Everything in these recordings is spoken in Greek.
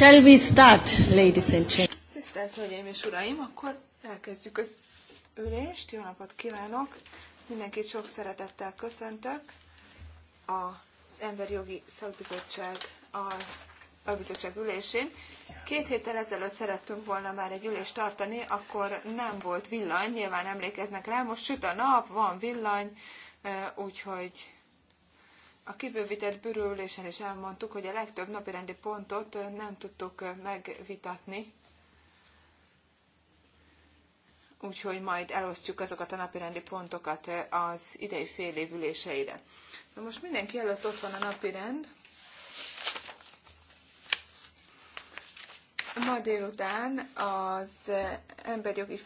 Shall we start, ladies and gentlemen? Tisztelt Hölgyeim és Uraim, akkor elkezdjük az ülést. Jó napot kívánok! Mindenkit sok szeretettel köszöntök. Az Emberi Jogi Szakbizottság a Szakbizottság ülésén. Két héttel ezelőtt szerettünk volna már egy ülést tartani, akkor nem volt villany, nyilván emlékeznek rá, most süt a nap, van villany, úgyhogy A kibővített bőrülésen is elmondtuk, hogy a legtöbb napirendi pontot nem tudtuk megvitatni, úgyhogy majd elosztjuk azokat a napirendi pontokat az idei fél évüléseire. Na most mindenki előtt ott van a napirend. Ma délután az emberjogi,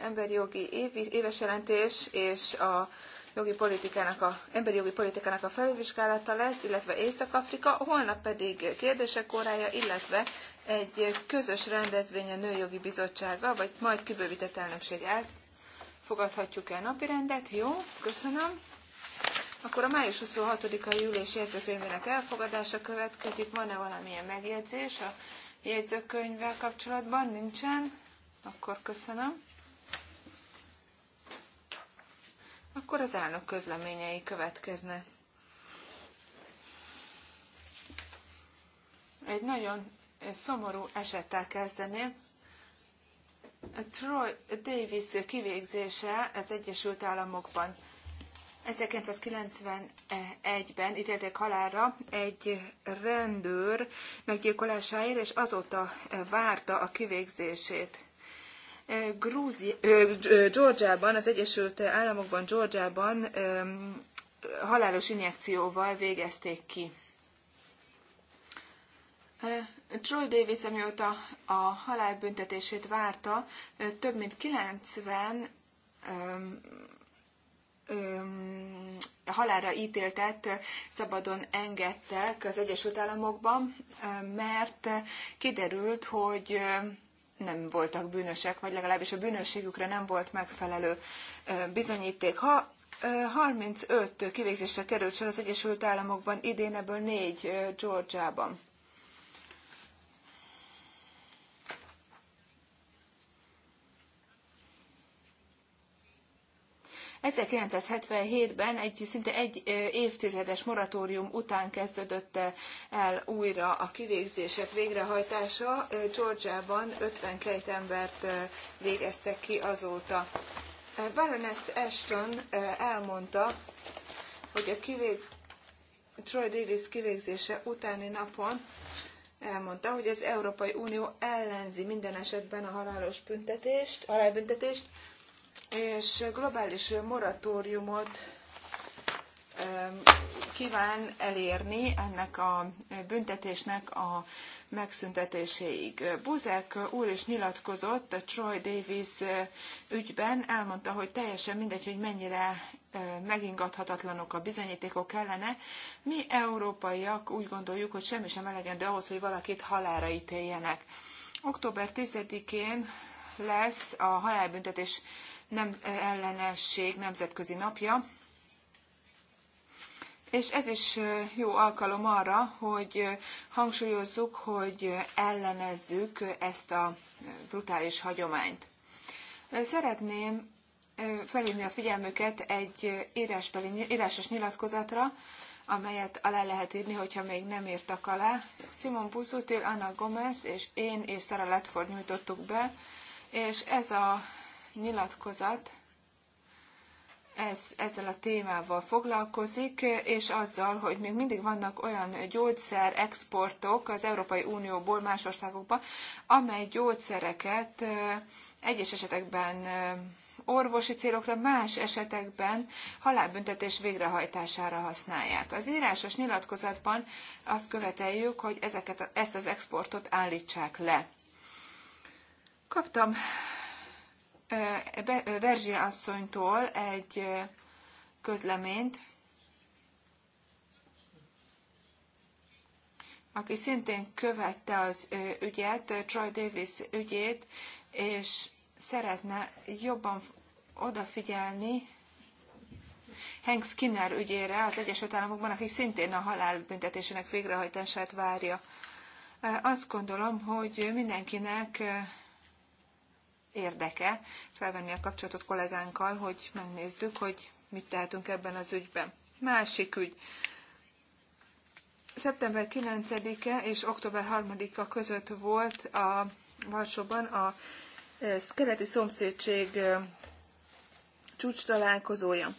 emberjogi évi, éves jelentés és a jogi politikának a, emberi jogi politikának a felülvizsgálata lesz, illetve Észak-Afrika, holnap pedig kérdések órája, illetve egy közös rendezvény a Nőjogi Bizottsága, vagy majd kibővített elnökség el. Fogadhatjuk el rendet? Jó, köszönöm. Akkor a május julius ülés jegyzőkönyvének elfogadása következik. Van-e valamilyen megjegyzés a jegyzőkönyvvel kapcsolatban? Nincsen? Akkor köszönöm. Akkor az elnök közleményei következnek. Egy nagyon szomorú esettel kezdeném. Troy Davis kivégzése az Egyesült Államokban. 1991-ben ítélték halálra egy rendőr meggyilkolásáért, és azóta várta a kivégzését. Grúzi, Georgiában, az Egyesült Államokban, Georgiában halálos injekcióval végezték ki. Troy Davis, amióta a halálbüntetését várta, több mint 90 öm, halára ítéltet szabadon engedtek az Egyesült Államokban, mert kiderült, hogy nem voltak bűnösek, vagy legalábbis a bűnösségükre nem volt megfelelő bizonyíték. Ha 35 kivégzésre került sor az Egyesült Államokban, idén ebből 4 Georgiában. 1977-ben egy szinte egy évtizedes moratórium után kezdődött el újra a kivégzések végrehajtása. Georgiában 52 embert végeztek ki azóta. Baroness Ashton elmondta, hogy a kivég... Troy Davis kivégzése utáni napon elmondta, hogy az Európai Unió ellenzi minden esetben a halálos büntetést, halálbüntetést, és globális moratóriumot kíván elérni ennek a büntetésnek a megszüntetéséig. Buzek úr is nyilatkozott a Troy Davis ügyben, elmondta, hogy teljesen mindegy, hogy mennyire megingathatatlanok a bizonyítékok ellene. Mi európaiak úgy gondoljuk, hogy semmi sem de ahhoz, hogy valakit halára ítéljenek. Október 10-én lesz a halálbüntetés nem ellenesség nemzetközi napja, és ez is jó alkalom arra, hogy hangsúlyozzuk, hogy ellenezzük ezt a brutális hagyományt. Szeretném felhívni a figyelmüket egy írásbeli, írásos nyilatkozatra, amelyet alá lehet írni, hogyha még nem írtak alá. Simon Buzutil, Anna Gomez és én és Sara Letford nyújtottuk be, és ez a nyilatkozat ez, ezzel a témával foglalkozik, és azzal, hogy még mindig vannak olyan gyógyszer exportok az Európai Unióból más országokba, amely gyógyszereket egyes esetekben orvosi célokra, más esetekben halálbüntetés végrehajtására használják. Az írásos nyilatkozatban azt követeljük, hogy ezeket, ezt az exportot állítsák le. Kaptam Verzsi asszonytól egy közleményt, aki szintén követte az ügyet, Troy Davis ügyét, és szeretne jobban odafigyelni Hank Skinner ügyére az Egyesült Államokban, aki szintén a halálbüntetésének végrehajtását várja. Azt gondolom, hogy mindenkinek érdeke felvenni a kapcsolatot kollégánkkal, hogy megnézzük, hogy mit tehetünk ebben az ügyben. Másik ügy. Szeptember 9-e és október 3-a között volt a Varsóban a keleti szomszédség csúcs találkozója.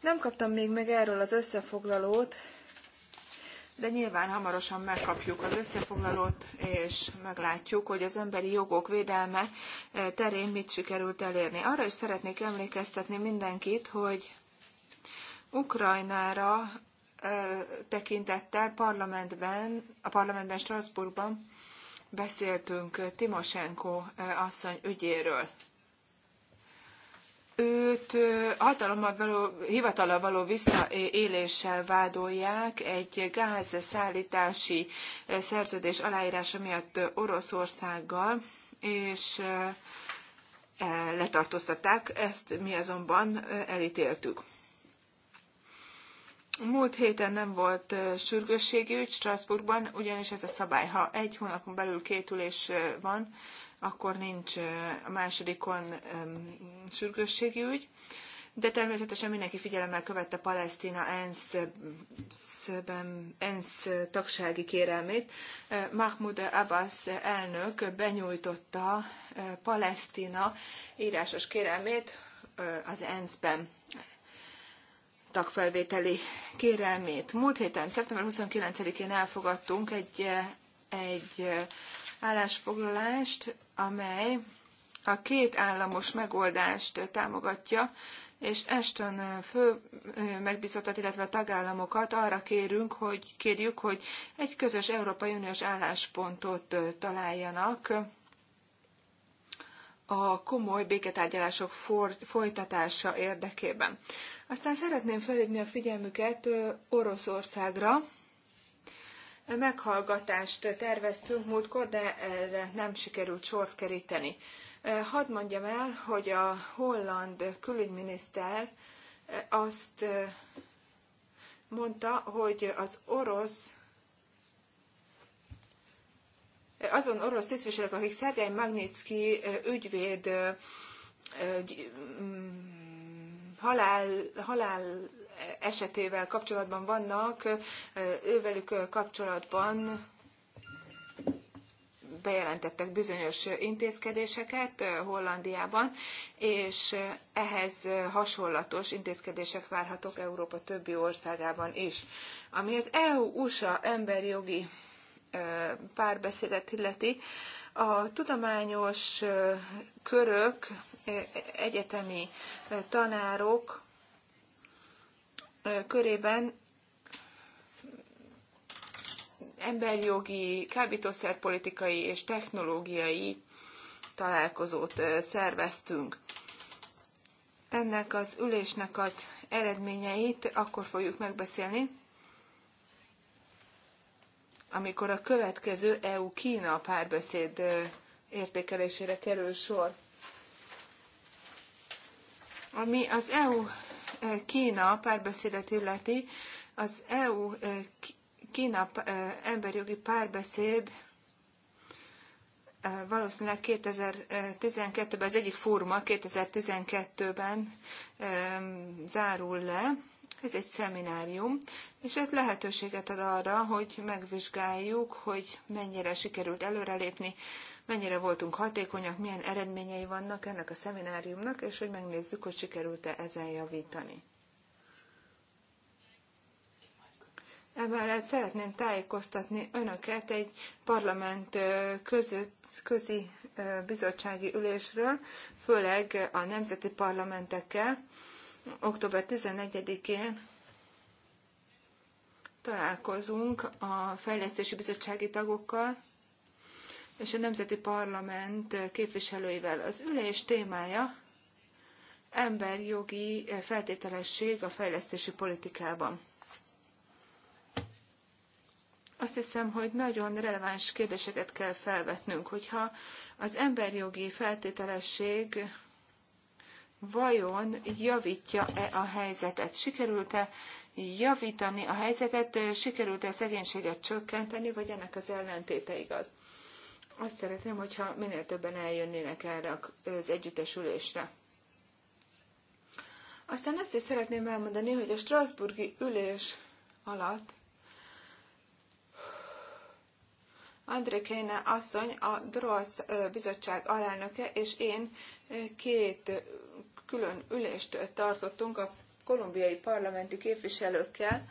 Nem kaptam még meg erről az összefoglalót, de nyilván hamarosan megkapjuk az összefoglalót, és meglátjuk, hogy az emberi jogok védelme terén mit sikerült elérni. Arra is szeretnék emlékeztetni mindenkit, hogy Ukrajnára tekintettel parlamentben, a parlamentben Strasbourgban beszéltünk Timosenko asszony ügyéről őt hatalommal való, hivatalal való visszaéléssel vádolják egy gázszállítási szerződés aláírása miatt Oroszországgal, és letartóztatták, ezt mi azonban elítéltük. Múlt héten nem volt sürgősségi ügy Strasbourgban, ugyanis ez a szabály, ha egy hónapon belül kétülés van, akkor nincs a másodikon sürgősségi ügy. De természetesen mindenki figyelemmel követte Palesztina ENSZ, ENSZ tagsági kérelmét. Mahmoud Abbas elnök benyújtotta Palesztina írásos kérelmét az ENSZ-ben tagfelvételi kérelmét. Múlt héten, szeptember 29-én elfogadtunk egy, egy állásfoglalást amely a két államos megoldást támogatja, és Ashton fő megbízottat, illetve a tagállamokat arra kérünk, hogy kérjük, hogy egy közös Európai Uniós álláspontot találjanak a komoly béketárgyalások folytatása érdekében. Aztán szeretném felhívni a figyelmüket Oroszországra, meghallgatást terveztünk múltkor, de erre nem sikerült sort keríteni. Hadd mondjam el, hogy a holland külügyminiszter azt mondta, hogy az orosz azon orosz tisztviselők, akik Szergej Magnitsky ügyvéd halál, halál esetével kapcsolatban vannak, ővelük kapcsolatban bejelentettek bizonyos intézkedéseket Hollandiában, és ehhez hasonlatos intézkedések várhatók Európa többi országában is. Ami az EU-USA emberi jogi párbeszédet illeti, a tudományos körök, egyetemi tanárok körében emberjogi, kábítószerpolitikai és technológiai találkozót szerveztünk. Ennek az ülésnek az eredményeit akkor fogjuk megbeszélni, amikor a következő EU-Kína párbeszéd értékelésére kerül sor. Ami az EU Kína párbeszédet illeti, az EU-Kína emberjogi párbeszéd valószínűleg 2012-ben, az egyik forma 2012 2012-ben zárul le, ez egy szeminárium, és ez lehetőséget ad arra, hogy megvizsgáljuk, hogy mennyire sikerült előrelépni mennyire voltunk hatékonyak, milyen eredményei vannak ennek a szemináriumnak, és hogy megnézzük, hogy sikerült-e ezen javítani. Emellett szeretném tájékoztatni önöket egy parlament között, közi bizottsági ülésről, főleg a nemzeti parlamentekkel. Október 11-én találkozunk a fejlesztési bizottsági tagokkal, és a Nemzeti Parlament képviselőivel. Az ülés témája emberjogi feltételesség a fejlesztési politikában. Azt hiszem, hogy nagyon releváns kérdéseket kell felvetnünk, hogyha az emberjogi feltételesség vajon javítja-e a helyzetet? Sikerült-e javítani a helyzetet? Sikerült-e szegénységet csökkenteni, vagy ennek az ellentéte igaz? Azt szeretném, hogyha minél többen eljönnének erre az együttesülésre. Aztán azt is szeretném elmondani, hogy a Strasburgi ülés alatt André Kéne asszony, a DROSZ bizottság alelnöke, és én két külön ülést tartottunk a kolumbiai parlamenti képviselőkkel,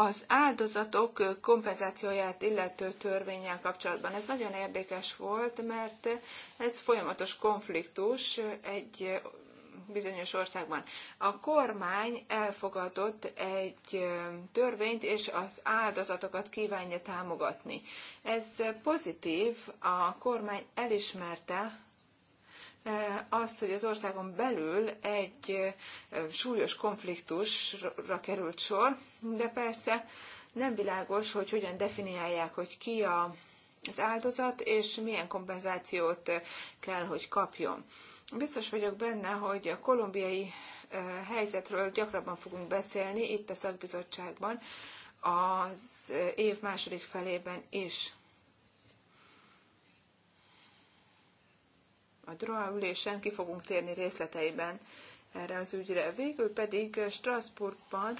az áldozatok kompenzációját illető törvényel kapcsolatban. Ez nagyon érdekes volt, mert ez folyamatos konfliktus egy bizonyos országban. A kormány elfogadott egy törvényt, és az áldozatokat kívánja támogatni. Ez pozitív, a kormány elismerte, azt, hogy az országon belül egy súlyos konfliktusra került sor, de persze nem világos, hogy hogyan definiálják, hogy ki a, az áldozat, és milyen kompenzációt kell, hogy kapjon. Biztos vagyok benne, hogy a kolumbiai helyzetről gyakrabban fogunk beszélni itt a szakbizottságban az év második felében is. a DROA ki fogunk térni részleteiben erre az ügyre. Végül pedig Strasbourgban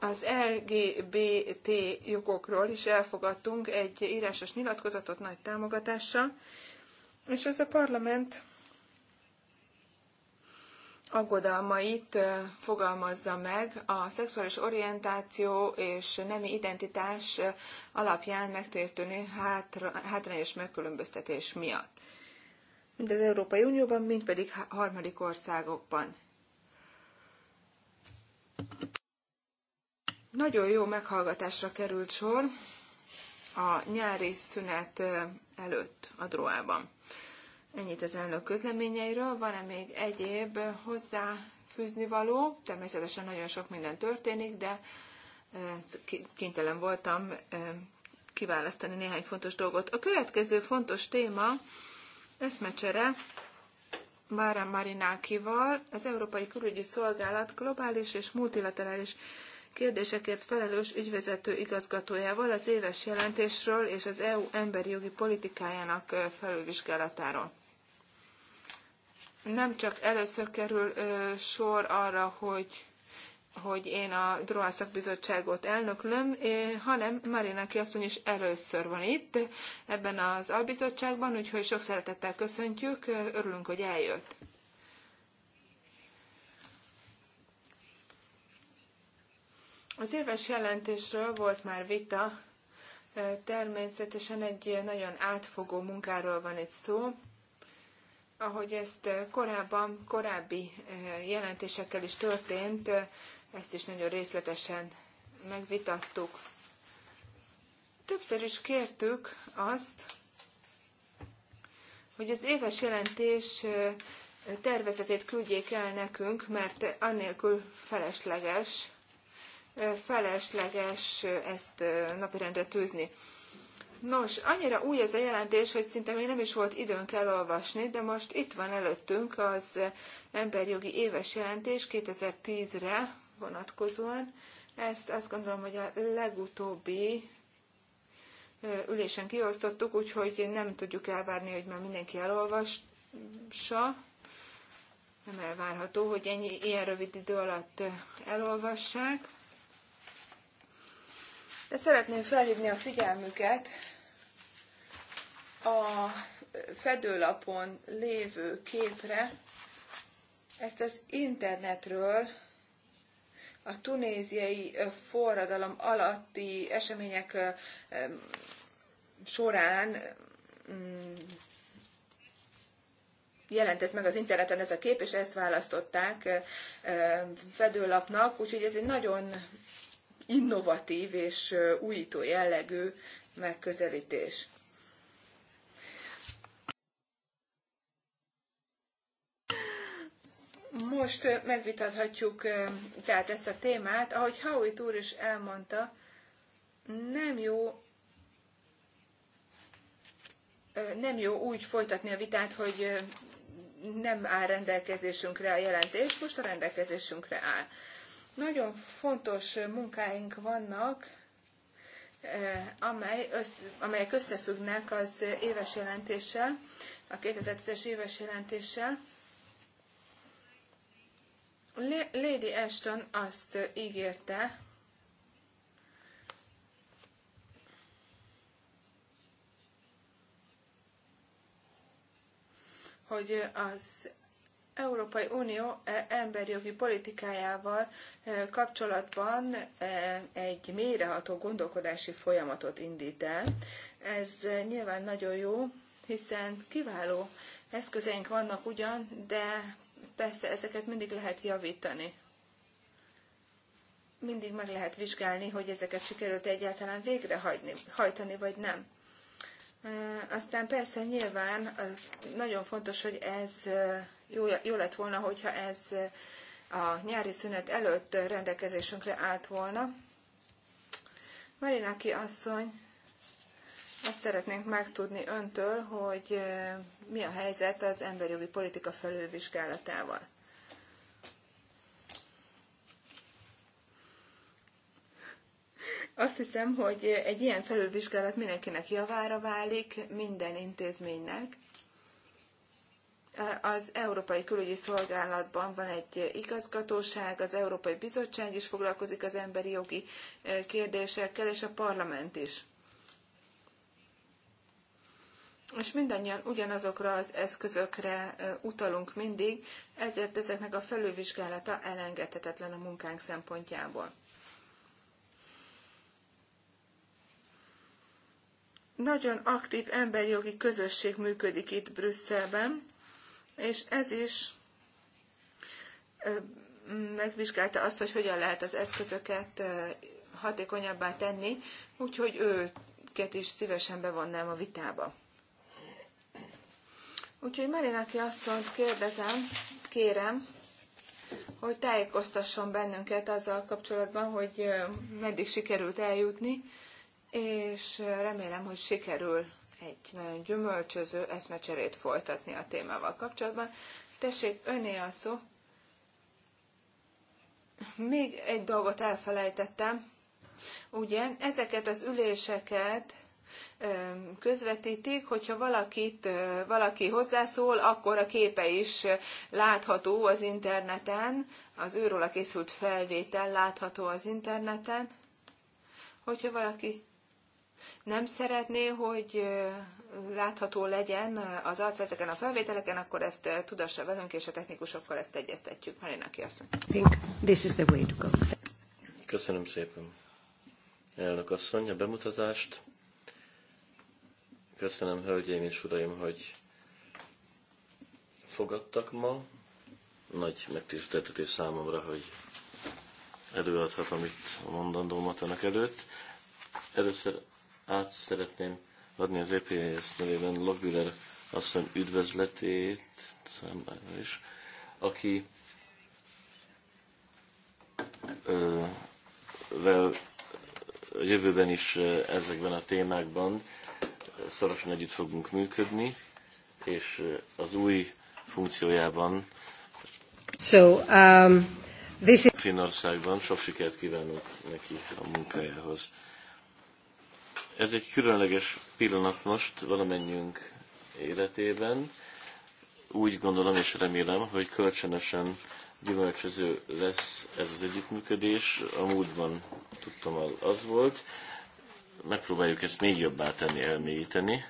az LGBT jogokról is elfogadtunk egy írásos nyilatkozatot nagy támogatással, és ez a parlament aggodalmait fogalmazza meg a szexuális orientáció és nemi identitás alapján megtörténő hátrányos megkülönböztetés miatt mint az Európai Unióban, mind pedig harmadik országokban. Nagyon jó meghallgatásra került sor a nyári szünet előtt a Droában. Ennyit az elnök közleményeiről. Van-e még egyéb hozzáfűzni való? Természetesen nagyon sok minden történik, de kénytelen voltam kiválasztani néhány fontos dolgot. A következő fontos téma mecsere Mára Marinákival, az Európai Külügyi Szolgálat globális és multilaterális kérdésekért felelős ügyvezető igazgatójával az éves jelentésről és az EU emberi jogi politikájának felülvizsgálatáról. Nem csak először kerül sor arra, hogy hogy én a Droá Bizottságot elnöklöm, hanem Marina kiasszony is először van itt ebben az albizottságban, úgyhogy sok szeretettel köszöntjük, örülünk, hogy eljött. Az éves jelentésről volt már vita, természetesen egy nagyon átfogó munkáról van itt szó, ahogy ezt korábban, korábbi jelentésekkel is történt, ezt is nagyon részletesen megvitattuk. Többször is kértük azt, hogy az éves jelentés tervezetét küldjék el nekünk, mert annélkül felesleges, felesleges ezt napirendre tűzni. Nos, annyira új ez a jelentés, hogy szinte még nem is volt időnk elolvasni, de most itt van előttünk az emberjogi éves jelentés 2010-re, vonatkozóan. Ezt azt gondolom, hogy a legutóbbi ülésen kiosztottuk, úgyhogy nem tudjuk elvárni, hogy már mindenki elolvassa. Nem elvárható, hogy ennyi ilyen rövid idő alatt elolvassák. De szeretném felhívni a figyelmüket a fedőlapon lévő képre, ezt az internetről a tunéziai forradalom alatti események során jelent ez meg az interneten ez a kép, és ezt választották fedőlapnak, úgyhogy ez egy nagyon innovatív és újító jellegű megközelítés. Most megvitathatjuk tehát ezt a témát. Ahogy Haui úr is elmondta, nem jó nem jó úgy folytatni a vitát, hogy nem áll rendelkezésünkre a jelentés, most a rendelkezésünkre áll. Nagyon fontos munkáink vannak, amely össze, amelyek összefüggnek az éves jelentéssel, a 2010-es éves jelentéssel, Lady Ashton azt ígérte, hogy az Európai Unió emberjogi politikájával kapcsolatban egy mélyreható gondolkodási folyamatot indít el. Ez nyilván nagyon jó, hiszen kiváló eszközeink vannak ugyan, de Persze ezeket mindig lehet javítani. Mindig meg lehet vizsgálni, hogy ezeket sikerült egyáltalán végrehajtani, vagy nem. Aztán persze nyilván nagyon fontos, hogy ez jó, jó lett volna, hogyha ez a nyári szünet előtt rendelkezésünkre állt volna. Marináki asszony Azt szeretnénk megtudni öntől, hogy mi a helyzet az emberjogi politika felülvizsgálatával. Azt hiszem, hogy egy ilyen felülvizsgálat mindenkinek javára válik, minden intézménynek. Az Európai Külügyi Szolgálatban van egy igazgatóság, az Európai Bizottság is foglalkozik az emberi jogi kérdésekkel, és a parlament is és mindannyian ugyanazokra az eszközökre utalunk mindig, ezért ezeknek a felülvizsgálata elengedhetetlen a munkánk szempontjából. Nagyon aktív emberjogi közösség működik itt Brüsszelben, és ez is megvizsgálta azt, hogy hogyan lehet az eszközöket hatékonyabbá tenni, úgyhogy őket is szívesen bevonnám a vitába. Úgyhogy Marináki asszonyt kérdezem, kérem, hogy tájékoztasson bennünket azzal kapcsolatban, hogy meddig sikerült eljutni, és remélem, hogy sikerül egy nagyon gyümölcsöző eszmecserét folytatni a témával kapcsolatban. Tessék, öné a szó. Még egy dolgot elfelejtettem. Ugye, ezeket az üléseket közvetítik, hogyha valakit, valaki hozzászól, akkor a képe is látható az interneten, az a készült felvétel látható az interneten. Hogyha valaki nem szeretné, hogy látható legyen az arc ezeken a felvételeken, akkor ezt tudassa velünk, és a technikusokkal ezt egyeztetjük. Marina Kiasszony. think Köszönöm szépen. Elnök asszony, a bemutatást Köszönöm, hölgyeim és uraim, hogy fogadtak ma. Nagy megtiszteltetés számomra, hogy előadhatom itt a mondandómat önök előtt. Először át szeretném adni az EPS nevében Logbüler asszony üdvözletét számára is, aki ö, vel, jövőben is ezekben a témákban szorosan együtt fogunk működni, és az új funkciójában so, um, this is... sok sikert kívánok neki a munkájához. Ez egy különleges pillanat most valamennyünk életében. Úgy gondolom és remélem, hogy kölcsönösen gyümölcsöző lesz ez az együttműködés. A múltban tudtam, az volt megpróbáljuk ezt még jobbá tenni, elmélyíteni.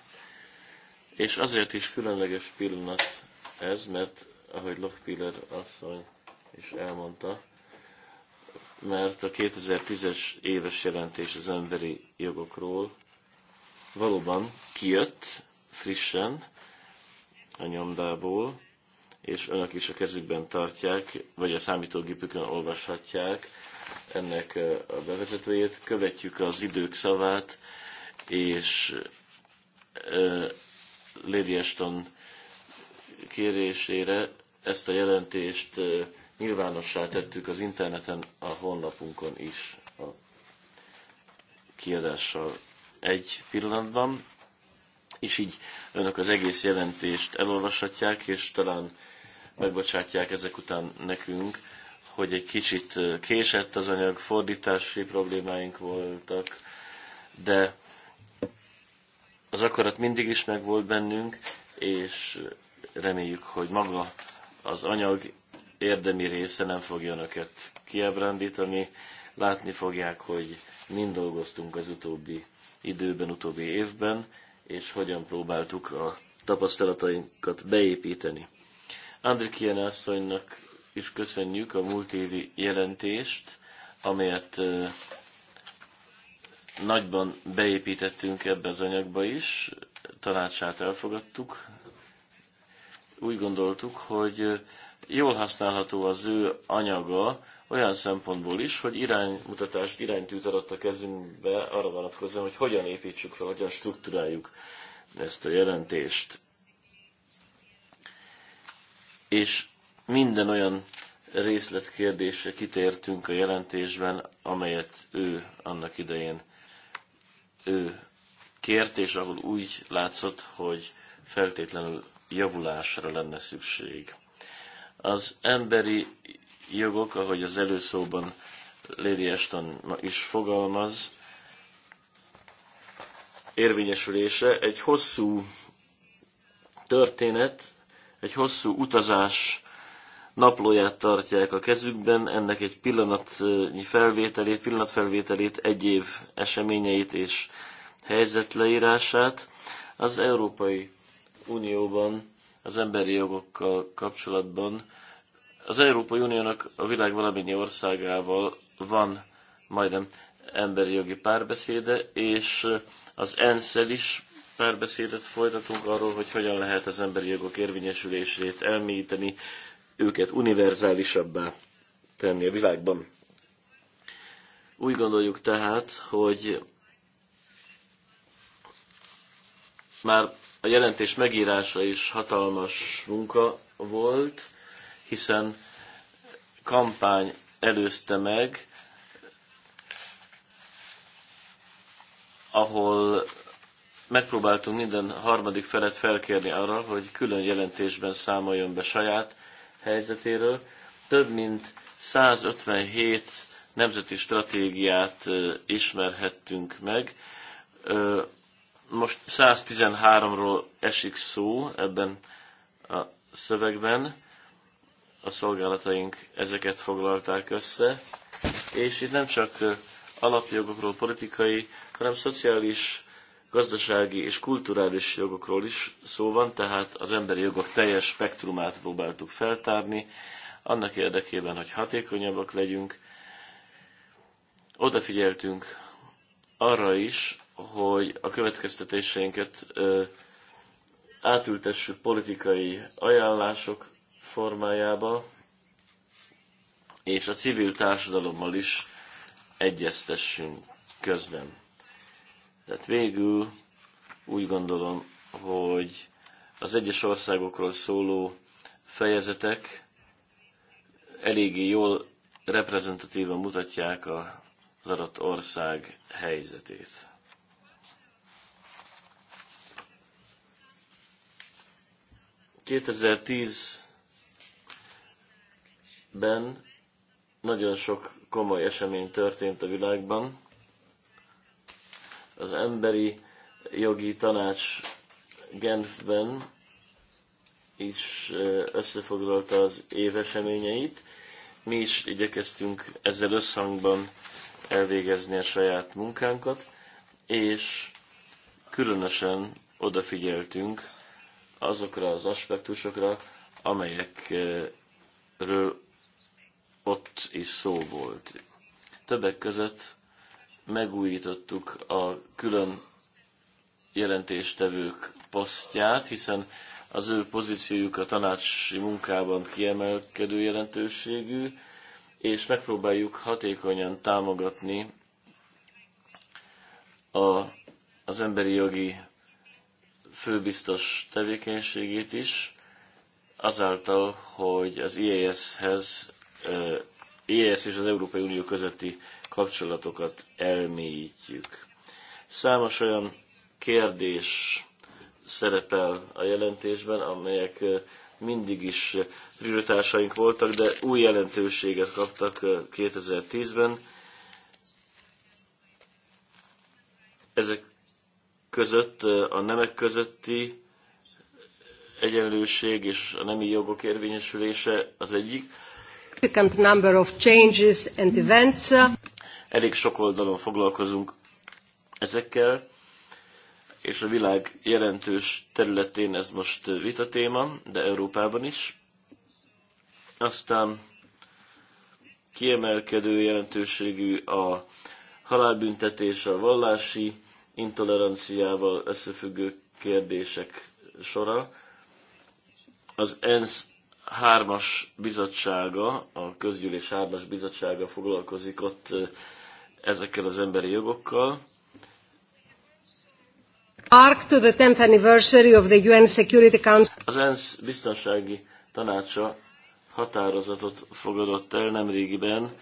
És azért is különleges pillanat ez, mert ahogy Lochpiller asszony is elmondta, mert a 2010-es éves jelentés az emberi jogokról valóban kijött frissen a nyomdából, és önök is a kezükben tartják, vagy a számítógépükön olvashatják ennek a bevezetőjét, követjük az idők szavát, és Lady kérésére ezt a jelentést nyilvánossá tettük az interneten, a honlapunkon is a kiadással egy pillanatban, és így önök az egész jelentést elolvashatják, és talán megbocsátják ezek után nekünk, hogy egy kicsit késett az anyag, fordítási problémáink voltak, de az akarat mindig is megvolt bennünk, és reméljük, hogy maga az anyag érdemi része nem fogja önöket kiebrándítani. Látni fogják, hogy mind dolgoztunk az utóbbi időben, utóbbi évben, és hogyan próbáltuk a tapasztalatainkat beépíteni. Andrikiene asszonynak és köszönjük a múlt évi jelentést, amelyet nagyban beépítettünk ebbe az anyagba is, tanácsát elfogadtuk. Úgy gondoltuk, hogy jól használható az ő anyaga olyan szempontból is, hogy iránymutatást, iránytűt adott a kezünkbe arra vonatkozóan, hogy hogyan építsük fel, hogyan struktúráljuk ezt a jelentést. És Minden olyan részletkérdésre kitértünk a jelentésben, amelyet ő annak idején ő kért, és ahol úgy látszott, hogy feltétlenül javulásra lenne szükség. Az emberi jogok, ahogy az előszóban Lady is fogalmaz, érvényesülése egy hosszú történet, egy hosszú utazás naplóját tartják a kezükben, ennek egy pillanatnyi felvételét, pillanatfelvételét, egy év eseményeit és helyzetleírását. Az Európai Unióban az emberi jogokkal kapcsolatban az Európai Uniónak a világ valamennyi országával van majdnem emberi jogi párbeszéde, és az ensz is párbeszédet folytatunk arról, hogy hogyan lehet az emberi jogok érvényesülését elmélyíteni, őket univerzálisabbá tenni a világban. Úgy gondoljuk tehát, hogy már a jelentés megírása is hatalmas munka volt, hiszen kampány előzte meg, ahol megpróbáltunk minden harmadik felet felkérni arra, hogy külön jelentésben számoljon be saját helyzetéről. Több mint 157 nemzeti stratégiát ismerhettünk meg. Most 113-ról esik szó ebben a szövegben. A szolgálataink ezeket foglalták össze. És itt nem csak alapjogokról, politikai, hanem szociális gazdasági és kulturális jogokról is szó van, tehát az emberi jogok teljes spektrumát próbáltuk feltárni, annak érdekében, hogy hatékonyabbak legyünk. Odafigyeltünk arra is, hogy a következtetéseinket ö, átültessük politikai ajánlások formájába, és a civil társadalommal is egyeztessünk közben Tehát végül úgy gondolom, hogy az egyes országokról szóló fejezetek eléggé jól reprezentatívan mutatják az adott ország helyzetét. ben nagyon sok komoly esemény történt a világban, az emberi jogi tanács Genfben is összefoglalta az éveseményeit. Mi is igyekeztünk ezzel összhangban elvégezni a saját munkánkat, és különösen odafigyeltünk azokra az aspektusokra, amelyekről ott is szó volt. Többek között megújítottuk a külön jelentéstevők posztját, hiszen az ő pozíciójuk a tanácsi munkában kiemelkedő jelentőségű, és megpróbáljuk hatékonyan támogatni a, az emberi jogi főbiztos tevékenységét is, azáltal, hogy az IAS-hez ES és az Európai Unió közötti kapcsolatokat elmélyítjük. Számos olyan kérdés szerepel a jelentésben, amelyek mindig is prioritásaink voltak, de új jelentőséget kaptak 2010-ben. Ezek között a nemek közötti egyenlőség és a nemi jogok érvényesülése az egyik, significant number of changes and events. Elég sok oldalon foglalkozunk ezekkel, és a világ jelentős területén ez most vita téma, de Európában is. Aztán kiemelkedő jelentőségű a halálbüntetés a vallási intoleranciával összefüggő kérdések sora. Az ENSZ hármas bizottsága, a közgyűlés hármas bizottsága foglalkozik ott ezekkel az emberi jogokkal. Security Az ENSZ biztonsági tanácsa határozatot fogadott el nemrégiben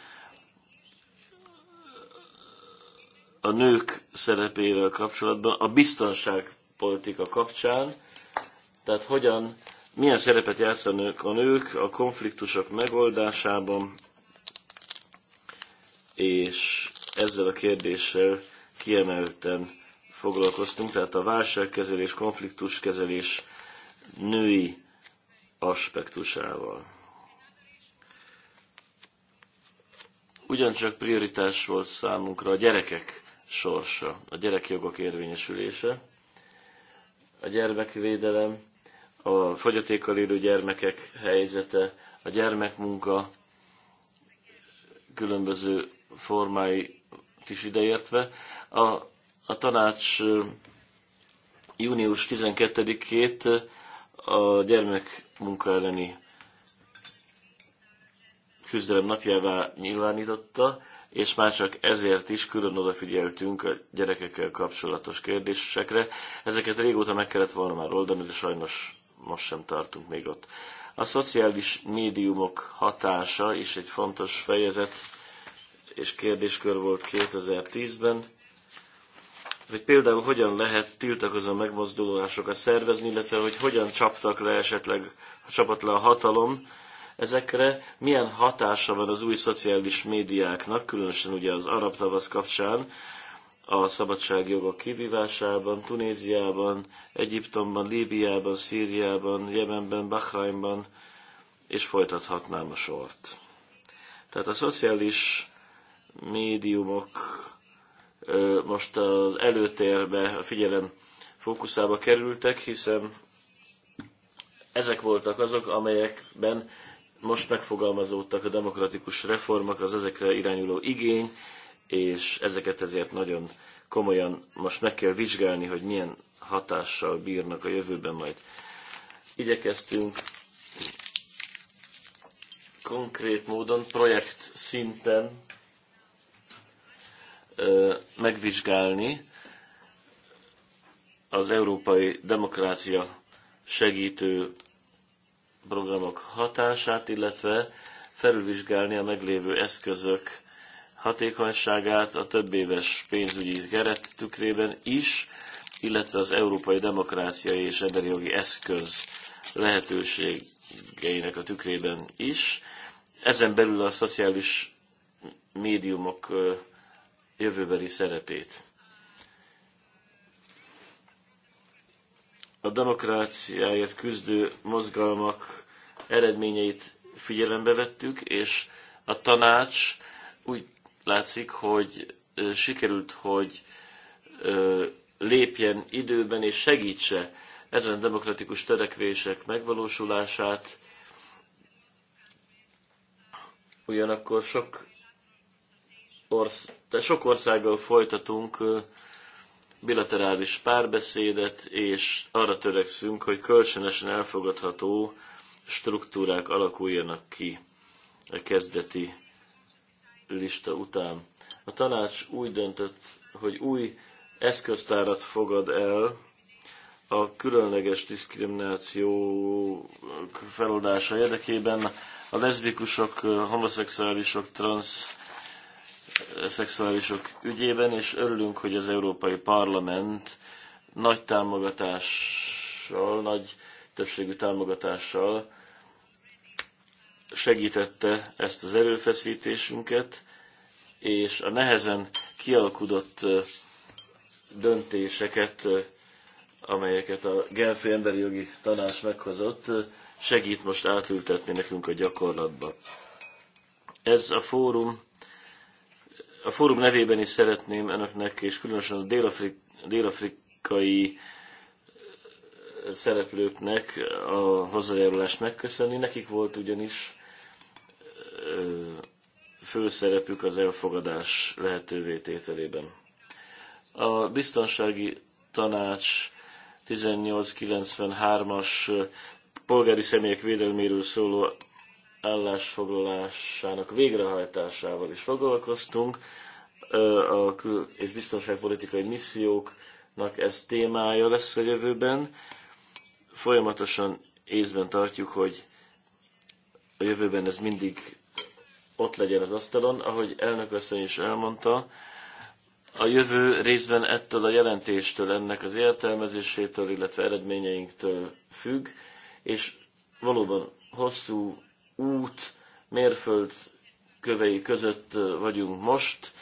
a nők szerepével kapcsolatban, a biztonságpolitika kapcsán, tehát hogyan milyen szerepet játszanak a nők a konfliktusok megoldásában, és ezzel a kérdéssel kiemelten foglalkoztunk, tehát a válságkezelés, konfliktuskezelés női aspektusával. Ugyancsak prioritás volt számunkra a gyerekek sorsa, a gyerekjogok érvényesülése, a gyermekvédelem, a fogyatékkal élő gyermekek helyzete, a gyermekmunka különböző formái is ideértve. A, a tanács június 12-ét a gyermekmunka elleni küzdelem napjává nyilvánította, és már csak ezért is külön odafigyeltünk a gyerekekkel kapcsolatos kérdésekre. Ezeket régóta meg kellett volna már oldani, de sajnos most sem tartunk még ott. A szociális médiumok hatása is egy fontos fejezet és kérdéskör volt 2010-ben, hogy például hogyan lehet tiltakozó megmozdulásokat szervezni, illetve hogy hogyan csaptak le esetleg, ha csapat le a hatalom ezekre, milyen hatása van az új szociális médiáknak, különösen ugye az arab tavasz kapcsán, a szabadságjogok kivívásában, Tunéziában, Egyiptomban, Líbiában, Szíriában, Jemenben, Bahrainban, és folytathatnám a sort. Tehát a szociális médiumok most az előtérbe, a figyelem fókuszába kerültek, hiszen ezek voltak azok, amelyekben most megfogalmazódtak a demokratikus reformok, az ezekre irányuló igény, és ezeket ezért nagyon komolyan most meg kell vizsgálni, hogy milyen hatással bírnak a jövőben majd. Igyekeztünk konkrét módon, projekt szinten megvizsgálni az európai demokrácia segítő programok hatását, illetve felülvizsgálni a meglévő eszközök hatékonyságát a több éves pénzügyi keret tükrében is, illetve az európai demokráciai és emberi jogi eszköz lehetőségeinek a tükrében is. Ezen belül a szociális médiumok jövőbeli szerepét. A demokráciáért küzdő mozgalmak eredményeit figyelembe vettük, és a tanács úgy látszik, hogy sikerült, hogy lépjen időben és segítse ezen demokratikus törekvések megvalósulását. Ugyanakkor sok, orsz, de sok országgal folytatunk bilaterális párbeszédet, és arra törekszünk, hogy kölcsönösen elfogadható struktúrák alakuljanak ki a kezdeti lista után. A tanács úgy döntött, hogy új eszköztárat fogad el a különleges diszkrimináció feloldása érdekében a leszbikusok, homoszexuálisok, transzszexuálisok ügyében, és örülünk, hogy az Európai Parlament nagy támogatással, nagy többségű támogatással segítette ezt az erőfeszítésünket, és a nehezen kialkudott döntéseket, amelyeket a Genfi Emberi Jogi Tanács meghozott, segít most átültetni nekünk a gyakorlatba. Ez a fórum, a fórum nevében is szeretném önöknek, és különösen a délafrik, délafrikai szereplőknek a hozzájárulást megköszönni. Nekik volt ugyanis főszerepük az elfogadás lehetővé tételében. A biztonsági tanács 1893-as polgári személyek védelméről szóló állásfoglalásának végrehajtásával is foglalkoztunk. A kül- és biztonságpolitikai misszióknak ez témája lesz a jövőben. Folyamatosan észben tartjuk, hogy a jövőben ez mindig ott legyen az asztalon, ahogy elnök asszony is elmondta, a jövő részben ettől a jelentéstől, ennek az értelmezésétől, illetve eredményeinktől függ, és valóban hosszú út, mérföld kövei között vagyunk most.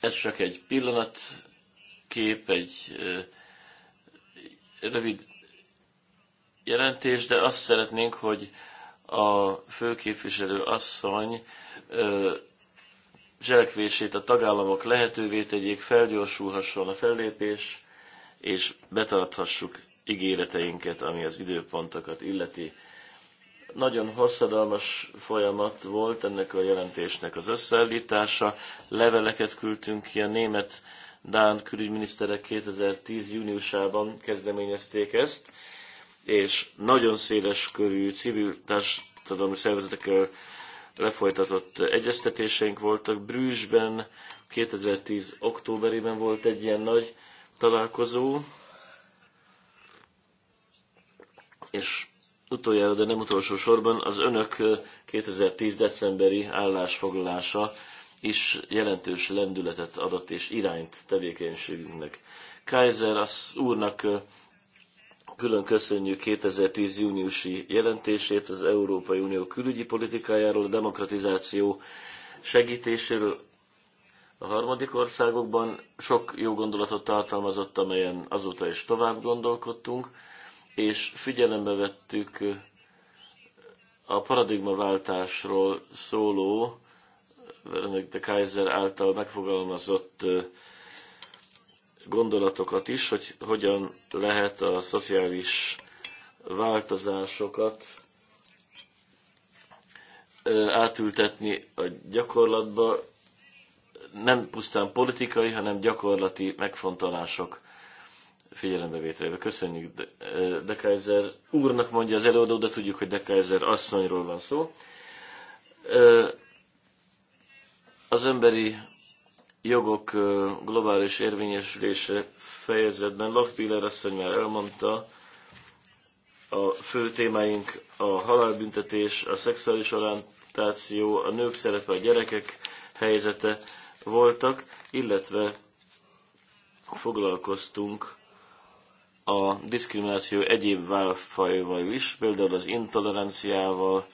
Ez csak egy pillanatkép, egy rövid jelentés, de azt szeretnénk, hogy a főképviselő asszony zselekvését a tagállamok lehetővé tegyék, felgyorsulhasson a fellépés, és betarthassuk ígéreteinket, ami az időpontokat illeti. Nagyon hosszadalmas folyamat volt ennek a jelentésnek az összeállítása. Leveleket küldtünk ki a német Dán külügyminiszterek 2010. júniusában kezdeményezték ezt és nagyon széles körű civil társadalmi szervezetekkel lefolytatott egyeztetéseink voltak. Brűsben 2010. októberében volt egy ilyen nagy találkozó, és utoljára, de nem utolsó sorban az önök 2010. decemberi állásfoglalása is jelentős lendületet adott és irányt tevékenységünknek. Kaiser az úrnak Külön köszönjük 2010. júniusi jelentését az Európai Unió külügyi politikájáról, a demokratizáció segítéséről a harmadik országokban. Sok jó gondolatot tartalmazott, amelyen azóta is tovább gondolkodtunk, és figyelembe vettük a paradigmaváltásról szóló, de Kaiser által megfogalmazott gondolatokat is, hogy hogyan lehet a szociális változásokat átültetni a gyakorlatba. Nem pusztán politikai, hanem gyakorlati megfontolások figyelembevételébe. Köszönjük De Kaiser úrnak mondja az előadó, de tudjuk, hogy De Kaiser asszonyról van szó. Az emberi jogok globális érvényesülése fejezetben Lochbiller asszony már elmondta, a fő témáink a halálbüntetés, a szexuális orientáció, a nők szerepe, a gyerekek helyzete voltak, illetve foglalkoztunk a diszkrimináció egyéb válfajval is, például az intoleranciával,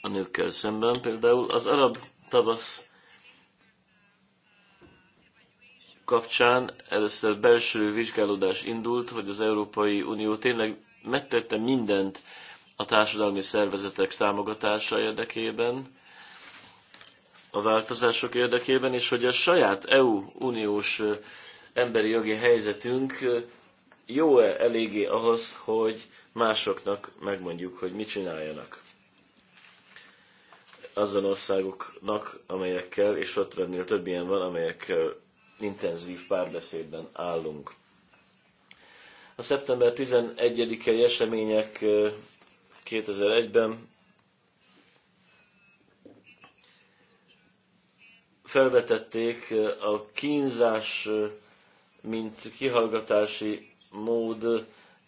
a nőkkel szemben. Például az arab tavasz kapcsán először belső vizsgálódás indult, hogy az Európai Unió tényleg megtette mindent a társadalmi szervezetek támogatása érdekében, a változások érdekében, és hogy a saját EU uniós emberi jogi helyzetünk jó-e eléggé ahhoz, hogy másoknak megmondjuk, hogy mit csináljanak azon országoknak, amelyekkel, és 50-nél több ilyen van, amelyekkel intenzív párbeszédben állunk. A szeptember 11-i események 2001-ben felvetették a kínzás, mint kihallgatási mód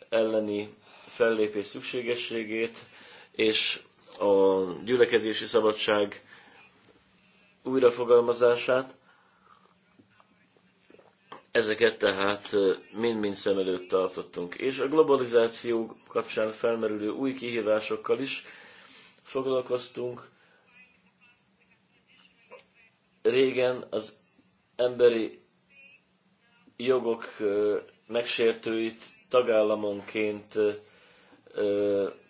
elleni fellépés szükségességét, és a gyülekezési szabadság újrafogalmazását. Ezeket tehát mind-mind szem előtt tartottunk. És a globalizáció kapcsán felmerülő új kihívásokkal is foglalkoztunk. Régen az emberi jogok megsértőit tagállamonként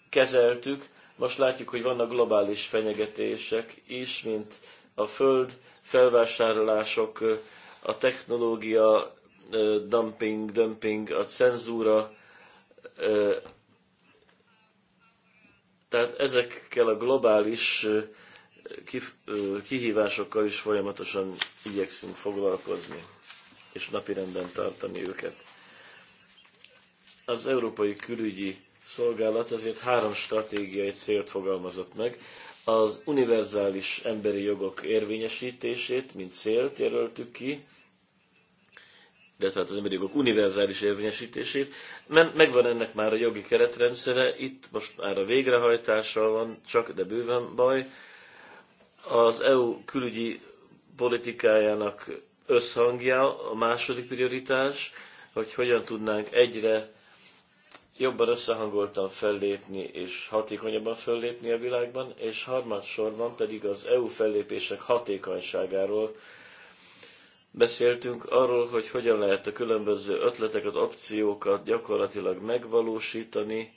kezeltük, Most látjuk, hogy vannak globális fenyegetések is, mint a föld felvásárlások, a technológia, dumping, dumping, a cenzúra, tehát ezekkel a globális kihívásokkal is folyamatosan igyekszünk foglalkozni, és napirenden tartani őket. Az Európai Külügyi szolgálat azért három stratégiai célt fogalmazott meg. Az univerzális emberi jogok érvényesítését, mint célt jelöltük ki, de tehát az emberi jogok univerzális érvényesítését. mert Megvan ennek már a jogi keretrendszere, itt most már a végrehajtással van csak, de bőven baj. Az EU külügyi politikájának összhangja a második prioritás, hogy hogyan tudnánk egyre jobban összehangoltan fellépni és hatékonyabban fellépni a világban, és harmadsorban pedig az EU fellépések hatékonyságáról beszéltünk arról, hogy hogyan lehet a különböző ötleteket, opciókat gyakorlatilag megvalósítani,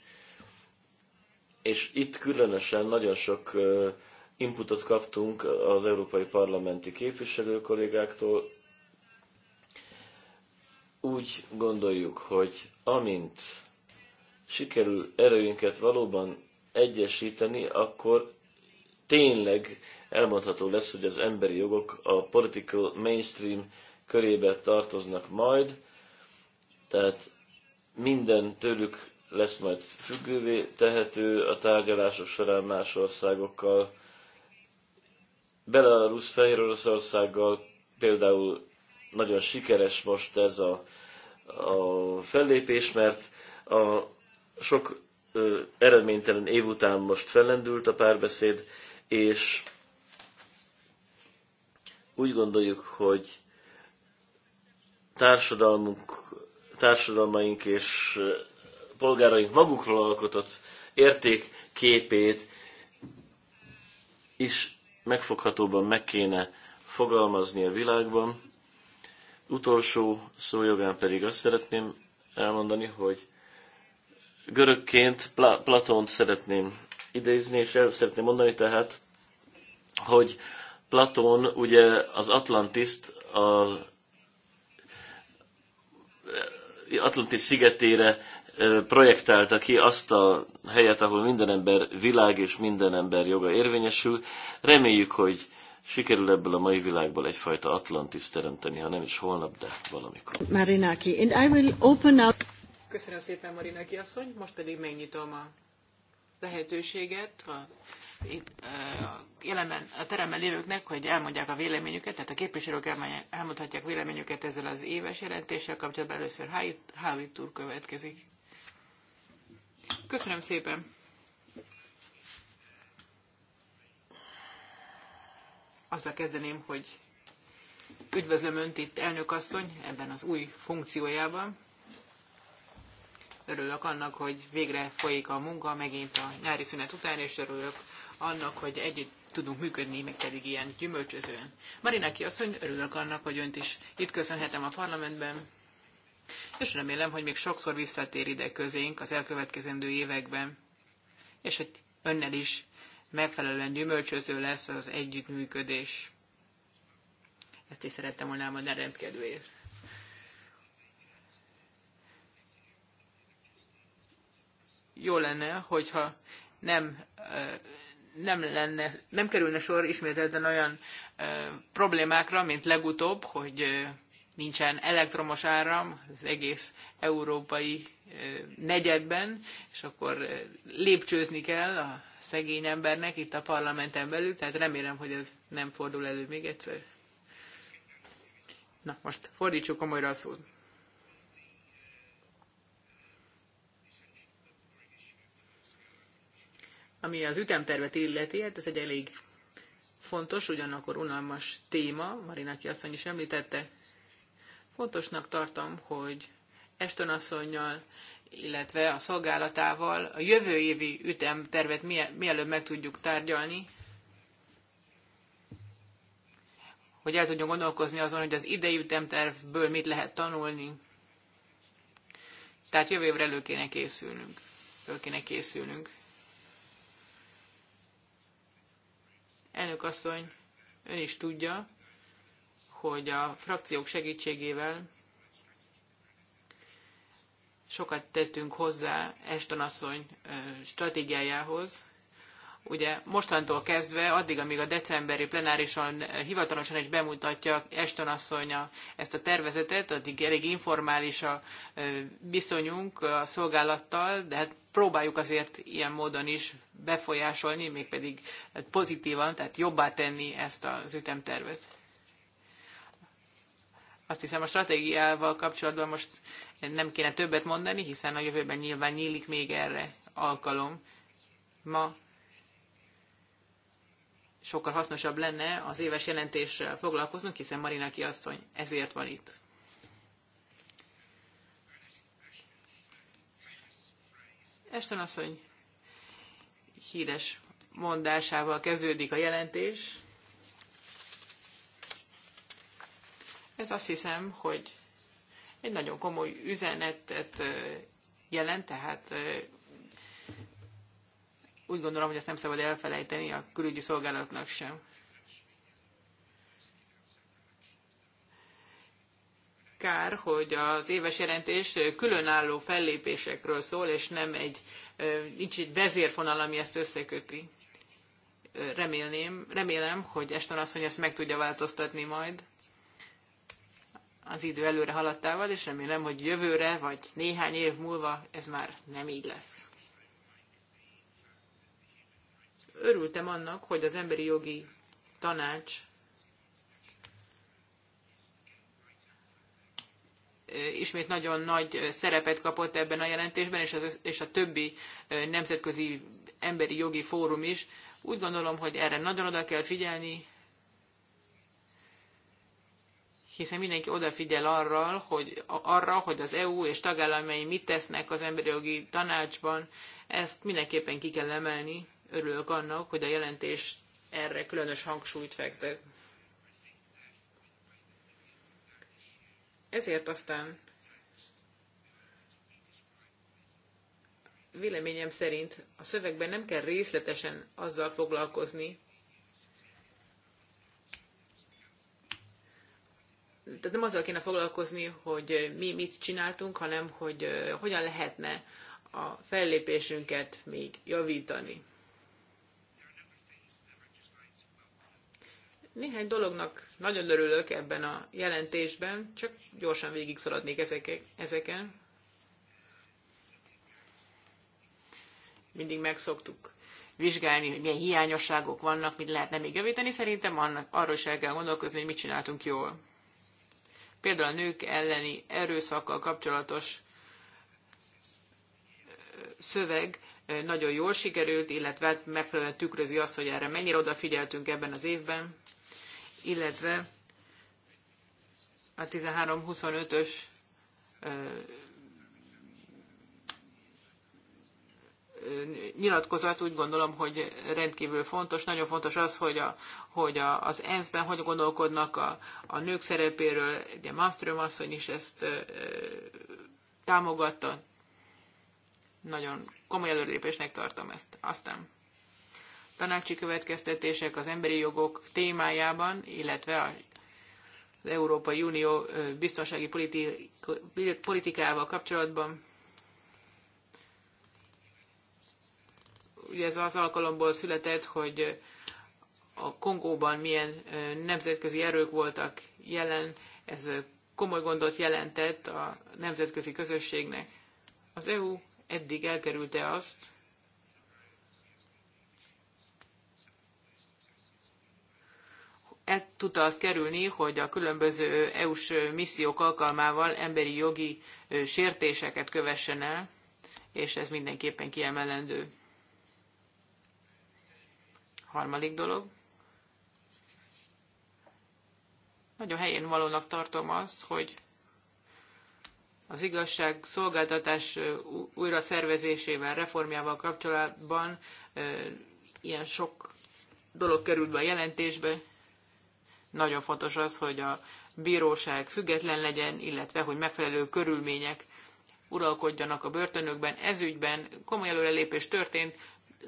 és itt különösen nagyon sok inputot kaptunk az európai parlamenti képviselő kollégáktól. Úgy gondoljuk, hogy amint sikerül erőinket valóban egyesíteni, akkor tényleg elmondható lesz, hogy az emberi jogok a political mainstream körébe tartoznak majd, tehát minden tőlük lesz majd függővé tehető a tárgyalások során más országokkal, Belarus, Fehér Oroszországgal például nagyon sikeres most ez a, a fellépés, mert a Sok ö, eredménytelen év után most fellendült a párbeszéd, és úgy gondoljuk, hogy társadalmunk, társadalmaink és polgáraink magukról alkotott képét is megfoghatóban meg kéne fogalmazni a világban. Utolsó szójogán pedig azt szeretném elmondani, hogy görökként Pla- Platont szeretném idézni, és el szeretném mondani tehát, hogy Platón ugye az Atlantiszt a Atlantis szigetére projektálta ki azt a helyet, ahol minden ember világ és minden ember joga érvényesül. Reméljük, hogy sikerül ebből a mai világból egyfajta Atlantis teremteni, ha nem is holnap, de valamikor. Marinaki, and I will open up... Köszönöm szépen Marinaki asszony, most pedig megnyitom a lehetőséget a, itt, a, jelenben, a teremben lévőknek, hogy elmondják a véleményüket, tehát a képviselők elmondhatják véleményüket ezzel az éves jelentéssel kapcsolatban. Először Howitt túr következik. Köszönöm szépen! Azzal kezdeném, hogy üdvözlöm Önt itt, elnök asszony, ebben az új funkciójában. Örülök annak, hogy végre folyik a munka megint a nyári szünet után, és örülök annak, hogy együtt tudunk működni, meg pedig ilyen gyümölcsözően. Marinaki asszony, örülök annak, hogy önt is itt köszönhetem a parlamentben, és remélem, hogy még sokszor visszatér ide közénk az elkövetkezendő években, és hogy önnel is megfelelően gyümölcsöző lesz az együttműködés. Ezt is szerettem volna a rendkedvéért. jó lenne, hogyha nem, nem, lenne, nem kerülne sor ismételten olyan problémákra, mint legutóbb, hogy nincsen elektromos áram az egész európai negyedben, és akkor lépcsőzni kell a szegény embernek itt a parlamenten belül, tehát remélem, hogy ez nem fordul elő még egyszer. Na, most fordítsuk komolyra a szót. Ami az ütemtervet illeti, hát ez egy elég fontos, ugyanakkor unalmas téma, Marinaki asszony is említette. Fontosnak tartom, hogy Eston asszonynal, illetve a szolgálatával a jövő évi ütemtervet mielőbb meg tudjuk tárgyalni, hogy el tudjon gondolkozni azon, hogy az idei ütemtervből mit lehet tanulni. Tehát jövő évre elő kéne készülnünk. Elő kéne készülnünk. Elnök asszony, ön is tudja, hogy a frakciók segítségével sokat tettünk hozzá Eston asszony stratégiájához, ugye mostantól kezdve, addig, amíg a decemberi plenárison hivatalosan is bemutatja Eston asszonya ezt a tervezetet, addig elég informális a viszonyunk a szolgálattal, de hát próbáljuk azért ilyen módon is befolyásolni, mégpedig pozitívan, tehát jobbá tenni ezt az ütemtervet. Azt hiszem a stratégiával kapcsolatban most nem kéne többet mondani, hiszen a jövőben nyilván nyílik még erre alkalom. Ma sokkal hasznosabb lenne az éves jelentéssel foglalkoznunk, hiszen Marina kiasszony ezért van itt. Eston asszony híres mondásával kezdődik a jelentés. Ez azt hiszem, hogy egy nagyon komoly üzenetet jelent, tehát úgy gondolom, hogy ezt nem szabad elfelejteni a külügyi szolgálatnak sem. Kár, hogy az éves jelentés különálló fellépésekről szól, és nem egy, nincs egy vezérfonal, ami ezt összeköti. Remélném, remélem, hogy Eston asszony ezt meg tudja változtatni majd az idő előre haladtával, és remélem, hogy jövőre vagy néhány év múlva ez már nem így lesz örültem annak, hogy az emberi jogi tanács ismét nagyon nagy szerepet kapott ebben a jelentésben, és, a, és a többi nemzetközi emberi jogi fórum is. Úgy gondolom, hogy erre nagyon oda kell figyelni, hiszen mindenki odafigyel arra, hogy, arra, hogy az EU és tagállamai mit tesznek az emberi jogi tanácsban, ezt mindenképpen ki kell emelni. Örülök annak, hogy a jelentés erre különös hangsúlyt fektet. Ezért aztán véleményem szerint a szövegben nem kell részletesen azzal foglalkozni, tehát nem azzal kéne foglalkozni, hogy mi mit csináltunk, hanem hogy hogyan lehetne a fellépésünket még javítani. Néhány dolognak nagyon örülök ebben a jelentésben, csak gyorsan végig szaladnék ezeken. Mindig megszoktuk vizsgálni, hogy milyen hiányosságok vannak, mit lehetne még javítani. Szerintem annak, arról is el kell gondolkozni, hogy mit csináltunk jól. Például a nők elleni erőszakkal kapcsolatos szöveg nagyon jól sikerült, illetve megfelelően tükrözi azt, hogy erre mennyire odafigyeltünk ebben az évben illetve a 13-25-ös nyilatkozat úgy gondolom, hogy rendkívül fontos. Nagyon fontos az, hogy, a, hogy a, az ENSZ-ben hogy gondolkodnak a, a nők szerepéről. Ugye Malmström asszony is ezt e, támogatta. Nagyon komoly előrépésnek tartom ezt. Aztán tanácsi következtetések az emberi jogok témájában, illetve az Európai Unió biztonsági politikával kapcsolatban. Ugye ez az alkalomból született, hogy a Kongóban milyen nemzetközi erők voltak jelen, ez komoly gondot jelentett a nemzetközi közösségnek. Az EU eddig elkerülte azt, el tudta azt kerülni, hogy a különböző EU-s missziók alkalmával emberi jogi sértéseket kövessen el, és ez mindenképpen kiemelendő. Harmadik dolog. Nagyon helyén valónak tartom azt, hogy az igazság szolgáltatás újra szervezésével, reformjával kapcsolatban ilyen sok dolog került be a jelentésbe, Nagyon fontos az, hogy a bíróság független legyen, illetve hogy megfelelő körülmények uralkodjanak a börtönökben. Ez ügyben komoly előrelépés történt,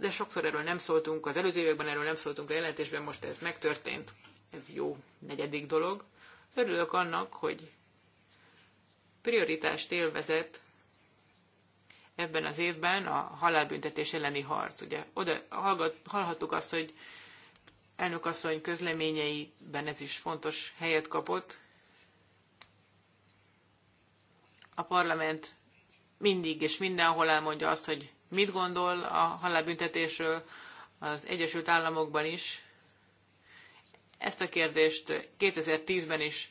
de sokszor erről nem szóltunk, az előző években erről nem szóltunk a jelentésben, most ez megtörtént. Ez jó negyedik dolog. Örülök annak, hogy prioritást élvezett ebben az évben a halálbüntetés elleni harc. Ugye oda hallgat, hallhattuk azt, hogy elnökasszony közleményeiben ez is fontos helyet kapott. A parlament mindig és mindenhol elmondja azt, hogy mit gondol a halálbüntetésről az Egyesült Államokban is. Ezt a kérdést 2010-ben is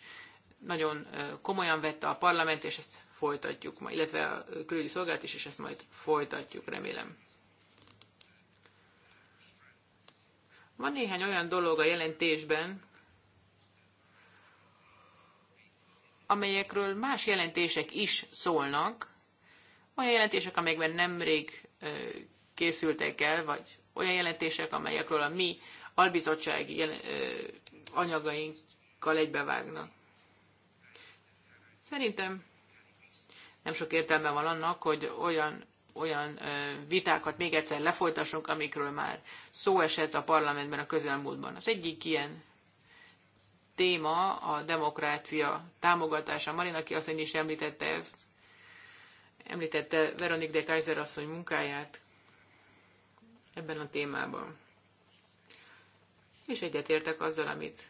nagyon komolyan vette a parlament, és ezt folytatjuk, illetve a külügyi szolgált is, és ezt majd folytatjuk, remélem. Van néhány olyan dolog a jelentésben, amelyekről más jelentések is szólnak, olyan jelentések, amelyekben nemrég készültek el, vagy olyan jelentések, amelyekről a mi albizottsági anyagainkkal egybevágnak. Szerintem nem sok értelme van annak, hogy olyan olyan vitákat még egyszer lefolytassunk, amikről már szó esett a parlamentben a közelmúltban. Az egyik ilyen téma a demokrácia támogatása. Marina ki asszony is említette ezt, említette Veronik de Kaiser asszony munkáját ebben a témában. És egyetértek azzal, amit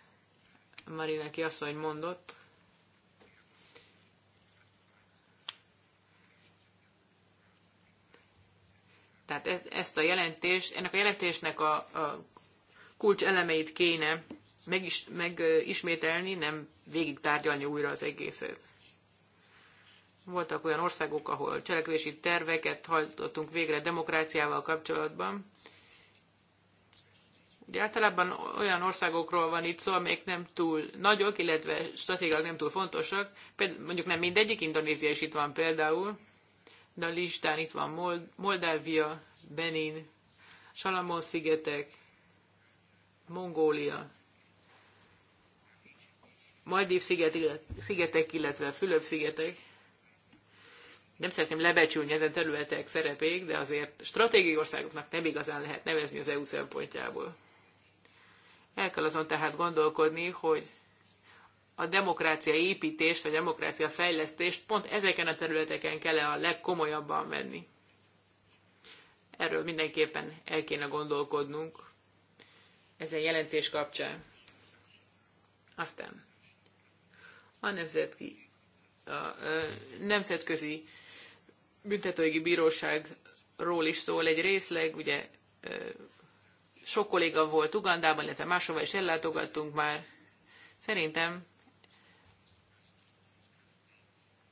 Marina ki asszony mondott, Tehát ez, ezt a jelentést, ennek a jelentésnek a, a kulcs elemeit kéne megis, megismételni, nem végig tárgyalni újra az egészet. Voltak olyan országok, ahol cselekvési terveket hajtottunk végre demokráciával kapcsolatban. Ugye általában olyan országokról van itt szó, amelyek nem túl nagyok, illetve stratégiailag nem túl fontosak. Például, mondjuk nem mindegyik, Indonézia is itt van például de a listán itt van Mold- Moldávia, Benin, Salamon-szigetek, Mongólia, Maldív-szigetek, illetve Fülöp-szigetek. Nem szeretném lebecsülni ezen területek szerepét, de azért stratégiai országoknak nem igazán lehet nevezni az EU szempontjából. El kell azon tehát gondolkodni, hogy a demokrácia építést, a demokrácia fejlesztést pont ezeken a területeken kell a legkomolyabban venni. Erről mindenképpen el kéne gondolkodnunk ezen jelentés kapcsán. Aztán a, nemzetki, a nemzetközi büntetőjogi bíróságról is szól egy részleg, ugye sok kolléga volt Ugandában, illetve máshova is ellátogattunk már. Szerintem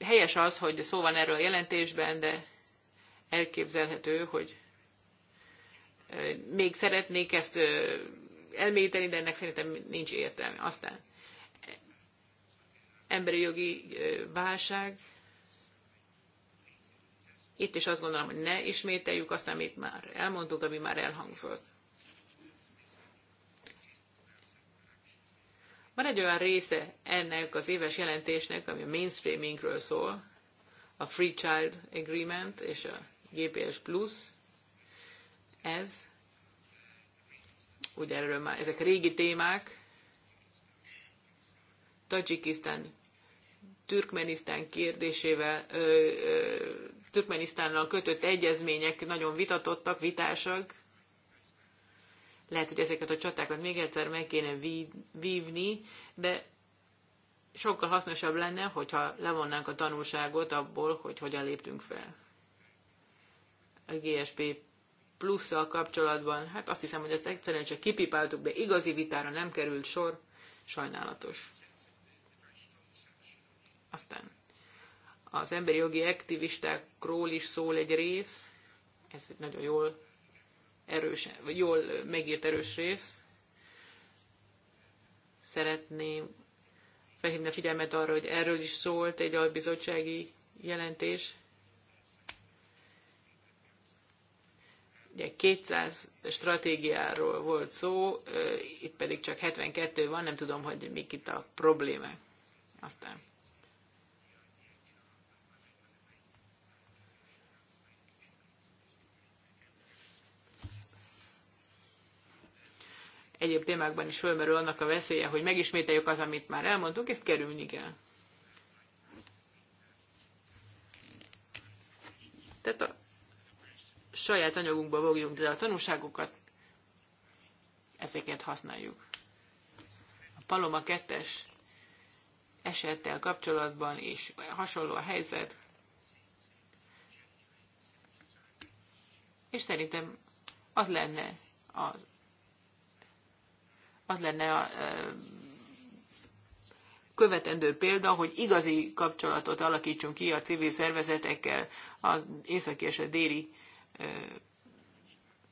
helyes az, hogy szó van erről a jelentésben, de elképzelhető, hogy még szeretnék ezt elméteni, de ennek szerintem nincs értelme. Aztán emberi jogi válság. Itt is azt gondolom, hogy ne ismételjük azt, amit már elmondtuk, ami már elhangzott. Van egy olyan része ennek az éves jelentésnek, ami a mainstreamingről szól, a Free Child Agreement és a GPS Plus. Ez, ugye erről már, ezek régi témák, Tajikisztán, Türkmenisztán kérdésével, Türkmenisztánnal kötött egyezmények nagyon vitatottak, vitásak, Lehet, hogy ezeket a csatákat még egyszer meg kéne vívni, de sokkal hasznosabb lenne, hogyha levonnánk a tanulságot abból, hogy hogyan léptünk fel. A GSP plusszal kapcsolatban, hát azt hiszem, hogy ezt egyszerűen csak kipipáltuk, de igazi vitára nem került sor, sajnálatos. Aztán az emberi jogi aktivistákról is szól egy rész, ez nagyon jól erős, jól megírt erős rész. Szeretném felhívni a figyelmet arra, hogy erről is szólt egy albizottsági jelentés. Ugye 200 stratégiáról volt szó, itt pedig csak 72 van, nem tudom, hogy mik itt a problémák. Aztán egyéb témákban is fölmerül annak a veszélye, hogy megismételjük az, amit már elmondtunk, ezt kerülni kell. Tehát a saját anyagunkba fogjunk, de a tanulságokat ezeket használjuk. A Paloma 2-es esettel kapcsolatban is hasonló a helyzet, és szerintem az lenne az az lenne a követendő példa, hogy igazi kapcsolatot alakítsunk ki a civil szervezetekkel az északi és a déli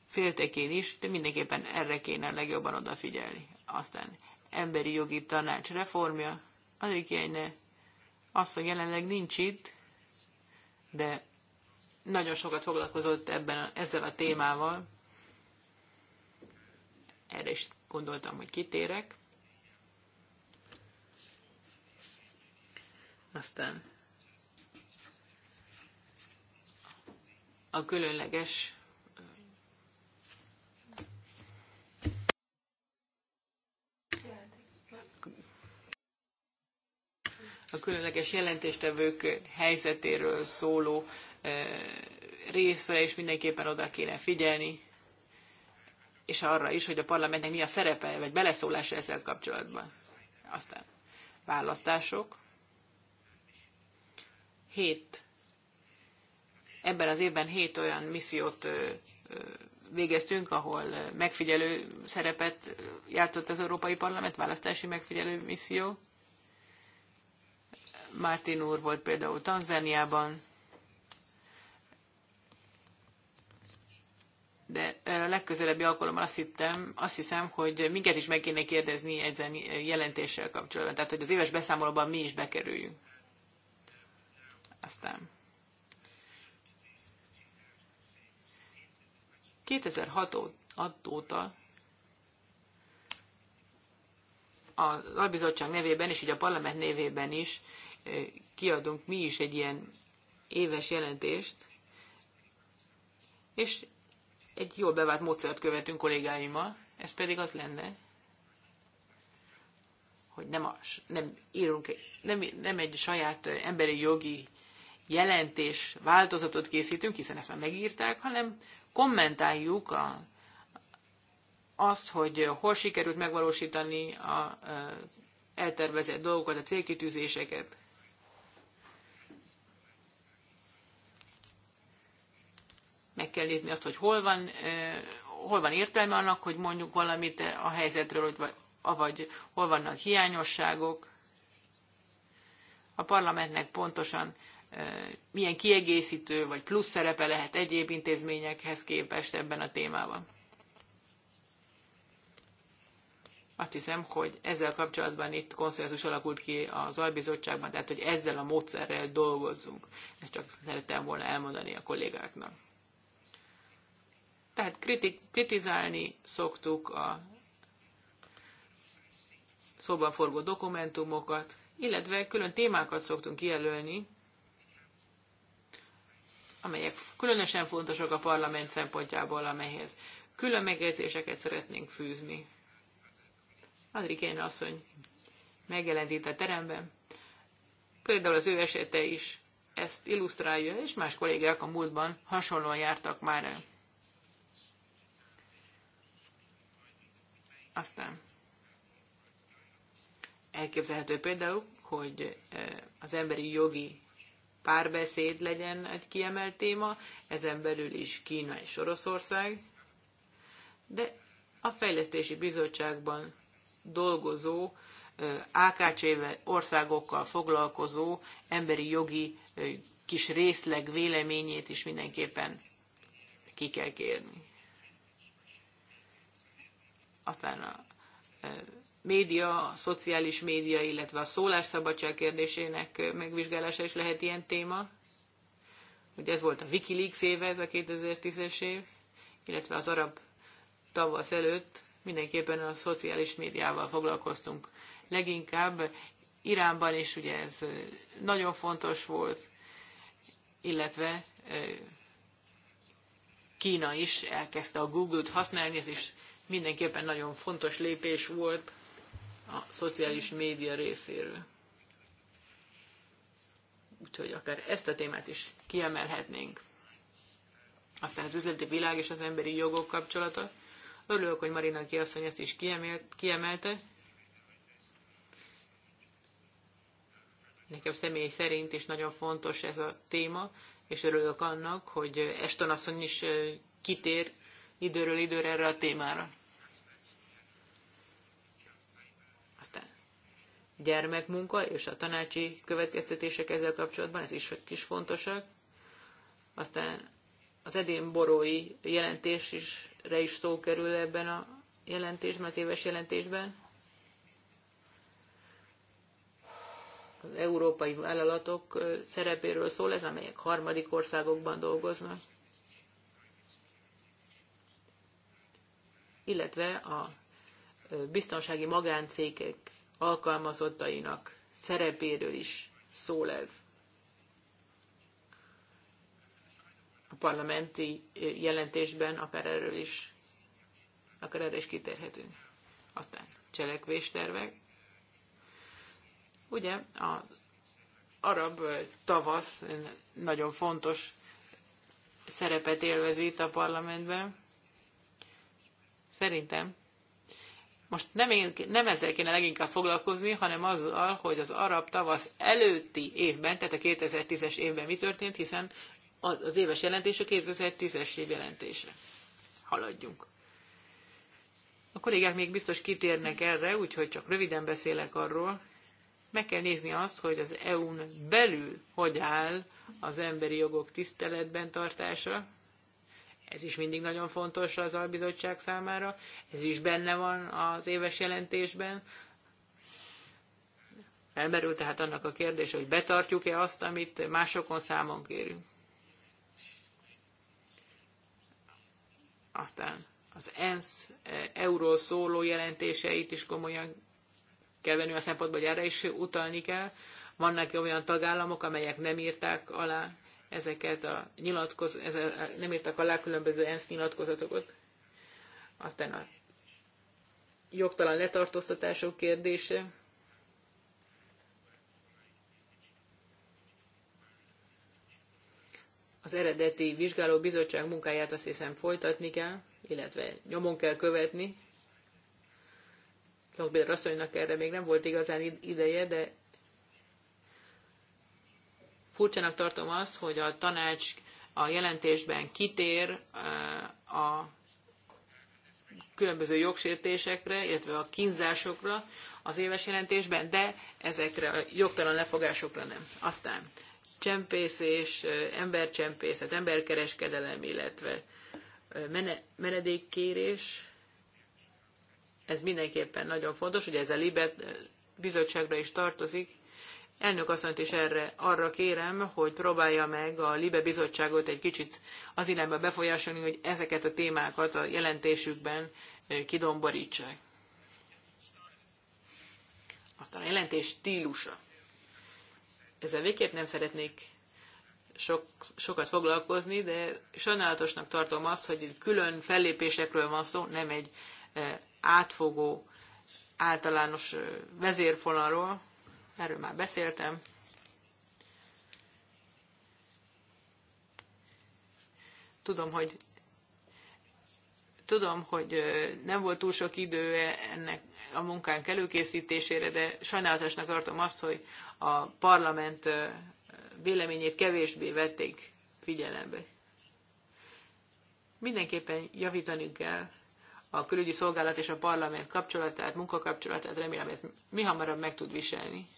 féltekén is, de mindenképpen erre kéne legjobban odafigyelni. Aztán emberi jogi tanács reformja, ne azt, hogy jelenleg nincs itt, de nagyon sokat foglalkozott ebben, ezzel a témával. Erre is gondoltam, hogy kitérek. Aztán a különleges a különleges jelentéstevők helyzetéről szóló részre is mindenképpen oda kéne figyelni és arra is, hogy a parlamentnek mi a szerepe, vagy beleszólása ezzel kapcsolatban. Aztán választások. Hét. Ebben az évben hét olyan missziót végeztünk, ahol megfigyelő szerepet játszott az Európai Parlament, választási megfigyelő misszió. Martin úr volt például Tanzániában, de legközelebbi alkalommal azt, hittem, azt hiszem, hogy minket is meg kéne kérdezni ezen jelentéssel kapcsolatban, tehát hogy az éves beszámolóban mi is bekerüljünk. Aztán. 2006 óta az albizottság nevében és így a parlament névében is kiadunk mi is egy ilyen éves jelentést, és egy jól bevált módszert követünk kollégáimmal, ez pedig az lenne, hogy nem, a, nem írunk, nem, nem egy saját emberi jogi jelentés változatot készítünk, hiszen ezt már megírták, hanem kommentáljuk a, azt, hogy hol sikerült megvalósítani a, a eltervezett dolgokat, a célkitűzéseket. meg kell nézni azt, hogy hol van, hol van értelme annak, hogy mondjuk valamit a helyzetről, vagy, avagy hol vannak hiányosságok. A parlamentnek pontosan milyen kiegészítő vagy plusz szerepe lehet egyéb intézményekhez képest ebben a témában. Azt hiszem, hogy ezzel kapcsolatban itt konszenzus alakult ki az albizottságban, tehát hogy ezzel a módszerrel dolgozzunk. Ezt csak szerettem volna elmondani a kollégáknak. Tehát kritizálni szoktuk a szóban forgó dokumentumokat, illetve külön témákat szoktunk kijelölni, amelyek különösen fontosak a parlament szempontjából, amelyhez külön megjegyzéseket szeretnénk fűzni. én asszony megjelent itt a teremben. Például az ő esete is ezt illusztrálja, és más kollégák a múltban hasonlóan jártak már el. Aztán elképzelhető például, hogy az emberi jogi párbeszéd legyen egy kiemelt téma, ezen belül is Kína és Oroszország, de a Fejlesztési Bizottságban dolgozó, AKC országokkal foglalkozó emberi jogi kis részleg véleményét is mindenképpen ki kell kérni. Aztán a média, a szociális média, illetve a szólásszabadság kérdésének megvizsgálása is lehet ilyen téma. Ugye ez volt a Wikileaks éve, ez a 2010-es év, illetve az arab tavasz előtt mindenképpen a szociális médiával foglalkoztunk leginkább. Iránban is ugye ez nagyon fontos volt, illetve Kína is elkezdte a Google-t használni, ez is mindenképpen nagyon fontos lépés volt a szociális média részéről. Úgyhogy akár ezt a témát is kiemelhetnénk. Aztán az üzleti világ és az emberi jogok kapcsolata. Örülök, hogy Marina Kiasszony ezt is kiemelte. Nekem személy szerint is nagyon fontos ez a téma, és örülök annak, hogy Eston asszony is kitér időről időre erre a témára. Aztán gyermekmunka és a tanácsi következtetések ezzel kapcsolatban, ez is, kis fontosak. Aztán az borói jelentés is, re is szó kerül ebben a jelentésben, az éves jelentésben. Az európai vállalatok szerepéről szól ez, amelyek harmadik országokban dolgoznak. Illetve a biztonsági magáncégek alkalmazottainak szerepéről is szól ez. A parlamenti jelentésben akár erről is, akár erre is kitérhetünk. Aztán cselekvéstervek. Ugye az arab tavasz nagyon fontos szerepet élvezít a parlamentben. Szerintem Most nem, én, nem ezzel kéne leginkább foglalkozni, hanem azzal, hogy az arab tavasz előtti évben, tehát a 2010-es évben mi történt, hiszen az, éves jelentés a 2010-es év jelentése. Haladjunk. A kollégák még biztos kitérnek erre, úgyhogy csak röviden beszélek arról. Meg kell nézni azt, hogy az EU-n belül hogy áll az emberi jogok tiszteletben tartása, Ez is mindig nagyon fontos az albizottság számára, ez is benne van az éves jelentésben. Elmerül tehát annak a kérdés, hogy betartjuk-e azt, amit másokon számon kérünk. Aztán az ENSZ euro szóló jelentéseit is komolyan kell venni a szempontból, hogy erre is utalni kell. Vannak olyan tagállamok, amelyek nem írták alá ezeket a nyilatkoz, ez a, nem írtak alá különböző ENSZ nyilatkozatokat. Aztán a jogtalan letartóztatások kérdése. Az eredeti vizsgáló bizottság munkáját azt hiszem folytatni kell, illetve nyomon kell követni. Lockbiller asszonynak erre még nem volt igazán ideje, de Furcsának tartom azt, hogy a tanács a jelentésben kitér a különböző jogsértésekre, illetve a kínzásokra az éves jelentésben, de ezekre a jogtalan lefogásokra nem. Aztán csempészés, embercsempészet, emberkereskedelem, illetve menedékkérés, ez mindenképpen nagyon fontos, hogy ez a Libet bizottságra is tartozik, Elnök asszonyt is erre arra kérem, hogy próbálja meg a Libe Bizottságot egy kicsit az irányba befolyásolni, hogy ezeket a témákat a jelentésükben kidomborítsák. Aztán a jelentés stílusa. Ezzel végképp nem szeretnék sokat foglalkozni, de sajnálatosnak tartom azt, hogy itt külön fellépésekről van szó, nem egy átfogó, általános vezérfonalról, erről már beszéltem. Tudom, hogy tudom, hogy nem volt túl sok idő ennek a munkánk előkészítésére, de sajnálatosnak tartom azt, hogy a parlament véleményét kevésbé vették figyelembe. Mindenképpen javítani kell a külügyi szolgálat és a parlament kapcsolatát, munkakapcsolatát, remélem ez mi hamarabb meg tud viselni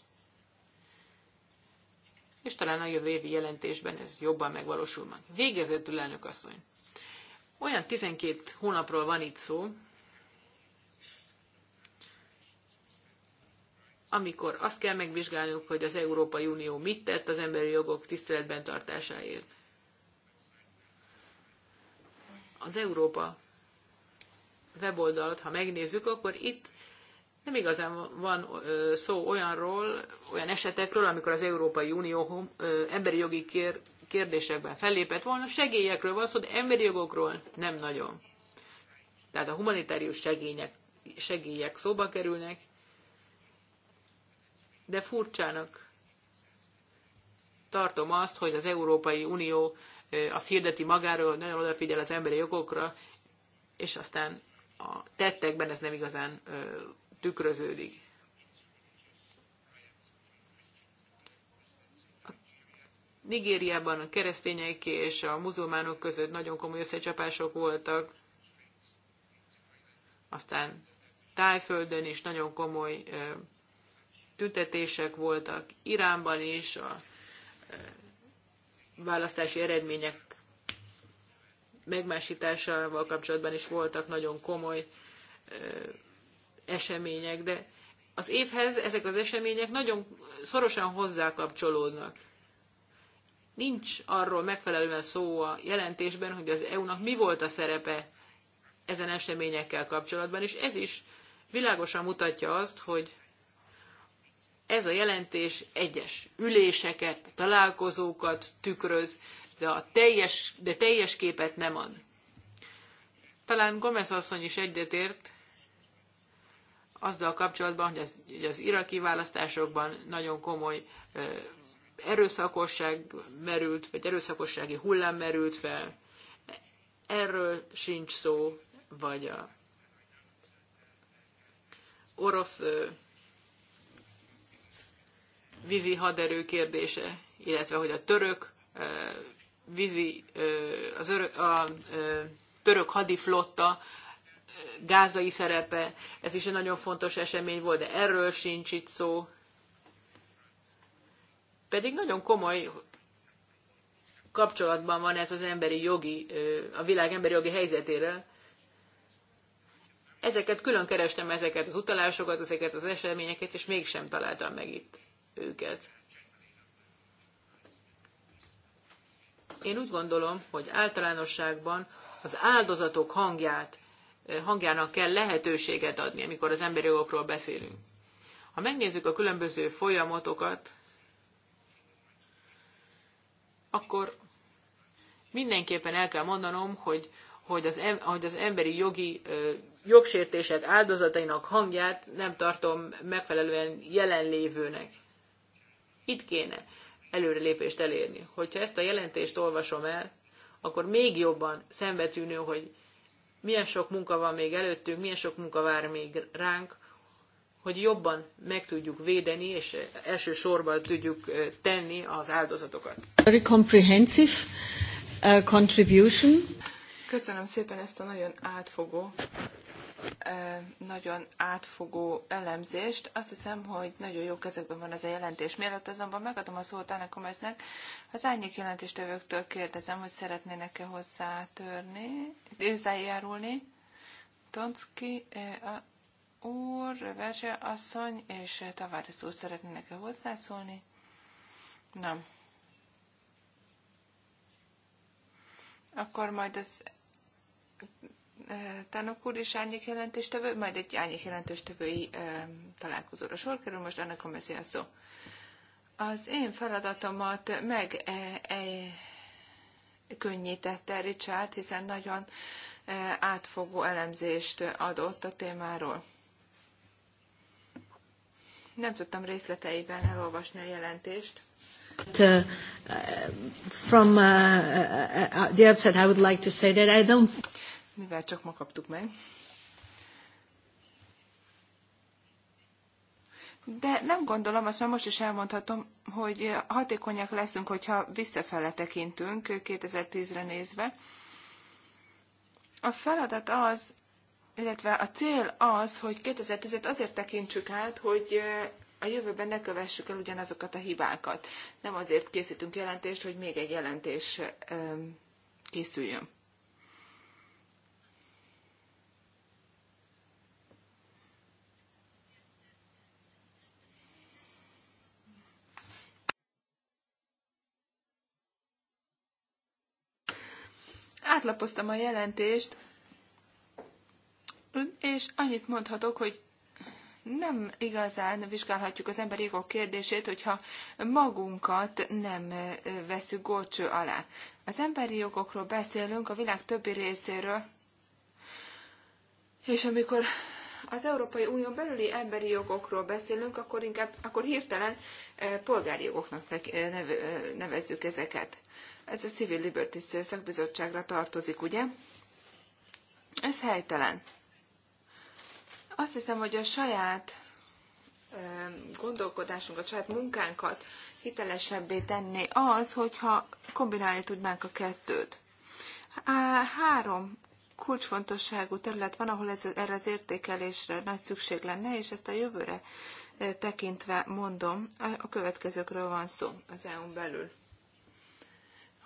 és talán a jövő évi jelentésben ez jobban megvalósul meg. Végezetül, elnök asszony. Olyan 12 hónapról van itt szó, amikor azt kell megvizsgálnunk, hogy az Európai Unió mit tett az emberi jogok tiszteletben tartásáért. Az Európa weboldalt, ha megnézzük, akkor itt nem igazán van szó olyanról, olyan esetekről, amikor az Európai Unió emberi jogi kérdésekben fellépett volna, segélyekről van szó, de emberi jogokról nem nagyon. Tehát a humanitárius segények, segélyek szóba kerülnek, de furcsának tartom azt, hogy az Európai Unió azt hirdeti magáról, hogy nagyon odafigyel az emberi jogokra, és aztán a tettekben ez nem igazán tükröződik. Nigériában a keresztények és a muzulmánok között nagyon komoly összecsapások voltak, aztán Tájföldön is nagyon komoly tüntetések voltak, Iránban is a választási eredmények megmásításával kapcsolatban is voltak nagyon komoly események, de az évhez ezek az események nagyon szorosan hozzákapcsolódnak. Nincs arról megfelelően szó a jelentésben, hogy az EU-nak mi volt a szerepe ezen eseményekkel kapcsolatban, és ez is világosan mutatja azt, hogy ez a jelentés egyes üléseket, találkozókat tükröz, de, a teljes, de teljes képet nem ad. Talán Gomez asszony is egyetért, azzal kapcsolatban, hogy az, hogy iraki választásokban nagyon komoly erőszakosság merült, vagy erőszakossági hullám merült fel. Erről sincs szó, vagy a orosz vízi haderő kérdése, illetve hogy a török vízi, az örök, a török hadiflotta gázai szerepe, ez is egy nagyon fontos esemény volt, de erről sincs itt szó. Pedig nagyon komoly kapcsolatban van ez az emberi jogi, a világ emberi jogi helyzetére. Ezeket külön kerestem, ezeket az utalásokat, ezeket az eseményeket, és mégsem találtam meg itt őket. Én úgy gondolom, hogy általánosságban az áldozatok hangját hangjának kell lehetőséget adni, amikor az emberi jogokról beszélünk. Ha megnézzük a különböző folyamatokat, akkor mindenképpen el kell mondanom, hogy, hogy, az, em, hogy az emberi jogi ö, jogsértések áldozatainak hangját nem tartom megfelelően jelenlévőnek. Itt kéne előrelépést elérni. Hogyha ezt a jelentést olvasom el, akkor még jobban szembetűnő, hogy milyen sok munka van még előttünk, milyen sok munka vár még ránk, hogy jobban meg tudjuk védeni, és elsősorban tudjuk tenni az áldozatokat. Very comprehensive contribution. Köszönöm szépen ezt a nagyon átfogó nagyon átfogó elemzést. Azt hiszem, hogy nagyon jó kezekben van ez a jelentés. Mielőtt azonban megadom a szót Anna Komeznek, az árnyék jelentéstevőktől kérdezem, hogy szeretnének-e hozzátörni, hozzájárulni. Tonszki úr, Verzse asszony és Tavares úr szeretnének-e hozzászólni? Nem. Akkor majd az Tanok úr és jelentéstevő, majd egy árnyék jelentéstevői találkozóra sor kerül, most annak a szó. Az én feladatomat meg e, könnyítette Richard, hiszen nagyon átfogó elemzést adott a témáról. Nem tudtam részleteiben elolvasni a jelentést. But, uh, from uh, the outset, I would like to say that I don't mivel csak ma kaptuk meg. De nem gondolom, azt már most is elmondhatom, hogy hatékonyak leszünk, hogyha visszafele tekintünk 2010-re nézve. A feladat az, illetve a cél az, hogy 2010-et azért tekintsük át, hogy a jövőben ne kövessük el ugyanazokat a hibákat. Nem azért készítünk jelentést, hogy még egy jelentés készüljön. átlapoztam a jelentést, és annyit mondhatok, hogy nem igazán vizsgálhatjuk az emberi jogok kérdését, hogyha magunkat nem veszük gocső alá. Az emberi jogokról beszélünk a világ többi részéről, és amikor az Európai Unió belüli emberi jogokról beszélünk, akkor inkább akkor hirtelen polgári jogoknak nevezzük ezeket. Ez a Civil Liberties szakbizottságra tartozik, ugye? Ez helytelen. Azt hiszem, hogy a saját gondolkodásunkat, saját munkánkat hitelesebbé tenné az, hogyha kombinálni tudnánk a kettőt. Három kulcsfontosságú terület van, ahol ez, erre az értékelésre nagy szükség lenne, és ezt a jövőre tekintve mondom, a következőkről van szó az EU-n belül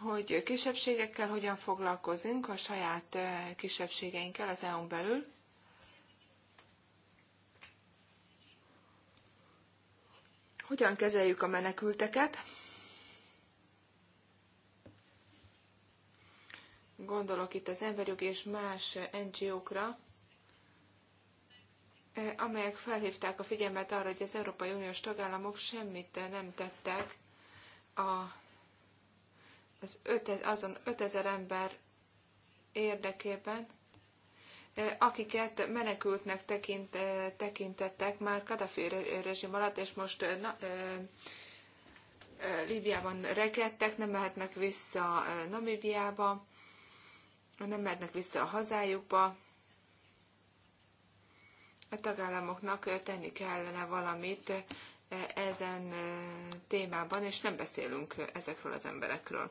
hogy kisebbségekkel hogyan foglalkozunk, a saját kisebbségeinkkel az EU-n belül. Hogyan kezeljük a menekülteket? Gondolok itt az emberjogi és más NGO-kra, amelyek felhívták a figyelmet arra, hogy az Európai Uniós tagállamok semmit nem tettek a az azon 5000 ember érdekében, akiket menekültnek tekintettek már Kadafi rezsim alatt, és most na, Líbiában rekedtek, nem mehetnek vissza Namibiába, nem mehetnek vissza a hazájukba. A tagállamoknak tenni kellene valamit ezen témában, és nem beszélünk ezekről az emberekről.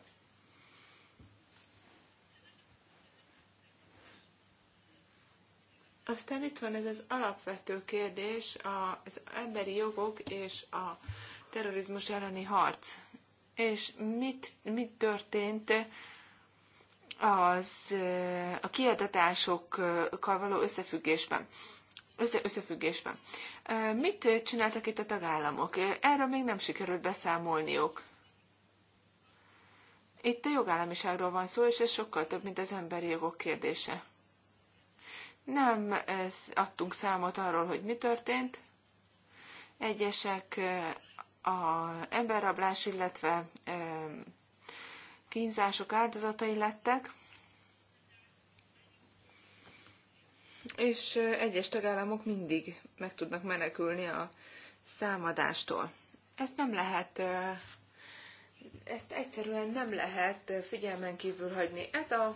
Aztán itt van ez az alapvető kérdés, az emberi jogok és a terrorizmus elleni harc. És mit, mit történt az, a kiadatásokkal való összefüggésben? Össze, összefüggésben. Mit csináltak itt a tagállamok? Erről még nem sikerült beszámolniuk. Itt a jogállamiságról van szó, és ez sokkal több, mint az emberi jogok kérdése. Nem adtunk számot arról, hogy mi történt. Egyesek a emberrablás, illetve kínzások áldozatai lettek, és egyes tagállamok mindig meg tudnak menekülni a számadástól. Ezt nem lehet, ezt egyszerűen nem lehet figyelmen kívül hagyni. Ez a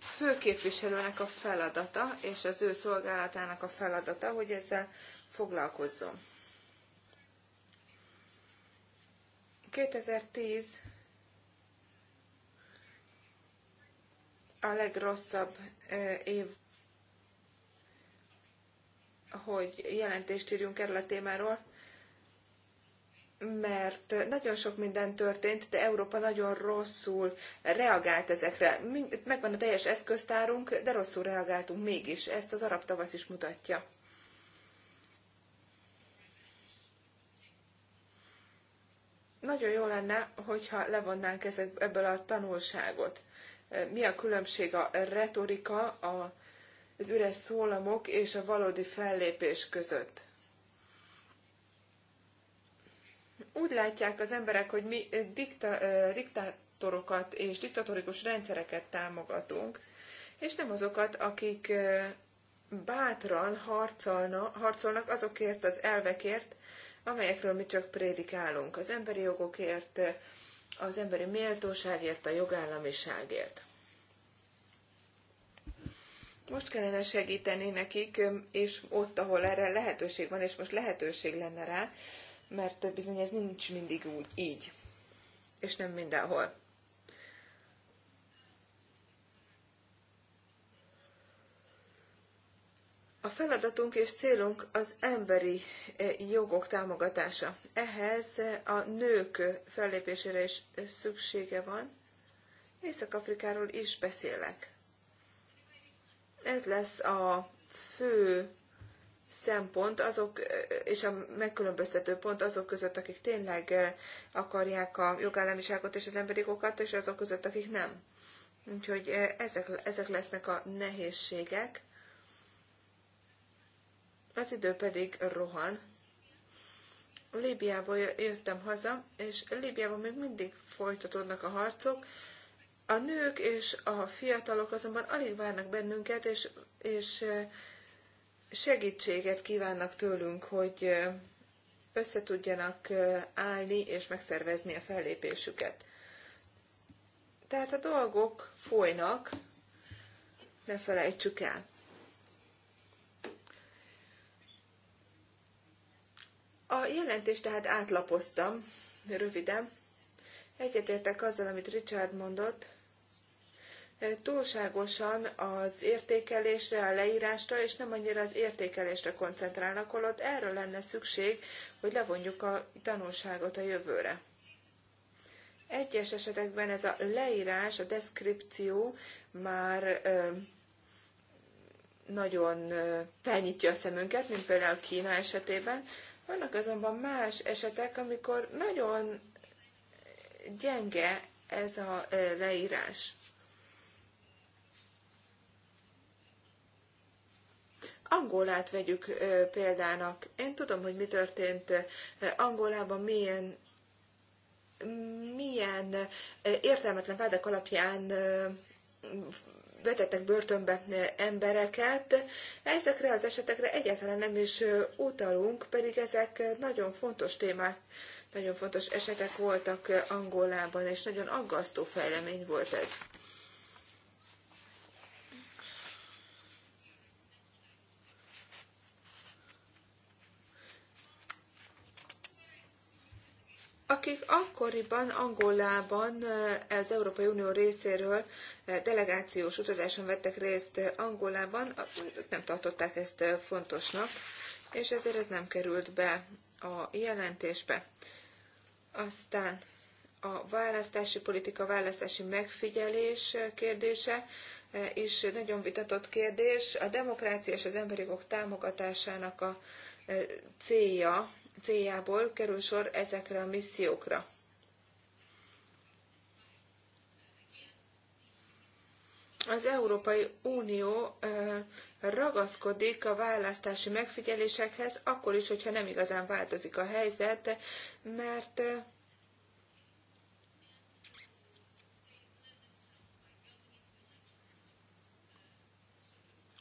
főképviselőnek a feladata és az ő szolgálatának a feladata, hogy ezzel foglalkozzon. 2010 a legrosszabb év, hogy jelentést írjunk erről a témáról mert nagyon sok minden történt, de Európa nagyon rosszul reagált ezekre. Megvan a teljes eszköztárunk, de rosszul reagáltunk mégis. Ezt az arab tavasz is mutatja. Nagyon jó lenne, hogyha levonnánk ebből a tanulságot. Mi a különbség a retorika, a, az üres szólamok és a valódi fellépés között? úgy látják az emberek, hogy mi dikta, diktátorokat és diktatórikus rendszereket támogatunk, és nem azokat, akik bátran harcolna, harcolnak azokért az elvekért, amelyekről mi csak prédikálunk, az emberi jogokért, az emberi méltóságért, a jogállamiságért. Most kellene segíteni nekik, és ott, ahol erre lehetőség van, és most lehetőség lenne rá, mert bizony ez nincs mindig úgy így, és nem mindenhol. A feladatunk és célunk az emberi jogok támogatása. Ehhez a nők fellépésére is szüksége van. Észak-Afrikáról is beszélek. Ez lesz a fő szempont azok, és a megkülönböztető pont azok között, akik tényleg akarják a jogállamiságot és az emberi jogokat, és azok között, akik nem. Úgyhogy ezek, ezek lesznek a nehézségek. Az idő pedig rohan. Líbiából jöttem haza, és Líbiában még mindig folytatódnak a harcok. A nők és a fiatalok azonban alig várnak bennünket, és, és segítséget kívánnak tőlünk, hogy össze tudjanak állni és megszervezni a fellépésüket. Tehát a dolgok folynak, ne felejtsük el. A jelentést tehát átlapoztam, röviden. Egyetértek azzal, amit Richard mondott, túlságosan az értékelésre, a leírásra, és nem annyira az értékelésre koncentrálnak, holott erről lenne szükség, hogy levonjuk a tanulságot a jövőre. Egyes esetekben ez a leírás, a deszkripció már ö, nagyon ö, felnyitja a szemünket, mint például Kína esetében. Vannak azonban más esetek, amikor nagyon gyenge ez a leírás. Angolát vegyük példának. Én tudom, hogy mi történt Angolában, milyen milyen értelmetlen vádak alapján vetettek börtönbe embereket. Ezekre az esetekre egyáltalán nem is utalunk, pedig ezek nagyon fontos témák, nagyon fontos esetek voltak Angolában, és nagyon aggasztó fejlemény volt ez. akik akkoriban Angolában az Európai Unió részéről delegációs utazáson vettek részt Angolában, nem tartották ezt fontosnak, és ezért ez nem került be a jelentésbe. Aztán a választási politika, választási megfigyelés kérdése is nagyon vitatott kérdés. A demokrácia és az emberi jogok támogatásának a célja céljából kerül sor ezekre a missziókra. Az Európai Unió ragaszkodik a választási megfigyelésekhez, akkor is, hogyha nem igazán változik a helyzet, mert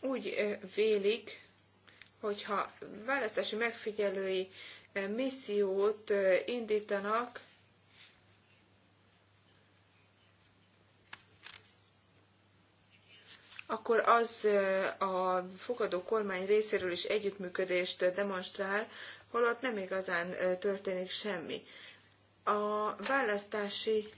úgy vélik, hogyha választási megfigyelői missziót indítanak, akkor az a fogadó kormány részéről is együttműködést demonstrál, holott nem igazán történik semmi. A választási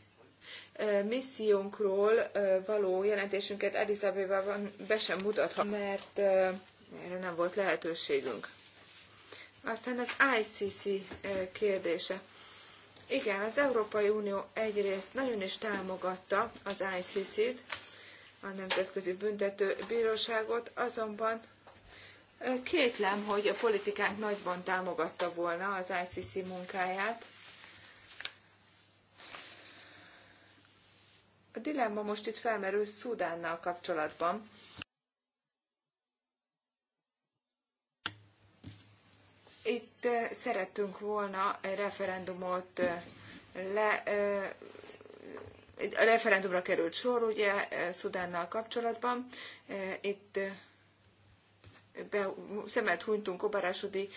missziónkról való jelentésünket Addis Abebában be sem mutathat, mert erre nem volt lehetőségünk. Aztán az ICC kérdése. Igen, az Európai Unió egyrészt nagyon is támogatta az ICC-t, a Nemzetközi Büntető Bíróságot, azonban kétlem, hogy a politikánk nagyban támogatta volna az ICC munkáját. A dilemma most itt felmerül Szudánnal kapcsolatban. itt szerettünk volna referendumot le, a referendumra került sor, ugye, Szudánnal kapcsolatban. Itt be, szemet hunytunk obarásodi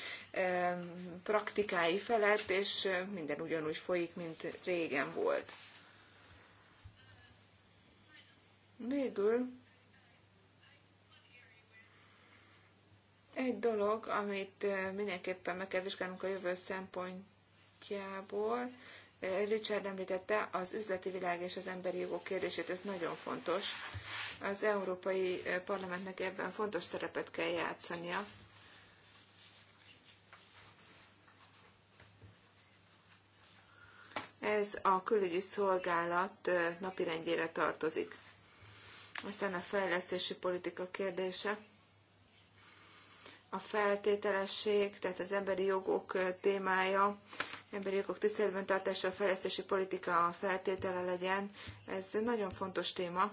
praktikái felett, és minden ugyanúgy folyik, mint régen volt. Végül Egy dolog, amit mindenképpen meg kell vizsgálnunk a jövő szempontjából, Richard említette az üzleti világ és az emberi jogok kérdését, ez nagyon fontos. Az Európai Parlamentnek ebben fontos szerepet kell játszania. Ez a külügyi szolgálat napirendjére tartozik. Aztán a fejlesztési politika kérdése a feltételesség, tehát az emberi jogok témája, emberi jogok tiszteletben tartása, a fejlesztési politika a feltétele legyen. Ez nagyon fontos téma.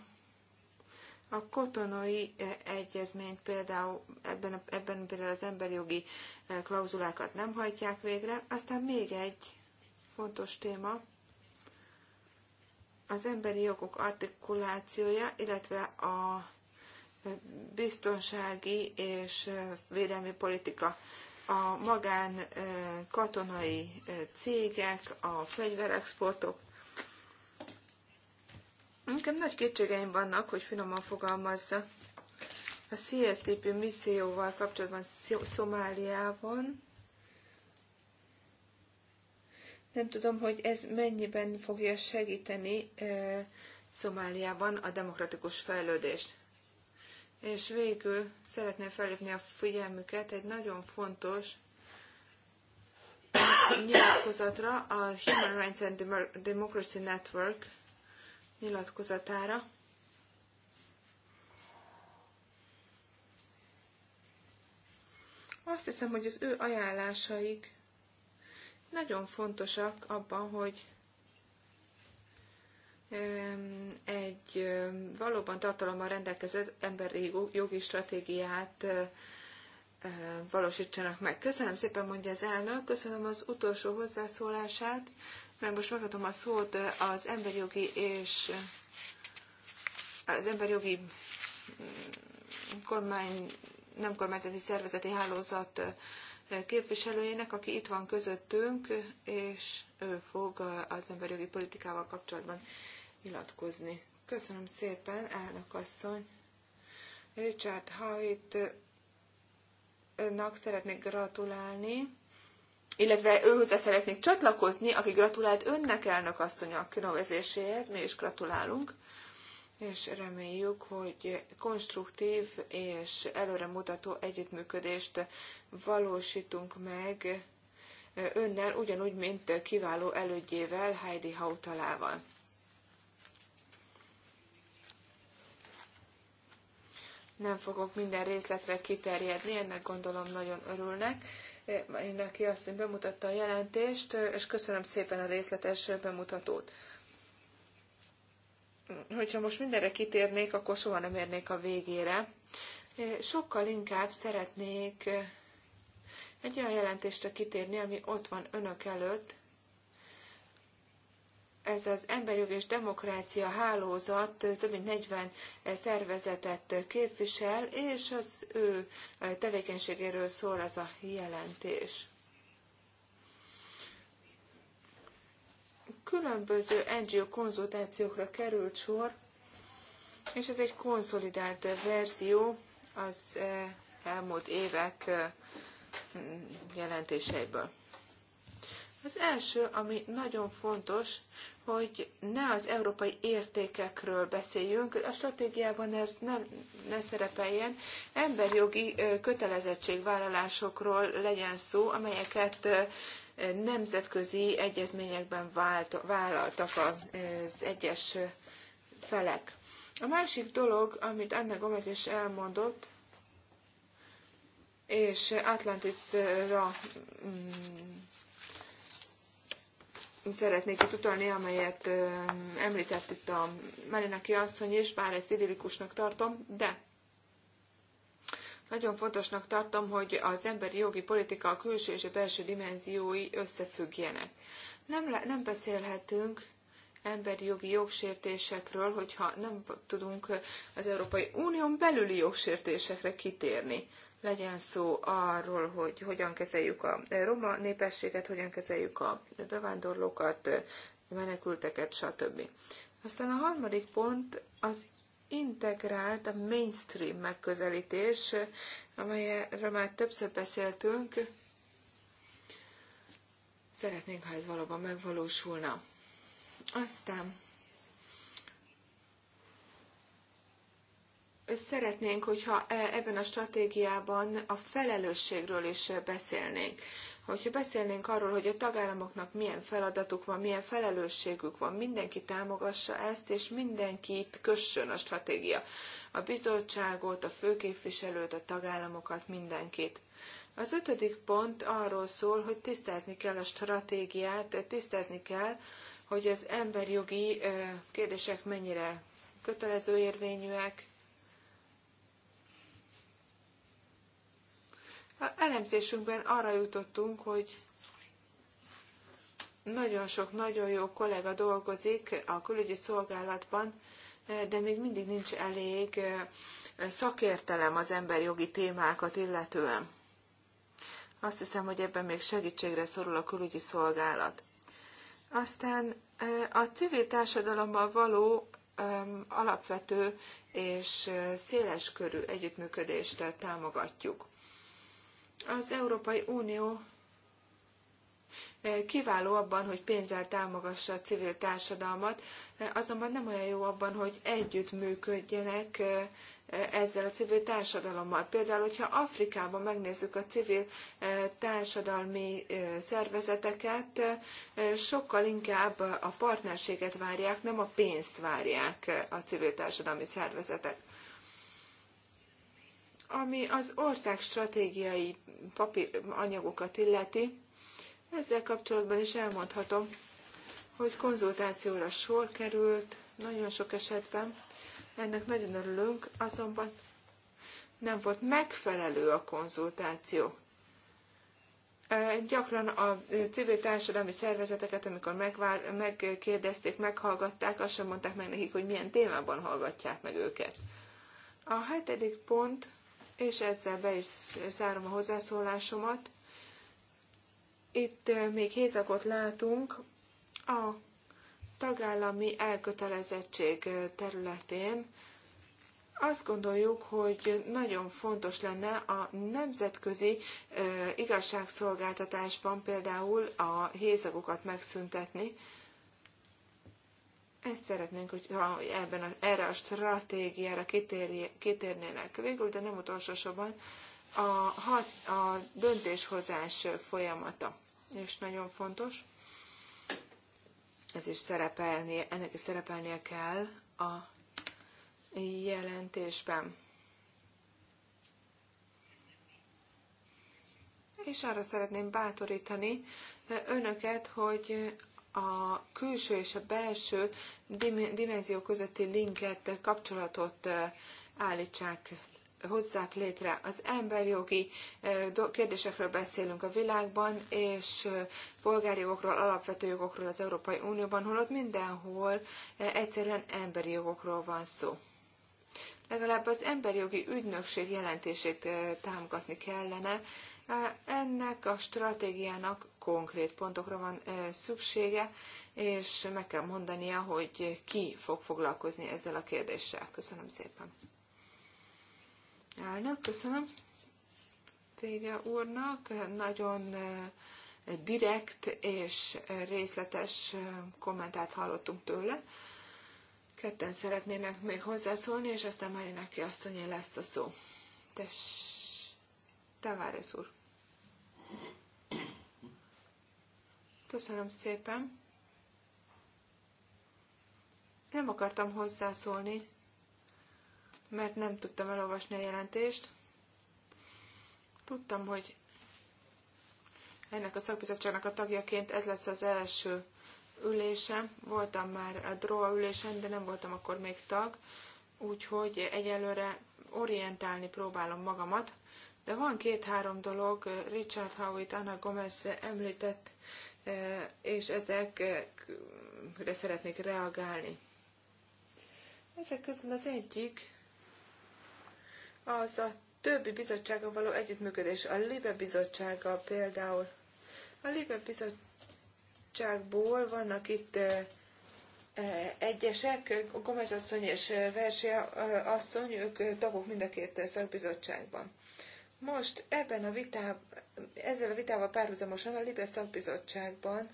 A kotonói egyezményt például ebben, ebben például az emberi jogi klauzulákat nem hajtják végre. Aztán még egy fontos téma, az emberi jogok artikulációja, illetve a biztonsági és védelmi politika. A magán katonai cégek, a fegyverexportok. Nekem nagy kétségeim vannak, hogy finoman fogalmazza. A CSTP misszióval kapcsolatban Szomáliában nem tudom, hogy ez mennyiben fogja segíteni Szomáliában a demokratikus fejlődést. És végül szeretném felhívni a figyelmüket egy nagyon fontos nyilatkozatra, a Human Rights and Democracy Network nyilatkozatára. Azt hiszem, hogy az ő ajánlásaik nagyon fontosak abban, hogy egy valóban tartalommal rendelkező emberi jogi stratégiát valósítsanak meg. Köszönöm szépen, mondja az elnök, köszönöm az utolsó hozzászólását, mert most megadom a szót az emberi jogi és az emberi jogi kormány, nem kormányzati szervezeti hálózat képviselőjének, aki itt van közöttünk, és ő fog az emberi jogi politikával kapcsolatban nyilatkozni. Köszönöm szépen, elnök asszony. Richard Howitt önnek szeretnék gratulálni, illetve őhöz szeretnék csatlakozni, aki gratulált önnek, elnök asszony, a kinevezéséhez. Mi is gratulálunk és reméljük, hogy konstruktív és előremutató együttműködést valósítunk meg önnel, ugyanúgy, mint kiváló elődjével, Heidi Hautalával. nem fogok minden részletre kiterjedni, ennek gondolom nagyon örülnek. Én neki azt, hogy bemutatta a jelentést, és köszönöm szépen a részletes bemutatót. Hogyha most mindenre kitérnék, akkor soha nem érnék a végére. Sokkal inkább szeretnék egy olyan jelentést kitérni, ami ott van önök előtt, ez az emberjog és demokrácia hálózat több mint 40 szervezetet képvisel, és az ő tevékenységéről szól ez a jelentés. Különböző NGO konzultációkra került sor, és ez egy konszolidált verzió az elmúlt évek jelentéseiből. Az első, ami nagyon fontos, hogy ne az európai értékekről beszéljünk, a stratégiában ez nem, ne szerepeljen, emberjogi kötelezettségvállalásokról legyen szó, amelyeket nemzetközi egyezményekben vált, vállaltak az egyes felek. A másik dolog, amit Anna Gomez is elmondott, és Atlantisra szeretnék itt utalni, amelyet említett itt a Melinaki asszony és bár ezt idillikusnak tartom, de nagyon fontosnak tartom, hogy az emberi jogi politika a külső és a belső dimenziói összefüggjenek. Nem, le, nem beszélhetünk emberi jogi jogsértésekről, hogyha nem tudunk az Európai Unión belüli jogsértésekre kitérni legyen szó arról, hogy hogyan kezeljük a roma népességet, hogyan kezeljük a bevándorlókat, menekülteket, stb. Aztán a harmadik pont az integrált, a mainstream megközelítés, amelyről már többször beszéltünk. Szeretnénk, ha ez valóban megvalósulna. Aztán szeretnénk, hogyha ebben a stratégiában a felelősségről is beszélnénk. Hogyha beszélnénk arról, hogy a tagállamoknak milyen feladatuk van, milyen felelősségük van, mindenki támogassa ezt, és mindenkit kössön a stratégia. A bizottságot, a főképviselőt, a tagállamokat, mindenkit. Az ötödik pont arról szól, hogy tisztázni kell a stratégiát, tisztázni kell, hogy az emberjogi kérdések mennyire kötelező érvényűek, A elemzésünkben arra jutottunk, hogy nagyon sok, nagyon jó kollega dolgozik a külügyi szolgálatban, de még mindig nincs elég szakértelem az jogi témákat illetően. Azt hiszem, hogy ebben még segítségre szorul a külügyi szolgálat. Aztán a civil társadalommal való alapvető és széleskörű együttműködést támogatjuk. Az Európai Unió kiváló abban, hogy pénzzel támogassa a civil társadalmat, azonban nem olyan jó abban, hogy együtt működjenek ezzel a civil társadalommal. Például, hogyha Afrikában megnézzük a civil társadalmi szervezeteket, sokkal inkább a partnerséget várják, nem a pénzt várják a civil társadalmi szervezetek. Ami az ország stratégiai papír anyagokat illeti, ezzel kapcsolatban is elmondhatom, hogy konzultációra sor került nagyon sok esetben. Ennek nagyon örülünk, azonban nem volt megfelelő a konzultáció. Gyakran a civil társadalmi szervezeteket, amikor megvár, megkérdezték, meghallgatták, azt sem mondták meg nekik, hogy milyen témában hallgatják meg őket. A hetedik pont és ezzel be is zárom a hozzászólásomat. Itt még hézakot látunk a tagállami elkötelezettség területén. Azt gondoljuk, hogy nagyon fontos lenne a nemzetközi igazságszolgáltatásban például a hézagokat megszüntetni, Ezt szeretnénk, hogy ha ebben a, erre a stratégiára kitérnének végül, de nem utolsó a, a döntéshozás folyamata. És nagyon fontos, ez is szerepelni, ennek is szerepelnie kell a jelentésben. És arra szeretném bátorítani önöket, hogy a külső és a belső dimenzió közötti linket, kapcsolatot állítsák hozzák létre. Az emberjogi kérdésekről beszélünk a világban, és polgári jogokról, alapvető jogokról az Európai Unióban, holott mindenhol egyszerűen emberi jogokról van szó. Legalább az emberjogi ügynökség jelentését támogatni kellene. Ennek a stratégiának konkrét pontokra van szüksége, és meg kell mondania, hogy ki fog foglalkozni ezzel a kérdéssel. Köszönöm szépen. Elnök, köszönöm. Vége úrnak nagyon direkt és részletes kommentát hallottunk tőle. Ketten szeretnének még hozzászólni, és aztán azt, hogy lesz a szó. Tess, várj, úr. Köszönöm szépen. Nem akartam hozzászólni, mert nem tudtam elolvasni a jelentést. Tudtam, hogy ennek a szakbizottságnak a tagjaként ez lesz az első ülésem. Voltam már a DROA ülésen, de nem voltam akkor még tag, úgyhogy egyelőre orientálni próbálom magamat. De van két-három dolog, Richard Howitt, Anna Gomez említett és ezekre szeretnék reagálni. Ezek közül az egyik az a többi bizottsága való együttműködés, a Libe bizottsággal például. A Libe bizottságból vannak itt egyesek, Gomez asszony és Versia asszony, ők tagok mind a két szakbizottságban. Most ebben a vitában, ezzel a vitával párhuzamosan a Libia szakbizottságban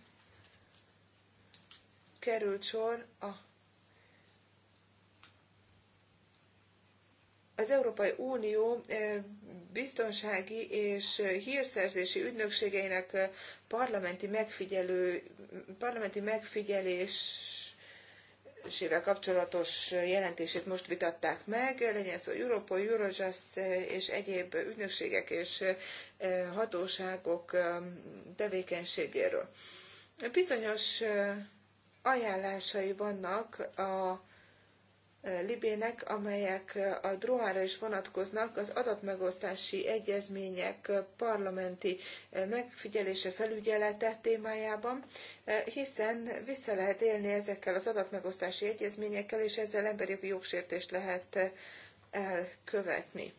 került sor a az Európai Unió biztonsági és hírszerzési ügynökségeinek parlamenti, megfigyelő, parlamenti megfigyelés kapcsolatos jelentését most vitatták meg, legyen szó Europol, Eurojust és egyéb ügynökségek és hatóságok tevékenységéről. Bizonyos ajánlásai vannak a Libének, amelyek a drohára is vonatkoznak, az adatmegosztási egyezmények parlamenti megfigyelése felügyelete témájában, hiszen vissza lehet élni ezekkel az adatmegosztási egyezményekkel, és ezzel emberi jogsértést lehet elkövetni.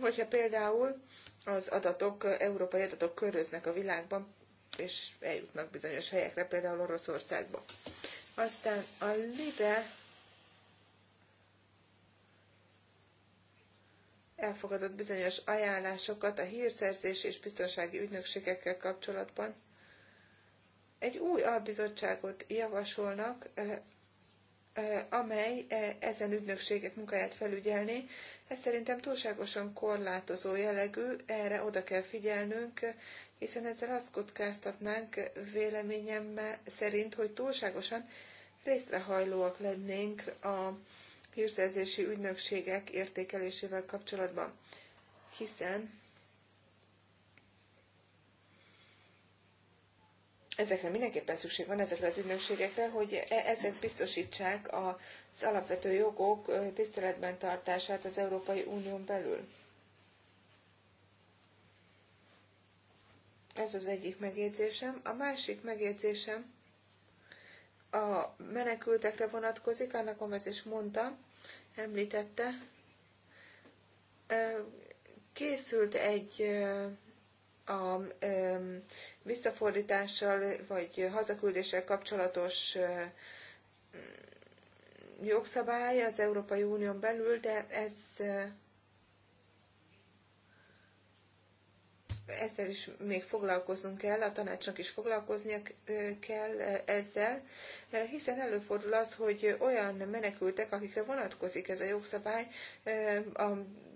Hogyha például az adatok, európai adatok köröznek a világban, és eljutnak bizonyos helyekre, például Oroszországba. Aztán a libe elfogadott bizonyos ajánlásokat a hírszerzés és biztonsági ügynökségekkel kapcsolatban. Egy új albizottságot javasolnak, amely ezen ügynökségek munkáját felügyelni, Ez szerintem túlságosan korlátozó jellegű, erre oda kell figyelnünk, hiszen ezzel azt kockáztatnánk véleményem szerint, hogy túlságosan részrehajlóak lennénk a hírszerzési ügynökségek értékelésével kapcsolatban, hiszen ezekre mindenképpen szükség van, ezekre az ügynökségekre, hogy ezek biztosítsák az alapvető jogok tiszteletben tartását az Európai Unión belül. Ez az egyik megjegyzésem. A másik megjegyzésem a menekültekre vonatkozik, annak ez is mondta, említette. Készült egy a visszafordítással vagy hazaküldéssel kapcsolatos jogszabály az Európai Unión belül, de ez ezzel is még foglalkoznunk kell, a tanácsnak is foglalkoznia kell ezzel, hiszen előfordul az, hogy olyan menekültek, akikre vonatkozik ez a jogszabály, a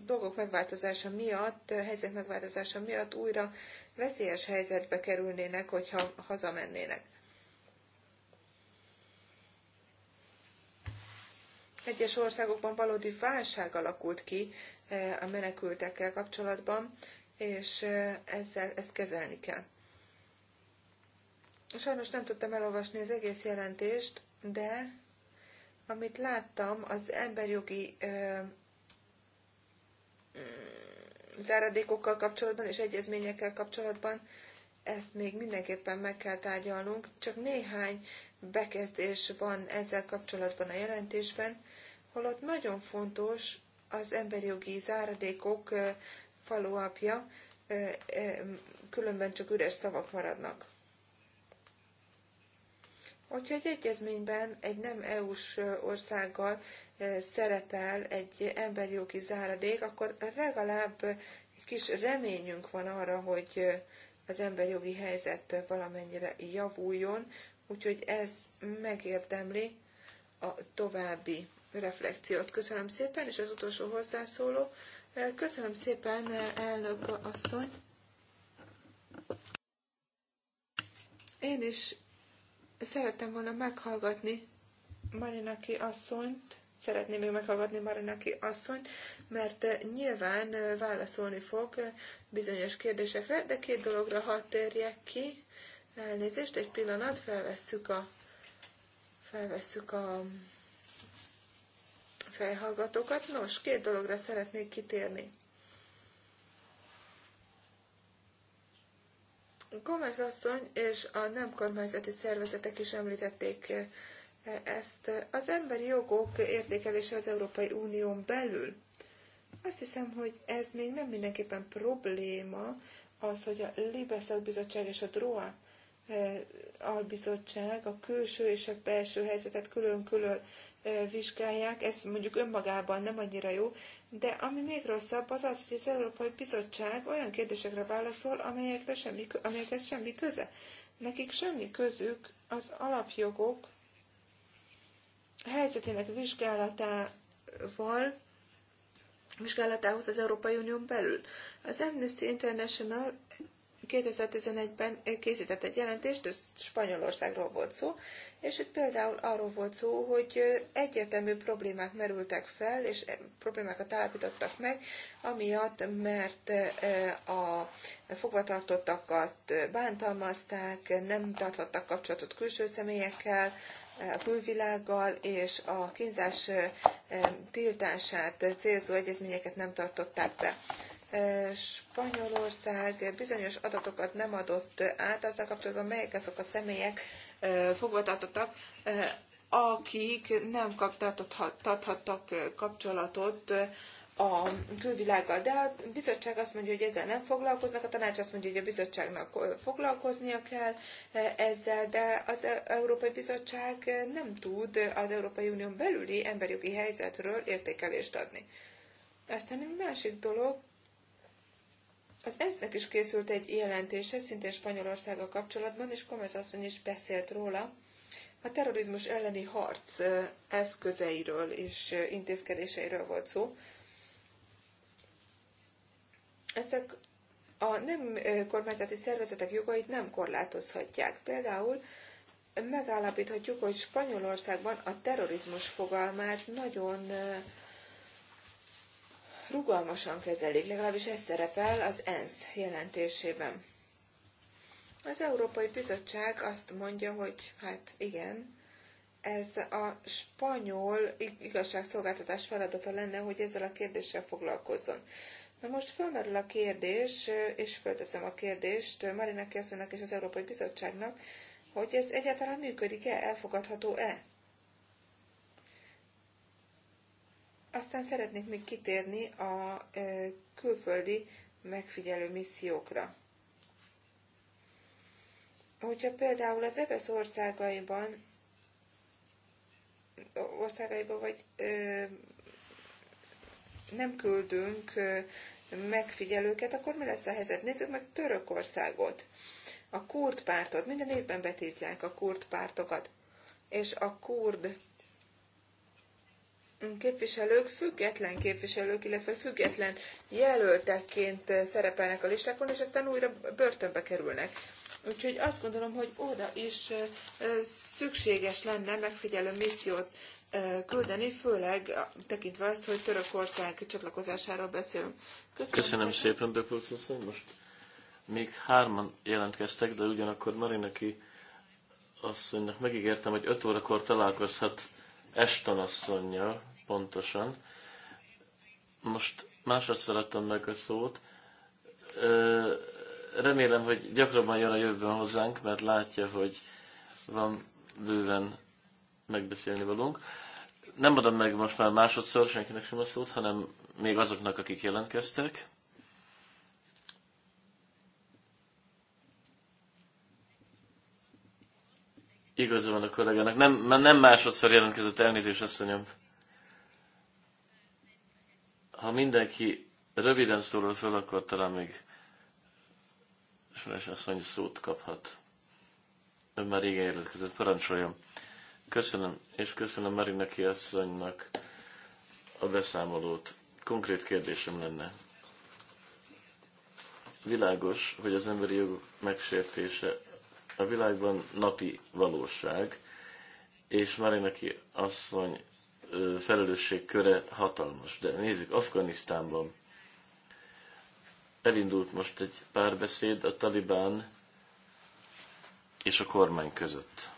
dolgok megváltozása miatt, a helyzet megváltozása miatt újra veszélyes helyzetbe kerülnének, hogyha hazamennének. Egyes országokban valódi válság alakult ki a menekültekkel kapcsolatban, és ezzel, ezt kezelni kell. Sajnos nem tudtam elolvasni az egész jelentést, de amit láttam, az emberjogi ö, záradékokkal kapcsolatban és egyezményekkel kapcsolatban ezt még mindenképpen meg kell tárgyalnunk. Csak néhány bekezdés van ezzel kapcsolatban a jelentésben, holott nagyon fontos az emberi jogi záradékok follow különben csak üres szavak maradnak. Hogyha egy egyezményben egy nem EU-s országgal szerepel egy emberi jogi záradék, akkor legalább egy kis reményünk van arra, hogy az emberi jogi helyzet valamennyire javuljon, úgyhogy ez megérdemli a további reflekciót. Köszönöm szépen, és az utolsó hozzászóló Köszönöm szépen, elnök asszony. Én is szerettem volna meghallgatni Marinaki asszonyt, szeretném még meghallgatni Marinaki asszonyt, mert nyilván válaszolni fog bizonyos kérdésekre, de két dologra hadd térjek ki. Elnézést, egy pillanat, felvesszük a, felvesszük a fejhallgatókat. Nos, két dologra szeretnék kitérni. Gomez asszony és a nem kormányzati szervezetek is említették ezt. Az emberi jogok értékelése az Európai Unión belül. Azt hiszem, hogy ez még nem mindenképpen probléma, az, hogy a Libeszak Bizottság és a DROA albizottság a külső és a belső helyzetet külön-külön vizsgálják, ez mondjuk önmagában nem annyira jó, de ami még rosszabb az az, hogy az Európai Bizottság olyan kérdésekre válaszol, amelyekre semmi, amelyekhez semmi köze. Nekik semmi közük az alapjogok helyzetének vizsgálatával, vizsgálatához az Európai Unión belül. Az Amnesty International 2011-ben készített egy jelentést, ez Spanyolországról volt szó, és itt például arról volt szó, hogy egyetemű problémák merültek fel, és problémákat állapítottak meg, amiatt, mert a fogvatartottakat bántalmazták, nem tarthattak kapcsolatot külső személyekkel, a külvilággal és a kínzás tiltását célzó egyezményeket nem tartották be. Spanyolország bizonyos adatokat nem adott át, azzal kapcsolatban melyek azok a személyek fogvatartottak, akik nem tarthattak kapcsolatot a külvilággal. De a bizottság azt mondja, hogy ezzel nem foglalkoznak, a tanács azt mondja, hogy a bizottságnak foglalkoznia kell ezzel, de az Európai Bizottság nem tud az Európai Unión belüli emberjogi helyzetről értékelést adni. Aztán egy másik dolog, Az ESZ-nek is készült egy jelentése, szintén Spanyolországgal kapcsolatban, és Gomez asszony is beszélt róla, a terrorizmus elleni harc eszközeiről és intézkedéseiről volt szó. Ezek a nem kormányzati szervezetek jogait nem korlátozhatják. Például megállapíthatjuk, hogy Spanyolországban a terrorizmus fogalmát nagyon rugalmasan kezelik, legalábbis ez szerepel az ENSZ jelentésében. Az Európai Bizottság azt mondja, hogy hát igen, ez a spanyol igazságszolgáltatás feladata lenne, hogy ezzel a kérdéssel foglalkozzon. Na most felmerül a kérdés, és fölteszem a kérdést Marina Kiaszonnak és az Európai Bizottságnak, hogy ez egyáltalán működik-e, elfogadható-e? Aztán szeretnék még kitérni a külföldi megfigyelő missziókra. Hogyha például az EBSZ országaiban, országaiban vagy nem küldünk megfigyelőket, akkor mi lesz a helyzet? Nézzük meg Törökországot, a kurd pártot. Minden évben betiltják a kurd pártokat, és a kurd képviselők független képviselők, illetve független jelöltekként szerepelnek a listákon, és aztán újra börtönbe kerülnek. Úgyhogy azt gondolom, hogy oda is szükséges lenne megfigyelő missziót küldeni, főleg tekintve azt, hogy Törökország csatlakozásáról beszélünk. Köszönöm, Köszönöm szépen, szépen Most még hárman jelentkeztek, de ugyanakkor Marineki asszonynak megígértem, hogy öt órakor találkozhat Eston asszonynal, pontosan. Most másodszor adtam meg a szót. Remélem, hogy gyakrabban jön a jövőben hozzánk, mert látja, hogy van bőven megbeszélni valunk. Nem adom meg most már másodszor senkinek sem a szót, hanem még azoknak, akik jelentkeztek. Igaza van a kollégának. Nem, nem másodszor jelentkezett elnézést, asszonyom. Ha mindenki röviden szólal föl, akkor talán még asszony szót kaphat. Ön már régen jelentkezett, parancsoljon. Köszönöm, és köszönöm Marineki asszonynak a beszámolót. Konkrét kérdésem lenne. Világos, hogy az emberi jogok megsértése a világban napi valóság, és Marineki asszony felelősség köre hatalmas. De nézzük, Afganisztánban elindult most egy párbeszéd a Talibán és a kormány között.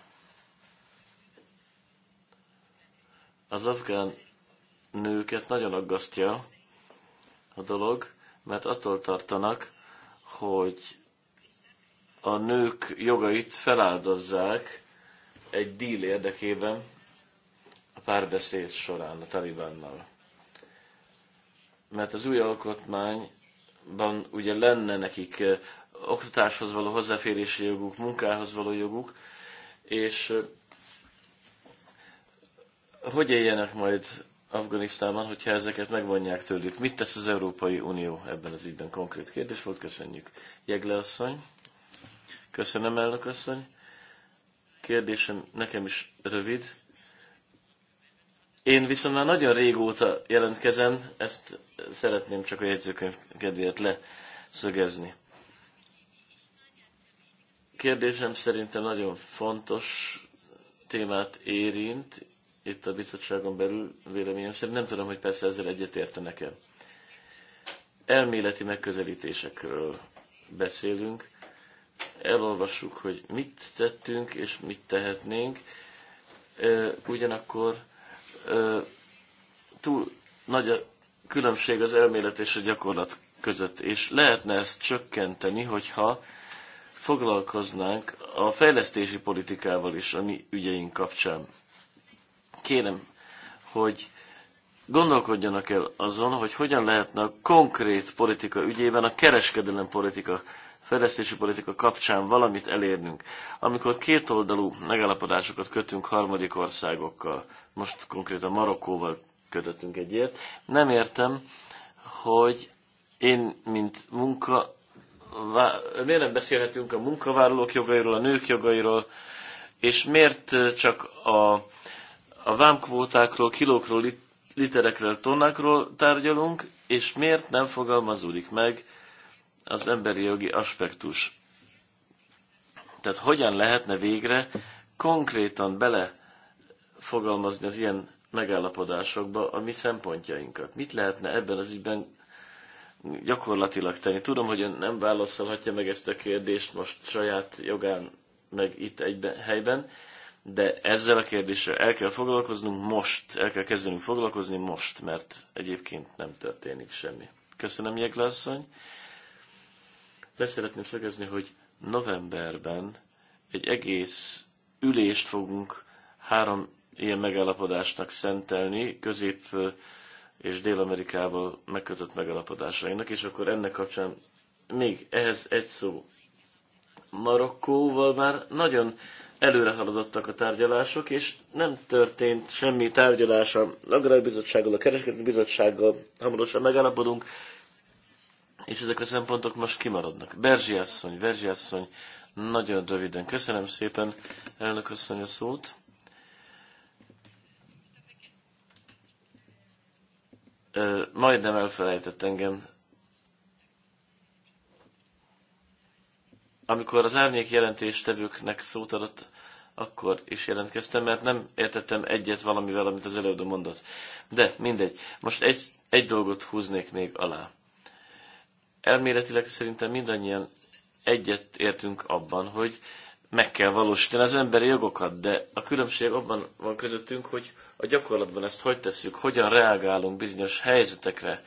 Az afgán nőket nagyon aggasztja a dolog, mert attól tartanak, hogy a nők jogait feláldozzák egy díl érdekében, párbeszéd során a Talibánnal. Mert az új alkotmányban ugye lenne nekik oktatáshoz való hozzáférési joguk, munkához való joguk, és hogy éljenek majd Afganisztánban, hogyha ezeket megvonják tőlük? Mit tesz az Európai Unió ebben az ügyben? Konkrét kérdés volt, köszönjük. Jegle asszony. Köszönöm, elnök asszony. Kérdésem nekem is rövid. Én viszont már nagyon régóta jelentkezem, ezt szeretném csak a jegyzőkönyv kedvéért leszögezni. Kérdésem szerintem nagyon fontos témát érint, itt a bizottságon belül véleményem szerint. Nem tudom, hogy persze ezzel egyetértenek-e. Elméleti megközelítésekről beszélünk, elolvassuk, hogy mit tettünk és mit tehetnénk, ugyanakkor túl nagy a különbség az elmélet és a gyakorlat között, és lehetne ezt csökkenteni, hogyha foglalkoznánk a fejlesztési politikával is a mi ügyeink kapcsán. Kérem, hogy gondolkodjanak el azon, hogy hogyan lehetne a konkrét politika ügyében a kereskedelem politika fejlesztési politika kapcsán valamit elérnünk, amikor kétoldalú megállapodásokat kötünk harmadik országokkal, most konkrétan Marokkóval kötöttünk ilyet, nem értem, hogy én, mint munka, miért nem beszélhetünk a munkavállalók jogairól, a nők jogairól, és miért csak a, a vámkvótákról, kilókról, literekről, tonnákról tárgyalunk, és miért nem fogalmazódik meg az emberi jogi aspektus. Tehát hogyan lehetne végre konkrétan bele fogalmazni az ilyen megállapodásokba a mi szempontjainkat? Mit lehetne ebben az ügyben gyakorlatilag tenni? Tudom, hogy ön nem válaszolhatja meg ezt a kérdést most saját jogán, meg itt egy helyben, de ezzel a kérdéssel el kell foglalkoznunk most, el kell kezdenünk foglalkozni most, mert egyébként nem történik semmi. Köszönöm, Jegle asszony szeretném szögezni, hogy novemberben egy egész ülést fogunk három ilyen megállapodásnak szentelni, közép és Dél-Amerikával megkötött megállapodásainak, és akkor ennek kapcsán még ehhez egy szó. Marokkóval már nagyon előre haladottak a tárgyalások, és nem történt semmi tárgyalás a Agrárbizottsággal, a Kereskedelmi Bizottsággal, hamarosan megállapodunk, és ezek a szempontok most kimaradnak. Berzsi asszony, Berzsi asszony, nagyon röviden. Köszönöm szépen, elnök asszony a szót. majdnem elfelejtett engem. Amikor az árnyék jelentéstevőknek szót adott, akkor is jelentkeztem, mert nem értettem egyet valamivel, amit az előadó mondott. De mindegy. Most egy, egy dolgot húznék még alá elméletileg szerintem mindannyian egyet értünk abban, hogy meg kell valósítani az emberi jogokat, de a különbség abban van közöttünk, hogy a gyakorlatban ezt hogy tesszük, hogyan reagálunk bizonyos helyzetekre.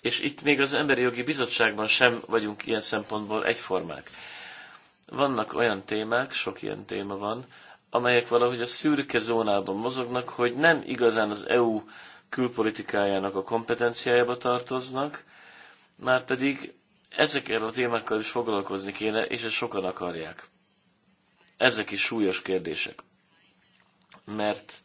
És itt még az Emberi Jogi Bizottságban sem vagyunk ilyen szempontból egyformák. Vannak olyan témák, sok ilyen téma van, amelyek valahogy a szürke zónában mozognak, hogy nem igazán az EU külpolitikájának a kompetenciájába tartoznak, már pedig ezekkel a témákkal is foglalkozni kéne, és ezt sokan akarják. Ezek is súlyos kérdések. Mert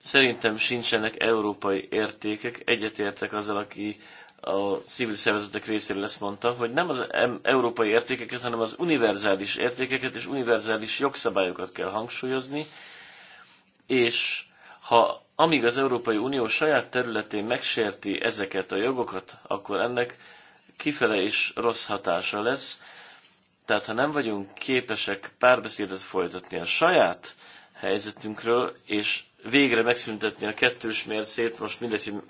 szerintem sincsenek európai értékek, egyetértek azzal, aki a civil szervezetek részéről ezt mondta, hogy nem az európai értékeket, hanem az univerzális értékeket és univerzális jogszabályokat kell hangsúlyozni, és ha amíg az Európai Unió saját területén megsérti ezeket a jogokat, akkor ennek kifele is rossz hatása lesz. Tehát ha nem vagyunk képesek párbeszédet folytatni a saját helyzetünkről, és végre megszüntetni a kettős mércét, most mindegy, hogy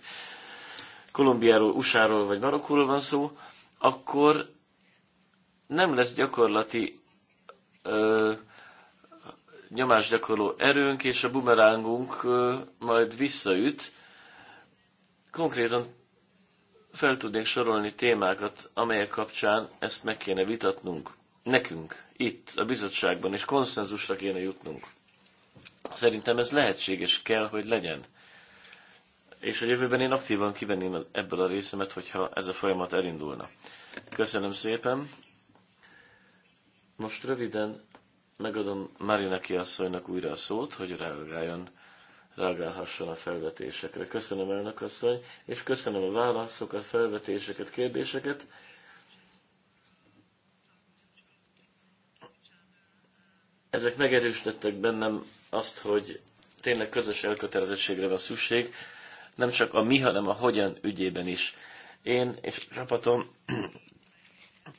Kolumbiáról, USA-ról vagy Marokkóról van szó, akkor nem lesz gyakorlati ö, nyomás gyakorló erőnk és a bumerángunk majd visszaüt. Konkrétan fel tudnék sorolni témákat, amelyek kapcsán ezt meg kéne vitatnunk. Nekünk, itt, a bizottságban, és konszenzusra kéne jutnunk. Szerintem ez lehetséges kell, hogy legyen. És a jövőben én aktívan kivenném ebből a részemet, hogyha ez a folyamat elindulna. Köszönöm szépen. Most röviden Megadom neki asszonynak újra a szót, hogy reagáljon, reagálhasson a felvetésekre. Köszönöm elnök asszony, és köszönöm a válaszokat, felvetéseket, kérdéseket. Ezek megerősítettek bennem azt, hogy tényleg közös elkötelezettségre van szükség, nem csak a mi, hanem a hogyan ügyében is. Én és csapatom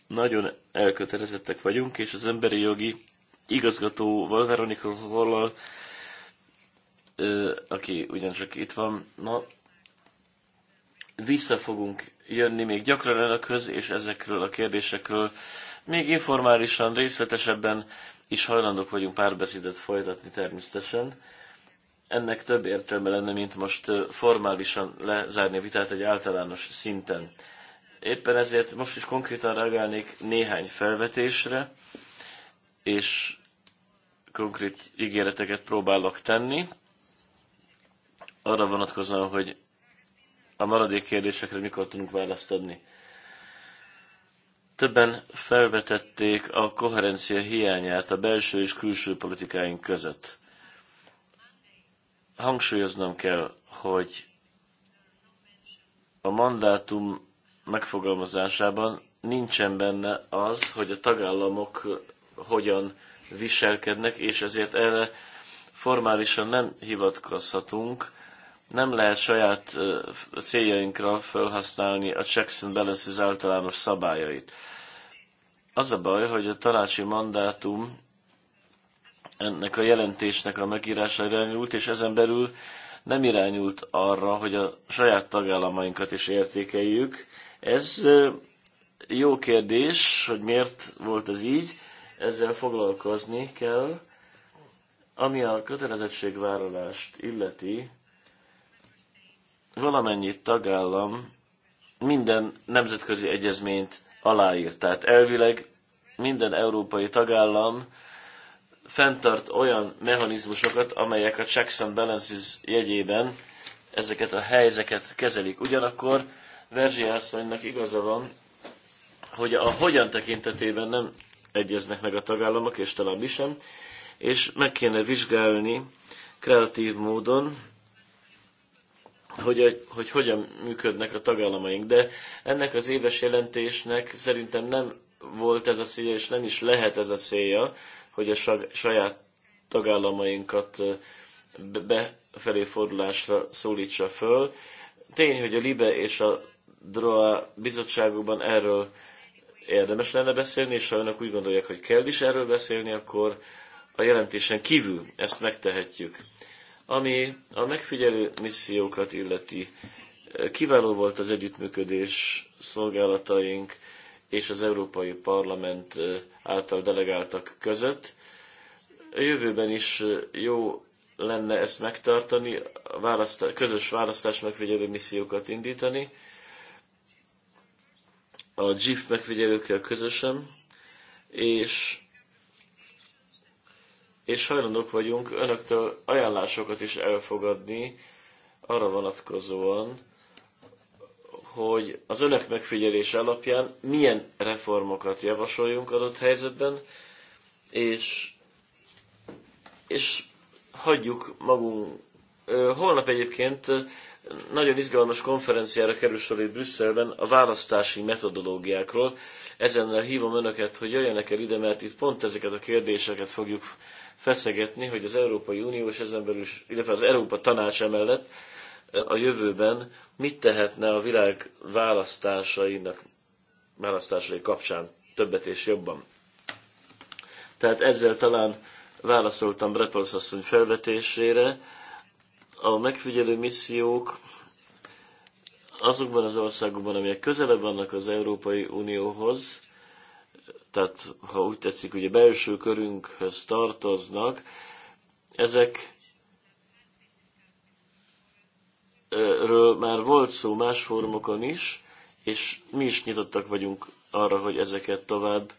nagyon elkötelezettek vagyunk, és az emberi jogi Igazgató Veronika Hollal, aki ugyancsak itt van, na vissza fogunk jönni még gyakran önökhöz, és ezekről a kérdésekről még informálisan, részletesebben is hajlandók vagyunk párbeszédet folytatni természetesen. Ennek több értelme lenne, mint most formálisan lezárni a vitát egy általános szinten. Éppen ezért most is konkrétan reagálnék néhány felvetésre, és konkrét ígéreteket próbálok tenni, arra vonatkozóan, hogy a maradék kérdésekre mikor tudunk választ adni. Többen felvetették a koherencia hiányát a belső és külső politikáink között. Hangsúlyoznom kell, hogy a mandátum megfogalmazásában nincsen benne az, hogy a tagállamok hogyan viselkednek, és ezért erre formálisan nem hivatkozhatunk. Nem lehet saját céljainkra felhasználni a checks and balances általános szabályait. Az a baj, hogy a tanácsi mandátum ennek a jelentésnek a megírása irányult, és ezen belül nem irányult arra, hogy a saját tagállamainkat is értékeljük. Ez jó kérdés, hogy miért volt ez így ezzel foglalkozni kell. Ami a kötelezettségvállalást illeti, valamennyi tagállam minden nemzetközi egyezményt aláírt. Tehát elvileg minden európai tagállam fenntart olyan mechanizmusokat, amelyek a checks and balances jegyében ezeket a helyzeket kezelik. Ugyanakkor Verzsi igaza van, hogy a hogyan tekintetében nem egyeznek meg a tagállamok, és talán mi sem, és meg kéne vizsgálni kreatív módon, hogy, hogy hogyan működnek a tagállamaink. De ennek az éves jelentésnek szerintem nem volt ez a célja, és nem is lehet ez a célja, hogy a saját tagállamainkat befelé fordulásra szólítsa föl. Tény, hogy a LIBE és a DROA bizottságokban erről érdemes lenne beszélni, és ha önök úgy gondolják, hogy kell is erről beszélni, akkor a jelentésen kívül ezt megtehetjük. Ami a megfigyelő missziókat illeti, kiváló volt az együttműködés szolgálataink és az Európai Parlament által delegáltak között. A jövőben is jó lenne ezt megtartani, a választás, közös választás megfigyelő missziókat indítani, a GIF megfigyelőkkel közösen, és, és hajlandók vagyunk önöktől ajánlásokat is elfogadni arra vonatkozóan, hogy az önök megfigyelése alapján milyen reformokat javasoljunk adott helyzetben, és, és hagyjuk magunk Holnap egyébként nagyon izgalmas konferenciára kerül sor itt Brüsszelben a választási metodológiákról. Ezen hívom önöket, hogy jöjjenek el ide, mert itt pont ezeket a kérdéseket fogjuk feszegetni, hogy az Európai Unió és ezen belül, illetve az Európa Tanács emellett a jövőben mit tehetne a világ választásainak, választásai kapcsán többet és jobban. Tehát ezzel talán válaszoltam Brepolsz asszony felvetésére, a megfigyelő missziók azokban az országokban, amelyek közelebb vannak az Európai Unióhoz, tehát ha úgy tetszik, ugye belső körünkhöz tartoznak, ezek ről már volt szó más formokon is, és mi is nyitottak vagyunk arra, hogy ezeket tovább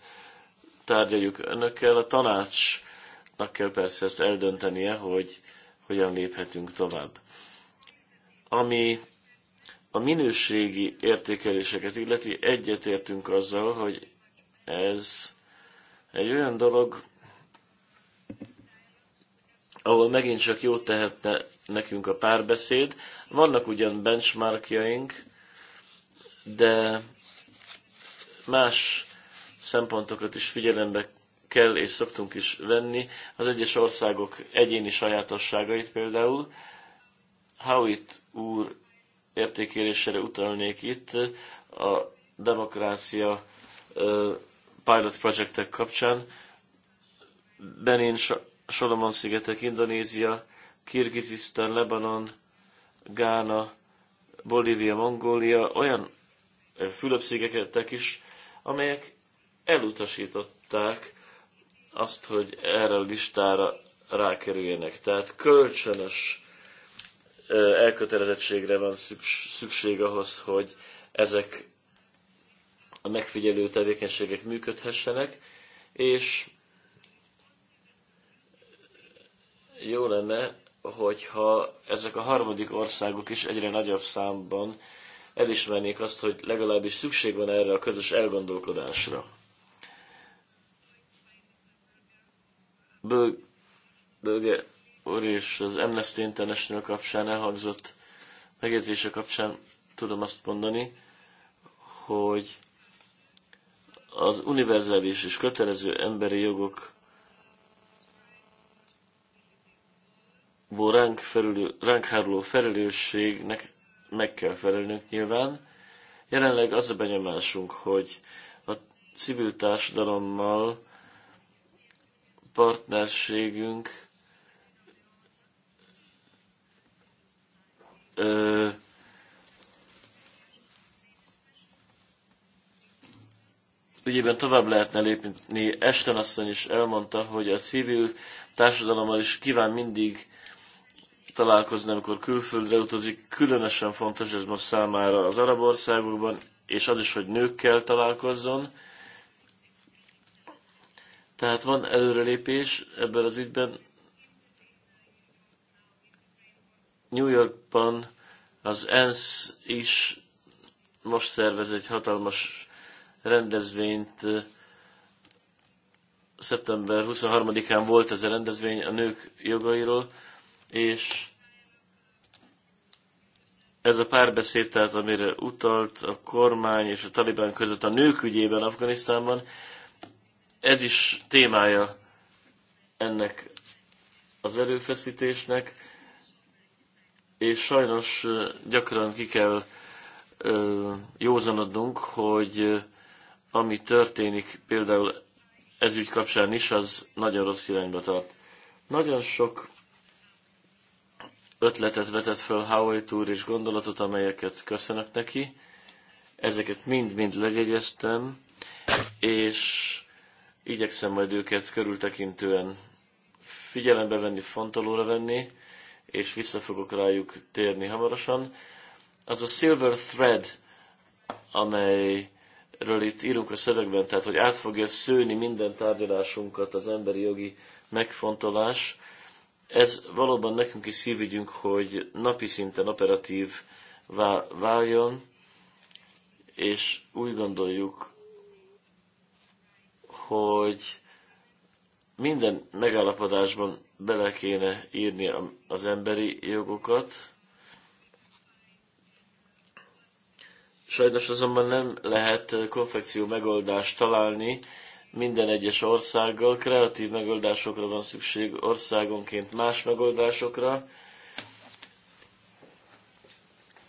tárgyaljuk önökkel. A tanácsnak kell persze ezt eldöntenie, hogy hogyan léphetünk tovább. Ami a minőségi értékeléseket illeti, egyetértünk azzal, hogy ez egy olyan dolog, ahol megint csak jót tehetne nekünk a párbeszéd. Vannak ugyan benchmarkjaink, de más szempontokat is figyelembe kell és szoktunk is venni az egyes országok egyéni sajátosságait például. Howitt úr értékélésére utalnék itt a demokrácia pilot projektek kapcsán. Benin, Solomon-szigetek, Indonézia, Kirgizisztán, Lebanon, Gána, Bolívia, Mongólia, olyan fulop is, amelyek elutasították azt, hogy erre a listára rákerüljenek. Tehát kölcsönös elkötelezettségre van szükség ahhoz, hogy ezek a megfigyelő tevékenységek működhessenek, és jó lenne, hogyha ezek a harmadik országok is egyre nagyobb számban elismernék azt, hogy legalábbis szükség van erre a közös elgondolkodásra. Böge úr is az Amnesty International kapcsán elhangzott megjegyzése kapcsán tudom azt mondani, hogy az univerzális és kötelező emberi jogok ránk, ránk háruló felelősségnek meg kell felelnünk nyilván. Jelenleg az a benyomásunk, hogy a civil társadalommal partnerségünk ö, ügyében tovább lehetne lépni. Esten asszony is elmondta, hogy a civil társadalommal is kíván mindig találkozni, amikor külföldre utazik. Különösen fontos ez most számára az arab országokban, és az is, hogy nőkkel találkozzon. Tehát van előrelépés ebben az ügyben. New Yorkban az ENSZ is most szervez egy hatalmas rendezvényt. Szeptember 23-án volt ez a rendezvény a nők jogairól, és ez a párbeszéd, tehát amire utalt a kormány és a talibán között a nők ügyében Afganisztánban, Ez is témája ennek az erőfeszítésnek, és sajnos gyakran ki kell józanodnunk, hogy ami történik például ez ügy kapcsán is, az nagyon rossz irányba tart. Nagyon sok ötletet vetett föl Hawaii úr és gondolatot, amelyeket köszönök neki. Ezeket mind-mind legyegyeztem, és Igyekszem majd őket körültekintően figyelembe venni, fontolóra venni, és vissza fogok rájuk térni hamarosan. Az a silver thread, amelyről itt írunk a szövegben, tehát hogy át fogja szőni minden tárgyalásunkat az emberi jogi megfontolás, ez valóban nekünk is szívügyünk, hogy napi szinten operatív váljon, és úgy gondoljuk, hogy minden megállapodásban bele kéne írni az emberi jogokat. Sajnos azonban nem lehet konfekció megoldást találni minden egyes országgal. Kreatív megoldásokra van szükség országonként más megoldásokra.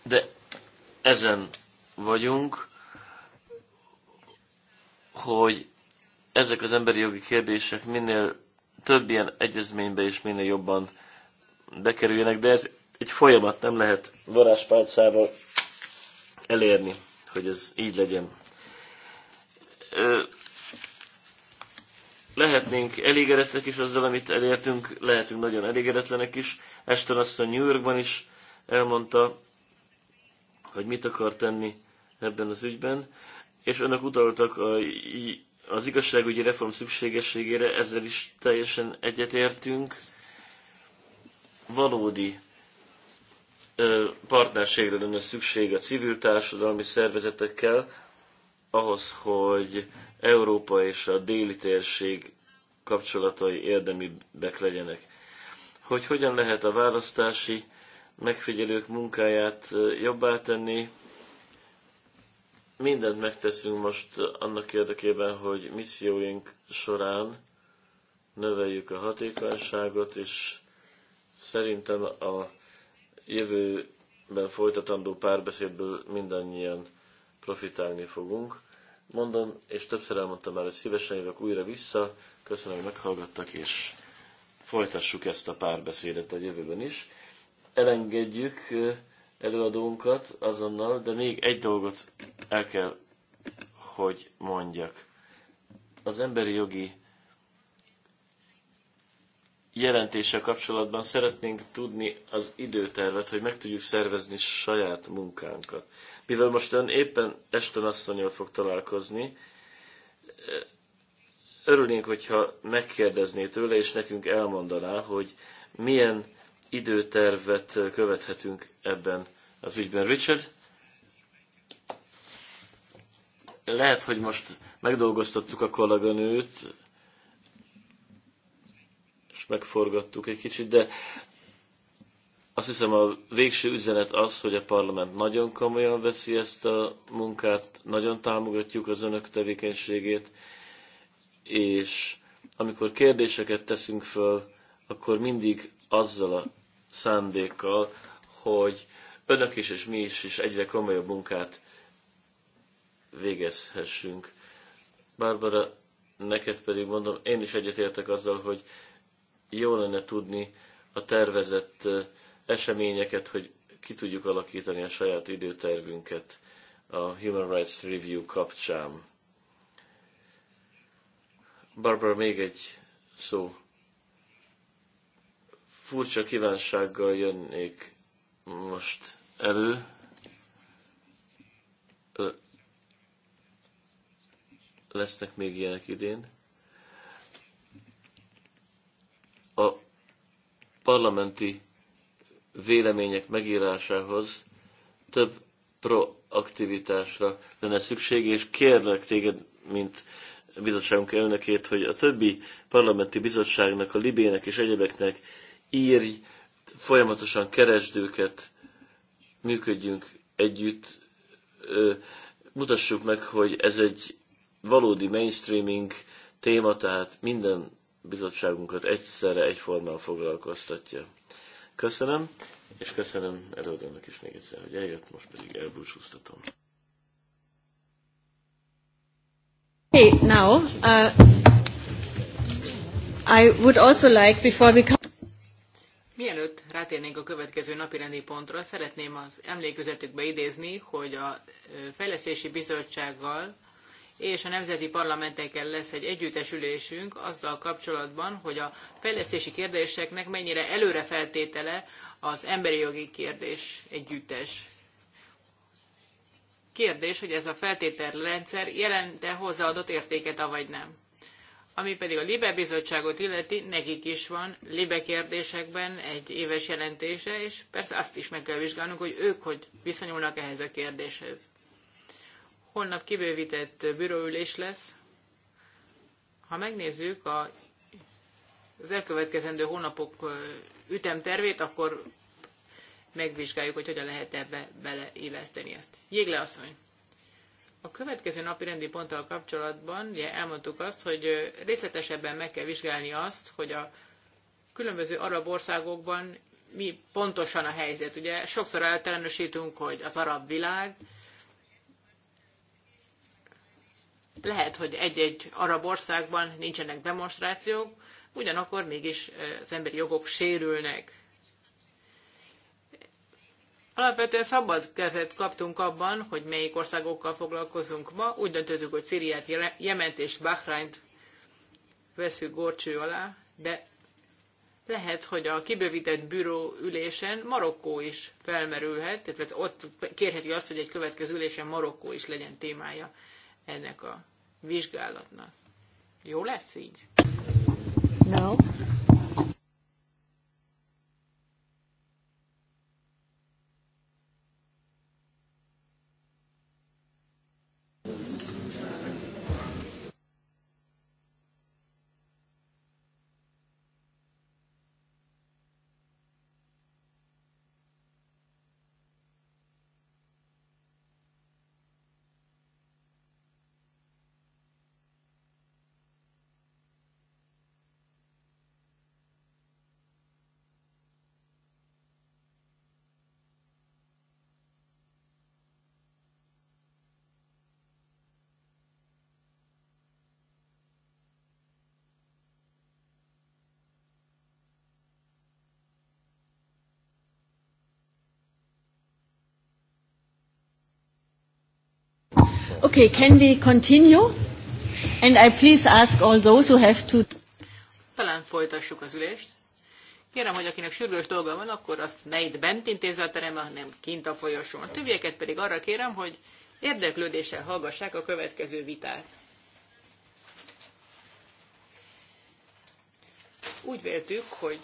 De ezen vagyunk, hogy ezek az emberi jogi kérdések minél több ilyen egyezménybe és minél jobban bekerüljenek, de ez egy folyamat, nem lehet varázspálcával elérni, hogy ez így legyen. Lehetnénk elégedettek is azzal, amit elértünk, lehetünk nagyon elégedetlenek is. Ashton asszony New Yorkban is elmondta, hogy mit akar tenni ebben az ügyben, és önök utaltak a az igazságügyi reform szükségességére, ezzel is teljesen egyetértünk. Valódi partnerségre lenne szükség a civil társadalmi szervezetekkel, ahhoz, hogy Európa és a déli térség kapcsolatai érdemibbek legyenek. Hogy hogyan lehet a választási megfigyelők munkáját jobbá tenni, mindent megteszünk most annak érdekében, hogy misszióink során növeljük a hatékonyságot, és szerintem a jövőben folytatandó párbeszédből mindannyian profitálni fogunk. Mondom, és többször elmondtam már, hogy szívesen jövök újra vissza. Köszönöm, hogy meghallgattak, és folytassuk ezt a párbeszédet a jövőben is. Elengedjük előadónkat azonnal, de még egy dolgot el kell, hogy mondjak. Az emberi jogi jelentése kapcsolatban szeretnénk tudni az időtervet, hogy meg tudjuk szervezni saját munkánkat. Mivel most ön éppen Eston asszonyjal fog találkozni, örülnénk, hogyha megkérdezné tőle, és nekünk elmondaná, hogy milyen időtervet követhetünk ebben az ügyben. Richard, lehet, hogy most megdolgoztattuk a kolléganőt, és megforgattuk egy kicsit, de azt hiszem a végső üzenet az, hogy a parlament nagyon komolyan veszi ezt a munkát, nagyon támogatjuk az önök tevékenységét, és amikor kérdéseket teszünk föl, akkor mindig azzal a szándékkal, hogy önök is és mi is, is egyre komolyabb munkát végezhessünk. Barbara, neked pedig mondom, én is egyetértek azzal, hogy jó lenne tudni a tervezett eseményeket, hogy ki tudjuk alakítani a saját időtervünket a Human Rights Review kapcsán. Barbara, még egy szó furcsa kívánsággal jönnék most elő. Lesznek még ilyenek idén. A parlamenti vélemények megírásához több proaktivitásra lenne szükség, és kérlek téged, mint bizottságunk elnökét, hogy a többi parlamenti bizottságnak, a libének és egyebeknek írj folyamatosan őket, működjünk együtt, mutassuk meg, hogy ez egy valódi mainstreaming téma, tehát minden bizottságunkat egyszerre egyformán foglalkoztatja. Köszönöm, és köszönöm előadónak is még egyszer, hogy eljött, most pedig elbúcsúztatom. Hey, now, uh, I would also like, before we come... Mielőtt rátérnénk a következő napirendi pontra, szeretném az emlékezetükbe idézni, hogy a Fejlesztési Bizottsággal és a nemzeti parlamentekkel lesz egy együttesülésünk azzal kapcsolatban, hogy a fejlesztési kérdéseknek mennyire előre feltétele az emberi jogi kérdés együttes. Kérdés, hogy ez a feltételrendszer jelente hozzáadott értéket, avagy nem. Ami pedig a Libe bizottságot illeti, nekik is van Libe kérdésekben egy éves jelentése, és persze azt is meg kell vizsgálnunk, hogy ők hogy viszonyulnak ehhez a kérdéshez. Holnap kibővített bűróülés lesz. Ha megnézzük a, az elkövetkezendő hónapok ütemtervét, akkor megvizsgáljuk, hogy hogyan lehet ebbe beleilleszteni ezt. Jégle asszony! A következő napirendi ponttal kapcsolatban ugye elmondtuk azt, hogy részletesebben meg kell vizsgálni azt, hogy a különböző arab országokban mi pontosan a helyzet. Ugye sokszor eltelenősítünk, hogy az arab világ, lehet, hogy egy-egy arab országban nincsenek demonstrációk, ugyanakkor mégis az emberi jogok sérülnek. Alapvetően szabad kezet kaptunk abban, hogy melyik országokkal foglalkozunk ma. Úgy döntöttük, hogy Szíriát, Jement és Bahrányt veszük gorcső alá, de lehet, hogy a kibővített büró ülésen Marokkó is felmerülhet, tehát ott kérheti azt, hogy egy következő ülésen Marokkó is legyen témája ennek a vizsgálatnak. Jó lesz így? No. Okay, can we continue? And I please ask all those who have to... Talán folytassuk az ülést. Kérem, hogy akinek sürgős dolga van, akkor azt ne itt bent intézze a hanem kint a folyosón. A többieket pedig arra kérem, hogy érdeklődéssel hallgassák a következő vitát. Úgy véltük, hogy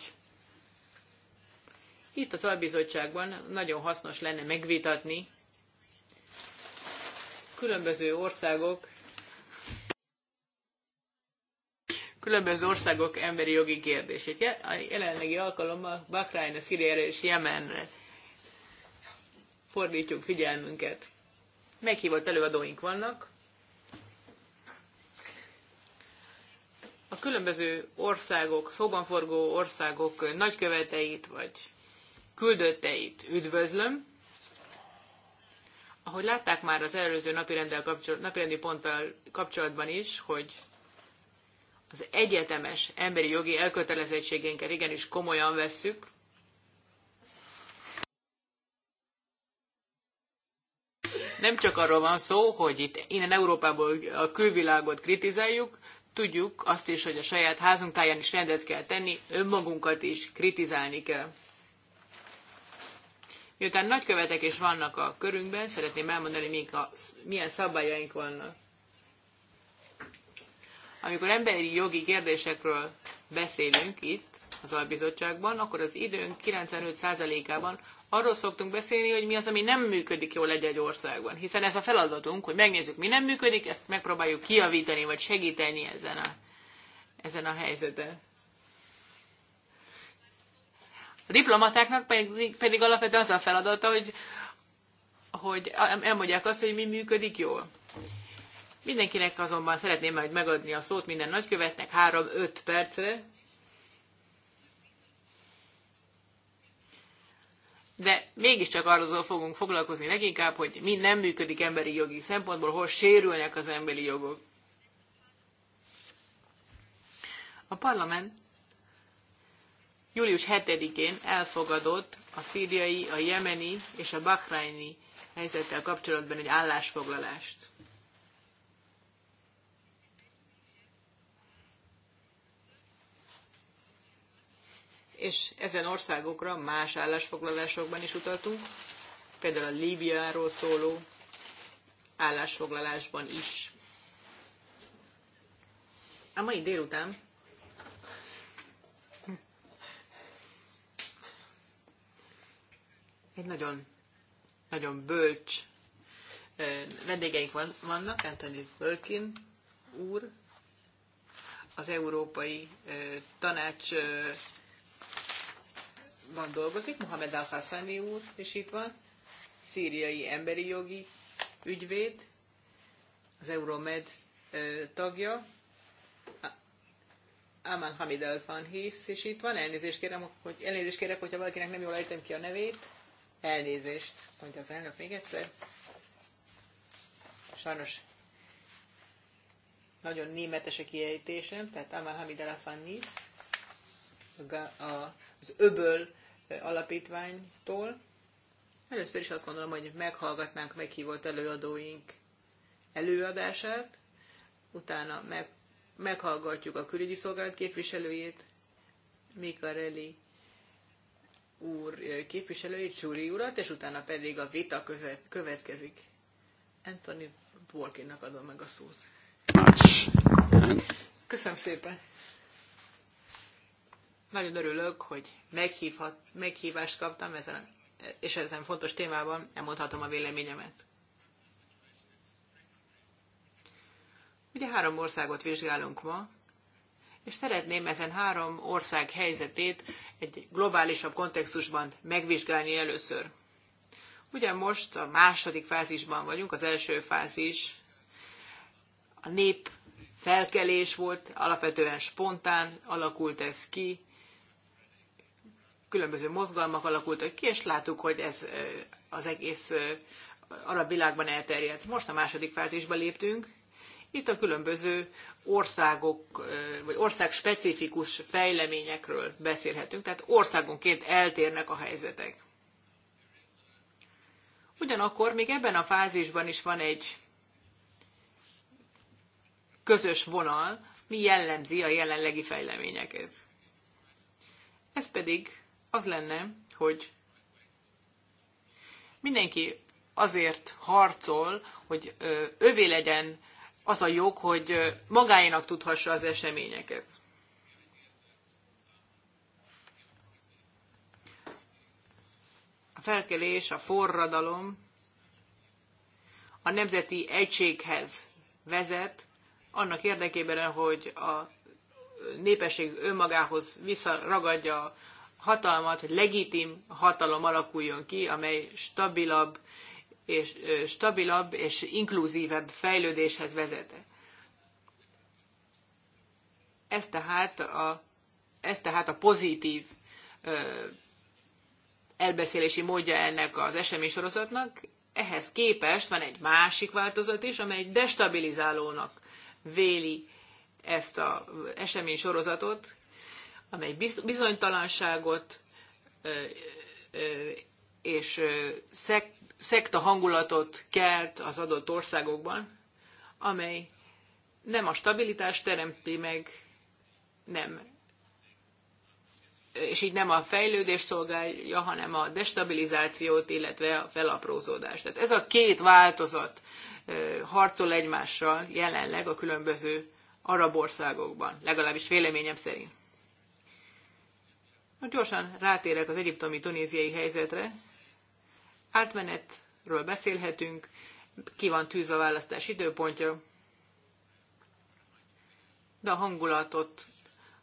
itt az albizottságban nagyon hasznos lenne megvitatni különböző országok különböző országok emberi jogi kérdését. A jelenlegi alkalommal Bakrájna, Szíriára és Jemenre fordítjuk figyelmünket. Meghívott előadóink vannak. A különböző országok, szóban forgó országok nagyköveteit vagy küldötteit üdvözlöm. Ahogy látták már az előző napirenddel kapcsol, napirendi ponttal kapcsolatban is, hogy az egyetemes emberi jogi elkötelezettségénket igenis komolyan vesszük, nem csak arról van szó, hogy itt innen Európából a külvilágot kritizáljuk, tudjuk azt is, hogy a saját házunk táján is rendet kell tenni, önmagunkat is kritizálni kell. Miután nagykövetek is vannak a körünkben, szeretném elmondani, mik a, milyen szabályaink vannak. Amikor emberi jogi kérdésekről beszélünk itt az albizottságban, akkor az időnk 95%-ában arról szoktunk beszélni, hogy mi az, ami nem működik jól egy-egy országban. Hiszen ez a feladatunk, hogy megnézzük, mi nem működik, ezt megpróbáljuk kiavítani, vagy segíteni ezen a, ezen a helyzeten diplomatáknak pedig, pedig alapvetően az a feladata, hogy, hogy elmondják azt, hogy mi működik jól. Mindenkinek azonban szeretném majd megadni a szót minden nagykövetnek 3-5 percre. De mégiscsak arról fogunk foglalkozni leginkább, hogy mi nem működik emberi jogi szempontból, hol sérülnek az emberi jogok. A parlament Július 7-én elfogadott a szíriai, a jemeni és a bahraini helyzettel kapcsolatban egy állásfoglalást. És ezen országokra más állásfoglalásokban is utaltunk, például a Líbiáról szóló állásfoglalásban is. A mai délután Egy nagyon, nagyon bölcs vendégeink van, vannak, Anthony Fölkin úr, az Európai Tanács van dolgozik, Mohamed Al-Hassani úr is itt van, szíriai emberi jogi ügyvéd, az Euromed tagja, Aman Hamid El és itt van, elnézést kérem, hogy, elnézést kérek, hogyha valakinek nem jól ejtem ki a nevét. Elnézést, mondja az elnök még egyszer. Sajnos nagyon németes a kiejtésem, tehát Amal Hamid Alafannis, az Öböl alapítványtól. Először is azt gondolom, hogy meghallgatnánk meghívott előadóink előadását, utána meg, meghallgatjuk a külügyi szolgálat képviselőjét, Mikareli úr képviselői, Zsuri urat, és utána pedig a vita között következik. Anthony Borkinnak adom meg a szót. Köszönöm szépen. Nagyon örülök, hogy meghívhat, meghívást kaptam ezen, és ezen fontos témában elmondhatom a véleményemet. Ugye három országot vizsgálunk ma, és szeretném ezen három ország helyzetét egy globálisabb kontextusban megvizsgálni először. Ugye most a második fázisban vagyunk, az első fázis a nép felkelés volt, alapvetően spontán alakult ez ki, különböző mozgalmak alakultak ki, és láttuk, hogy ez az egész arab világban elterjedt. Most a második fázisba léptünk, Itt a különböző országok, vagy országspecifikus fejleményekről beszélhetünk, tehát országonként eltérnek a helyzetek. Ugyanakkor még ebben a fázisban is van egy közös vonal, mi jellemzi a jelenlegi fejleményeket. Ez pedig az lenne, hogy mindenki azért harcol, hogy övé legyen az a jog, hogy magáénak tudhassa az eseményeket. A felkelés, a forradalom a nemzeti egységhez vezet, annak érdekében, hogy a népesség önmagához visszaragadja a hatalmat, hogy legitim hatalom alakuljon ki, amely stabilabb és stabilabb és inkluzívebb fejlődéshez vezet. Ez tehát a, ez tehát a pozitív elbeszélési módja ennek az sorozatnak. Ehhez képest van egy másik változat is, amely destabilizálónak véli ezt az esemény sorozatot, amely bizonytalanságot és szek szekta hangulatot kelt az adott országokban, amely nem a stabilitást teremti meg, nem és így nem a fejlődés szolgálja, hanem a destabilizációt, illetve a felaprózódást. Tehát ez a két változat harcol egymással jelenleg a különböző arab országokban, legalábbis véleményem szerint. Na, gyorsan rátérek az egyiptomi tunéziai helyzetre átmenetről beszélhetünk, ki van tűz a választás időpontja, de a hangulatot,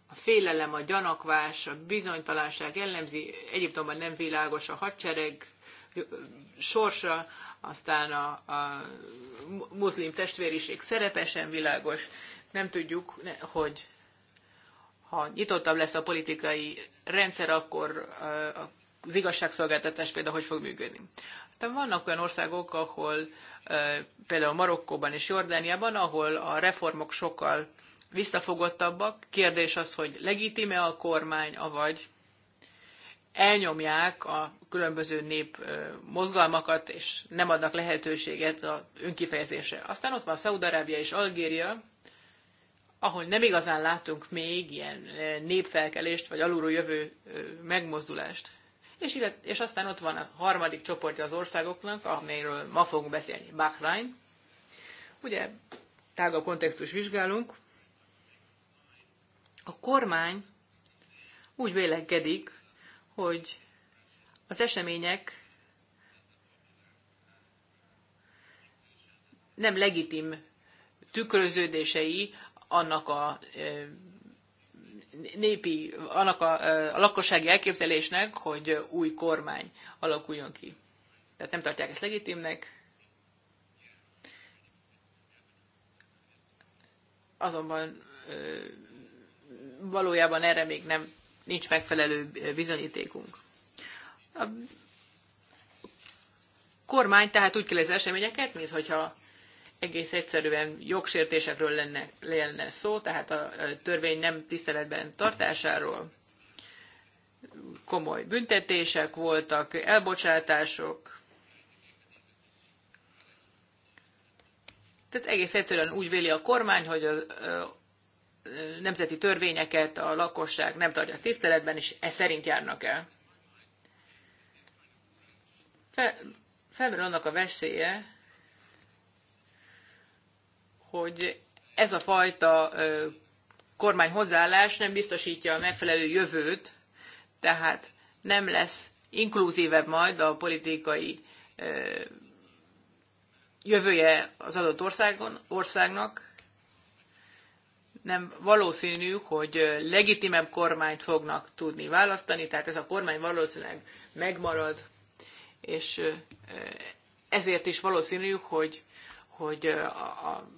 a félelem, a gyanakvás, a bizonytalanság jellemzi, Egyiptomban nem világos a hadsereg sorsa, aztán a, a muszlim testvériség szerepe sem világos, nem tudjuk, hogy ha nyitottabb lesz a politikai rendszer, akkor az igazságszolgáltatás például hogy fog működni. Aztán vannak olyan országok, ahol például Marokkóban és Jordániában, ahol a reformok sokkal visszafogottabbak. Kérdés az, hogy legitime a kormány, avagy elnyomják a különböző nép mozgalmakat, és nem adnak lehetőséget a önkifejezésre. Aztán ott van Szaudarábia és Algéria, ahol nem igazán látunk még ilyen népfelkelést, vagy alulról jövő megmozdulást és, illet, és aztán ott van a harmadik csoportja az országoknak, amelyről ma fogunk beszélni, Bahrain. Ugye tágabb kontextus vizsgálunk. A kormány úgy vélekedik, hogy az események nem legitim tükröződései annak a népi, annak a, a lakossági elképzelésnek, hogy új kormány alakuljon ki. Tehát nem tartják ezt legitimnek. Azonban valójában erre még nem nincs megfelelő bizonyítékunk. A kormány tehát úgy kell az eseményeket, mintha egész egyszerűen jogsértésekről lenne, lenne szó, tehát a törvény nem tiszteletben tartásáról. Komoly büntetések voltak, elbocsátások. Tehát egész egyszerűen úgy véli a kormány, hogy a, nemzeti törvényeket a lakosság nem tartja tiszteletben, és e szerint járnak el. Fel, felmerül annak a veszélye, hogy ez a fajta kormány nem biztosítja a megfelelő jövőt, tehát nem lesz inkluzívebb majd a politikai jövője az adott országon, országnak, nem valószínű, hogy legitimebb kormányt fognak tudni választani, tehát ez a kormány valószínűleg megmarad, és ezért is valószínű, hogy, hogy a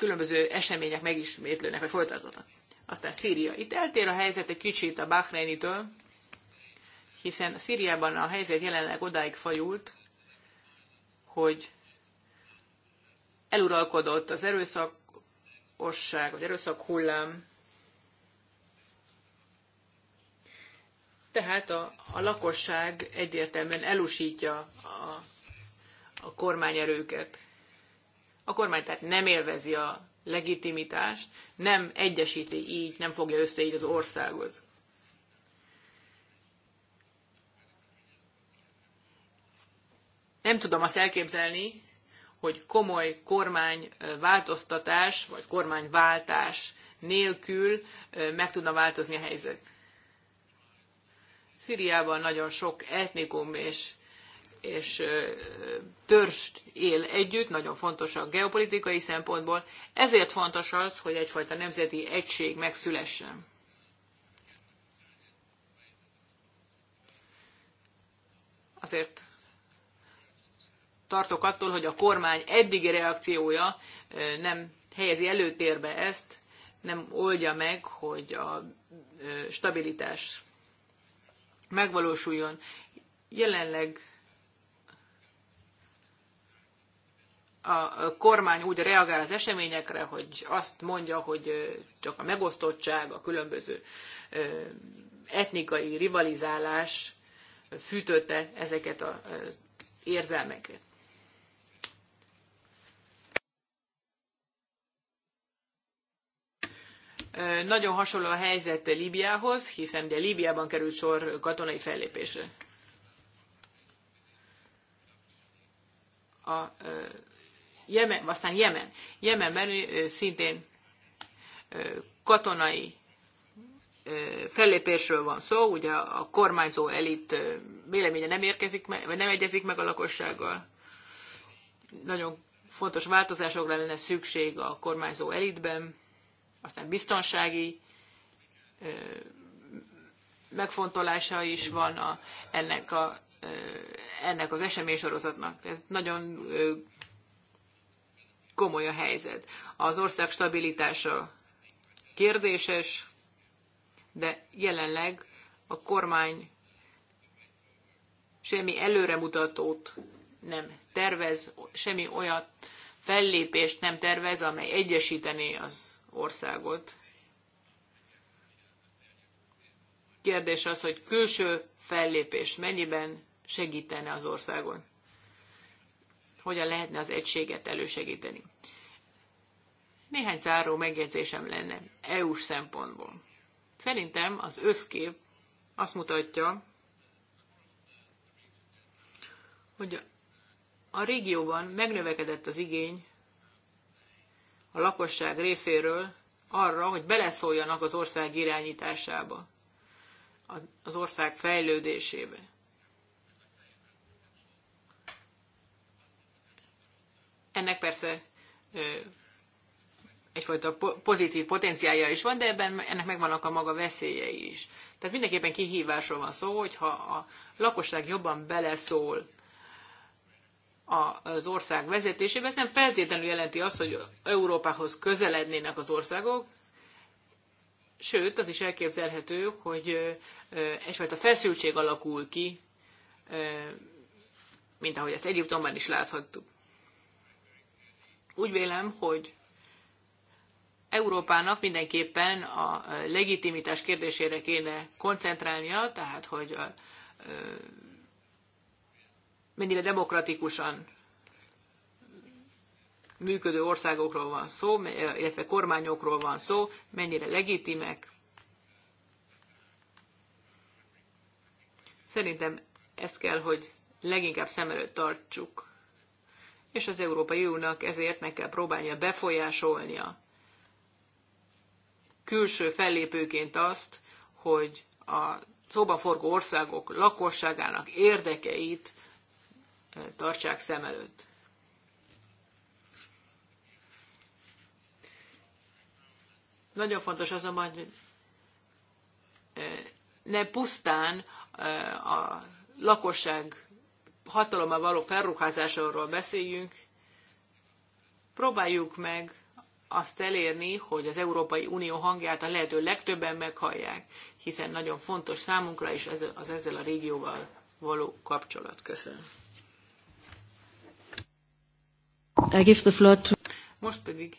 különböző események megismétlőnek, vagy folytatódnak. Aztán Szíria. Itt eltér a helyzet egy kicsit a Bahreinitől, hiszen Szíriában a helyzet jelenleg odáig fajult, hogy eluralkodott az erőszakosság, vagy erőszak hullám, Tehát a, a lakosság egyértelműen elusítja a, a kormányerőket. A kormány tehát nem élvezi a legitimitást, nem egyesíti így, nem fogja össze így az országot. Nem tudom azt elképzelni, hogy komoly kormányváltoztatás vagy kormányváltás nélkül meg tudna változni a helyzet. Szíriában nagyon sok etnikum és és törst él együtt, nagyon fontos a geopolitikai szempontból, ezért fontos az, hogy egyfajta nemzeti egység megszülessen. Azért tartok attól, hogy a kormány eddigi reakciója nem helyezi előtérbe ezt, nem oldja meg, hogy a stabilitás megvalósuljon. Jelenleg a kormány úgy reagál az eseményekre, hogy azt mondja, hogy csak a megosztottság, a különböző etnikai rivalizálás fűtötte ezeket az érzelmeket. Nagyon hasonló a helyzet Líbiához, hiszen ugye Líbiában került sor katonai fellépésre. A Jemen, aztán Jemen. Jemenben szintén katonai fellépésről van szó, ugye a kormányzó elit véleménye nem, érkezik, meg, vagy nem egyezik meg a lakossággal. Nagyon fontos változásokra lenne szükség a kormányzó elitben, aztán biztonsági megfontolása is van a, ennek, a, ennek az eseménysorozatnak. Tehát nagyon komoly a helyzet. Az ország stabilitása kérdéses, de jelenleg a kormány semmi előremutatót nem tervez, semmi olyan fellépést nem tervez, amely egyesítené az országot. Kérdés az, hogy külső fellépés mennyiben segítene az országon hogyan lehetne az egységet elősegíteni. Néhány záró megjegyzésem lenne EU-s szempontból. Szerintem az összkép azt mutatja, hogy a régióban megnövekedett az igény a lakosság részéről arra, hogy beleszóljanak az ország irányításába, az ország fejlődésébe. Ennek persze egyfajta pozitív potenciálja is van, de ebben ennek megvannak a maga veszélyei is. Tehát mindenképpen kihívásról van szó, hogyha a lakosság jobban beleszól az ország vezetésébe, ez nem feltétlenül jelenti azt, hogy Európához közelednének az országok, sőt, az is elképzelhető, hogy egyfajta feszültség alakul ki, mint ahogy ezt Egyiptomban is láthattuk. Úgy vélem, hogy Európának mindenképpen a legitimitás kérdésére kéne koncentrálnia, tehát hogy mennyire demokratikusan működő országokról van szó, illetve kormányokról van szó, mennyire legitimek. Szerintem ezt kell, hogy leginkább szem előtt tartsuk és az Európai Uniónak ezért meg kell próbálnia befolyásolnia külső fellépőként azt, hogy a forgó országok lakosságának érdekeit tartsák szem előtt. Nagyon fontos azonban, hogy ne pusztán a lakosság hatalommal való felruházásról beszéljünk, próbáljuk meg azt elérni, hogy az Európai Unió hangját a lehető legtöbben meghallják, hiszen nagyon fontos számunkra is ez, az ezzel a régióval való kapcsolat. Köszönöm. Most pedig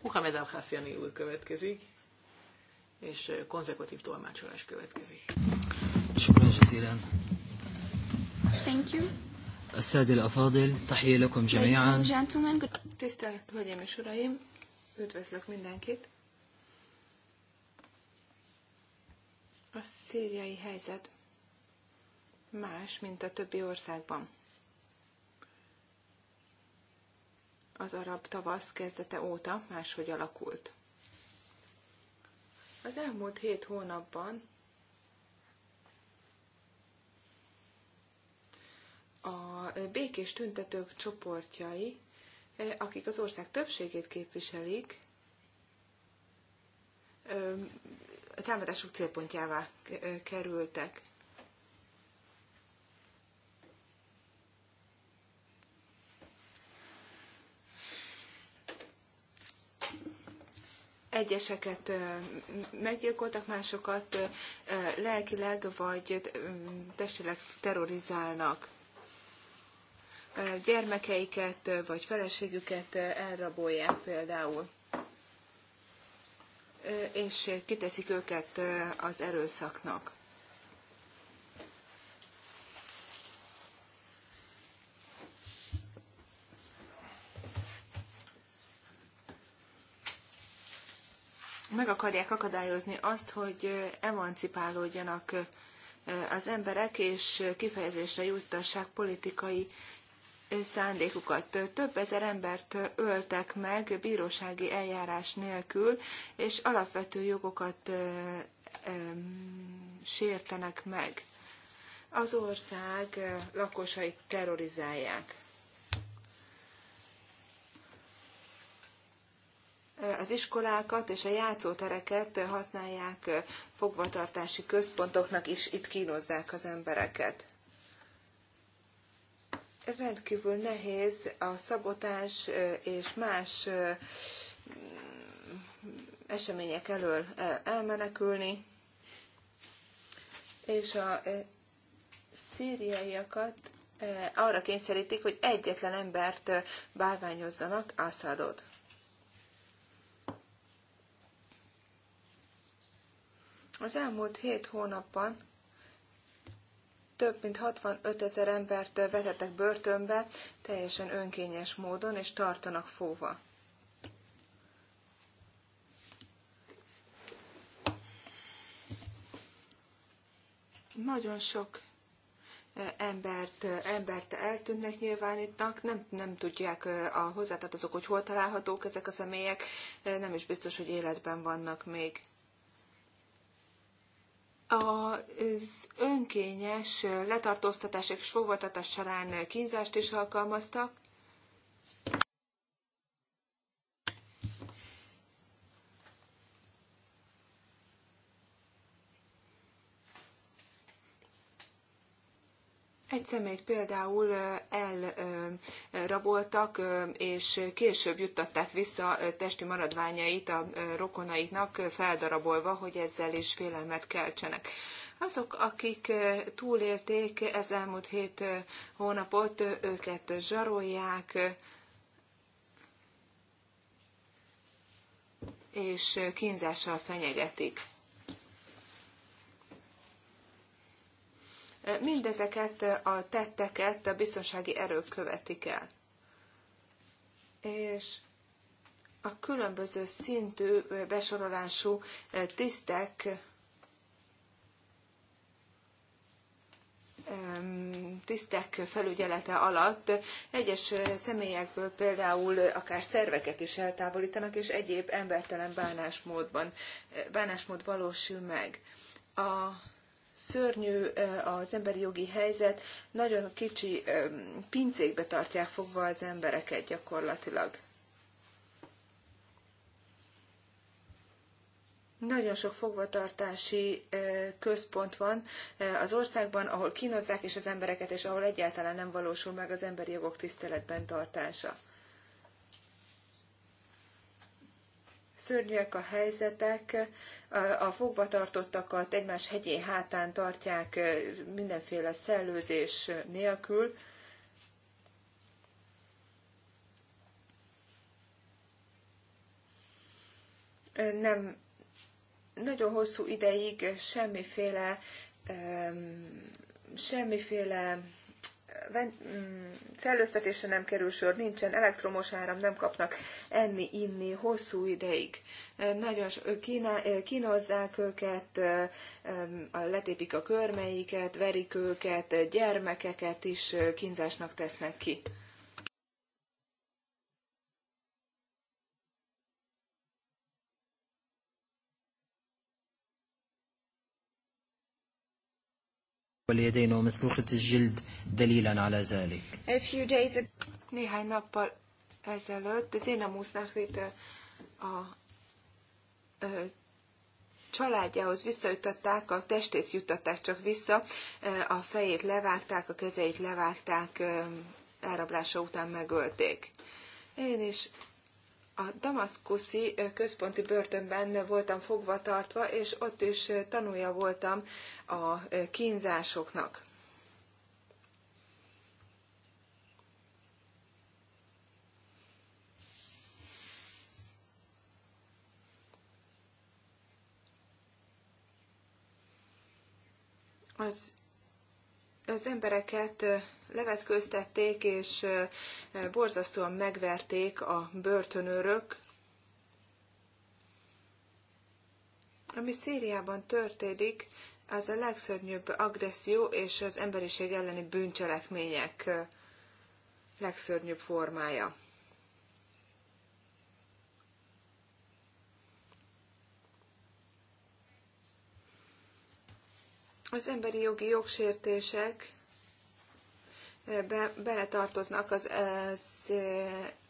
Muhammed al úr következik, és konzekutív tolmácsolás következik. Köszönöm Thank you. السادة الأفاضل تحية لكم جميعا mindenkit. A szíriai helyzet más, mint a többi országban. Az arab tavasz kezdete óta máshogy alakult. Az elmúlt hét hónapban a békés tüntetők csoportjai, akik az ország többségét képviselik, a támadások célpontjává kerültek. Egyeseket meggyilkoltak, másokat lelkileg vagy testileg terrorizálnak gyermekeiket vagy feleségüket elrabolják például, és kiteszik őket az erőszaknak. meg akarják akadályozni azt, hogy emancipálódjanak az emberek, és kifejezésre juttassák politikai szándékukat. Több ezer embert öltek meg bírósági eljárás nélkül, és alapvető jogokat sértenek meg. Az ország lakosait terrorizálják. az iskolákat és a játszótereket használják fogvatartási központoknak is, itt kínozzák az embereket rendkívül nehéz a szabotás és más események elől elmenekülni, és a szíriaiakat arra kényszerítik, hogy egyetlen embert bálványozzanak, Assadot. Az elmúlt hét hónapban több mint 65 ezer embert vetettek börtönbe, teljesen önkényes módon, és tartanak fóva. Nagyon sok embert, embert eltűnnek nyilvánítnak, nem, nem tudják a hozzátartozók, hogy hol találhatók ezek a személyek, nem is biztos, hogy életben vannak még az önkényes letartóztatás és fogvatartás során kínzást is alkalmaztak, Egy szemét például elraboltak, és később juttatták vissza testi maradványait a rokonaiknak, feldarabolva, hogy ezzel is félelmet keltsenek. Azok, akik túlélték ez elmúlt hét hónapot, őket zsarolják, és kínzással fenyegetik. Mindezeket a tetteket a biztonsági erők követik el. És a különböző szintű besorolású tisztek tisztek felügyelete alatt egyes személyekből például akár szerveket is eltávolítanak, és egyéb embertelen bánásmódban, bánásmód valósul meg. A szörnyű az emberi jogi helyzet, nagyon kicsi pincékbe tartják fogva az embereket gyakorlatilag. Nagyon sok fogvatartási központ van az országban, ahol kínozzák is az embereket, és ahol egyáltalán nem valósul meg az emberi jogok tiszteletben tartása. szörnyűek a helyzetek, a fogvatartottakat egymás hegyé hátán tartják mindenféle szellőzés nélkül. Nem nagyon hosszú ideig semmiféle semmiféle szellőztetésre nem kerül sor, nincsen elektromos áram, nem kapnak enni, inni hosszú ideig. Nagyon kínozzák őket, letépik a körmeiket, verik őket, gyermekeket is kínzásnak tesznek ki. واليدين ومسلوخة الجلد دليلا على ذلك. A few days ago. Néhány nappal ezelőtt az a létre a családjához visszajutatták, a testét juttatták csak vissza, a fejét levágták, a kezeit levágták, elrablása után megölték. Én is A damaszkuszi központi börtönben voltam fogva tartva, és ott is tanulja voltam a kínzásoknak. az az embereket levetkőztették, és borzasztóan megverték a börtönőrök, ami Szíriában történik, az a legszörnyűbb agresszió és az emberiség elleni bűncselekmények legszörnyűbb formája. Az emberi jogi jogsértések be, beletartoznak az, az,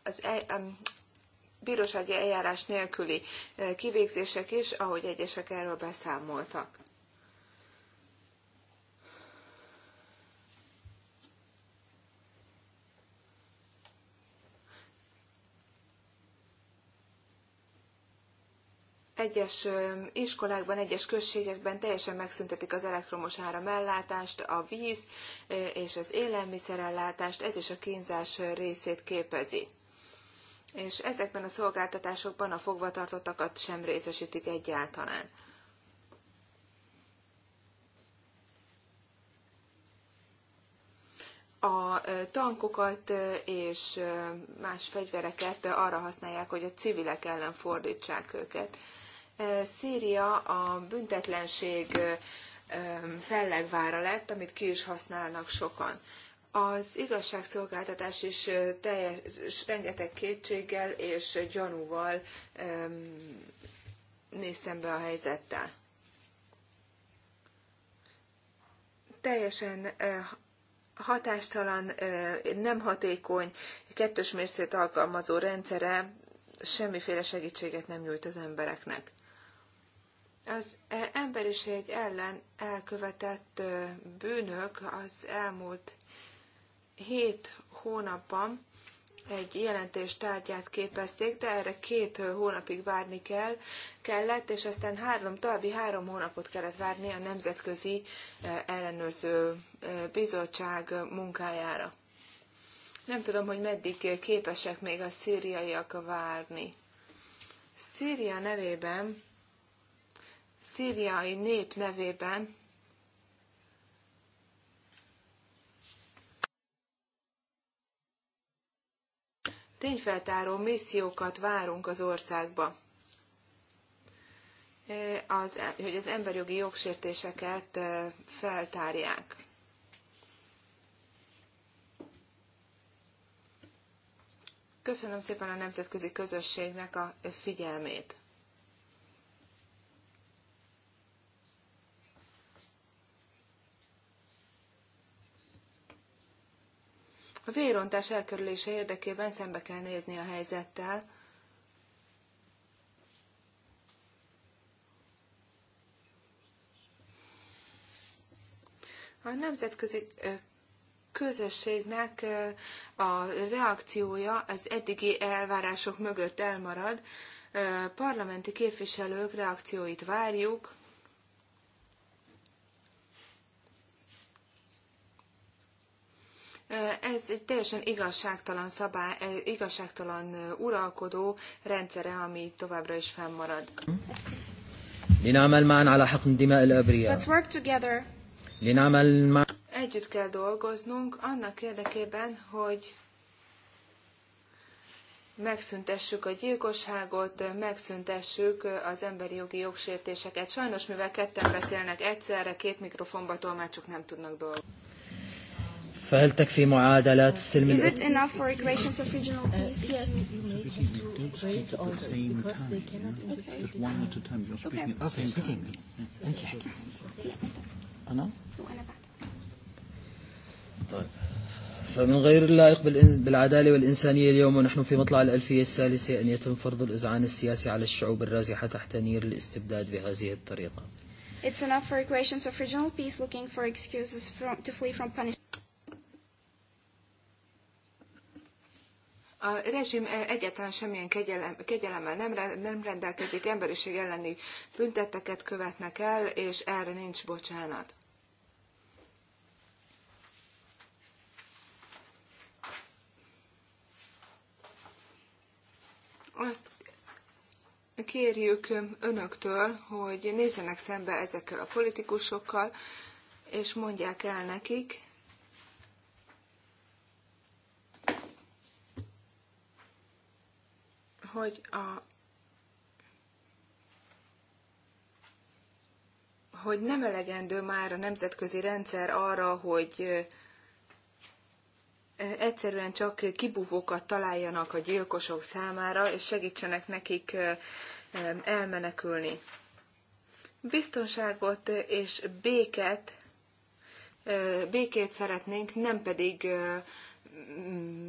az, az bírósági eljárás nélküli kivégzések is, ahogy egyesek erről beszámoltak. Egyes iskolákban, egyes községekben teljesen megszüntetik az elektromos áramellátást, a víz és az élelmiszerellátást, ez is a kínzás részét képezi. És ezekben a szolgáltatásokban a fogvatartottakat sem részesítik egyáltalán. a tankokat és más fegyvereket arra használják, hogy a civilek ellen fordítsák őket. Szíria a büntetlenség fellegvára lett, amit ki is használnak sokan. Az igazságszolgáltatás is teljes, rengeteg kétséggel és gyanúval néz szembe a helyzettel. Teljesen hatástalan, nem hatékony, kettős mércét alkalmazó rendszere semmiféle segítséget nem nyújt az embereknek az emberiség ellen elkövetett bűnök az elmúlt hét hónapban egy jelentés tárgyát képezték, de erre két hónapig várni kell, kellett, és aztán három, további három hónapot kellett várni a Nemzetközi Ellenőrző Bizottság munkájára. Nem tudom, hogy meddig képesek még a szíriaiak várni. Szíria nevében szíriai nép nevében tényfeltáró missziókat várunk az országba. Az, hogy az emberjogi jogsértéseket feltárják. Köszönöm szépen a nemzetközi közösségnek a figyelmét. A vérontás elkerülése érdekében szembe kell nézni a helyzettel, A nemzetközi közösségnek a reakciója az eddigi elvárások mögött elmarad. Parlamenti képviselők reakcióit várjuk, Ez egy teljesen igazságtalan szabály, igazságtalan uralkodó rendszere, ami továbbra is fennmarad. Let's work together. Együtt kell dolgoznunk annak érdekében, hogy megszüntessük a gyilkosságot, megszüntessük az emberi jogi jogsértéseket. Sajnos, mivel ketten beszélnek egyszerre, két mikrofonba tolmácsok nem tudnak dolgozni. فهل تكفي معادلات السلم Is it enough for equations of regional peace? Yes. طيب فمن غير اللائق بالعدالة والإنسانية اليوم ونحن في مطلع الألفية الثالثة أن يتم فرض الإزعان السياسي على الشعوب الرازحة تحت نير الاستبداد بهذه الطريقة. It's enough for equations of regional peace looking for excuses from, to flee from punishment. A rezsim egyáltalán semmilyen kegyelem, kegyelemmel nem, nem rendelkezik, emberiség elleni bünteteket követnek el, és erre nincs bocsánat. Azt kérjük önöktől, hogy nézzenek szembe ezekkel a politikusokkal, és mondják el nekik, hogy a hogy nem elegendő már a nemzetközi rendszer arra, hogy egyszerűen csak kibúvókat találjanak a gyilkosok számára, és segítsenek nekik elmenekülni. Biztonságot és béket, békét szeretnénk, nem pedig,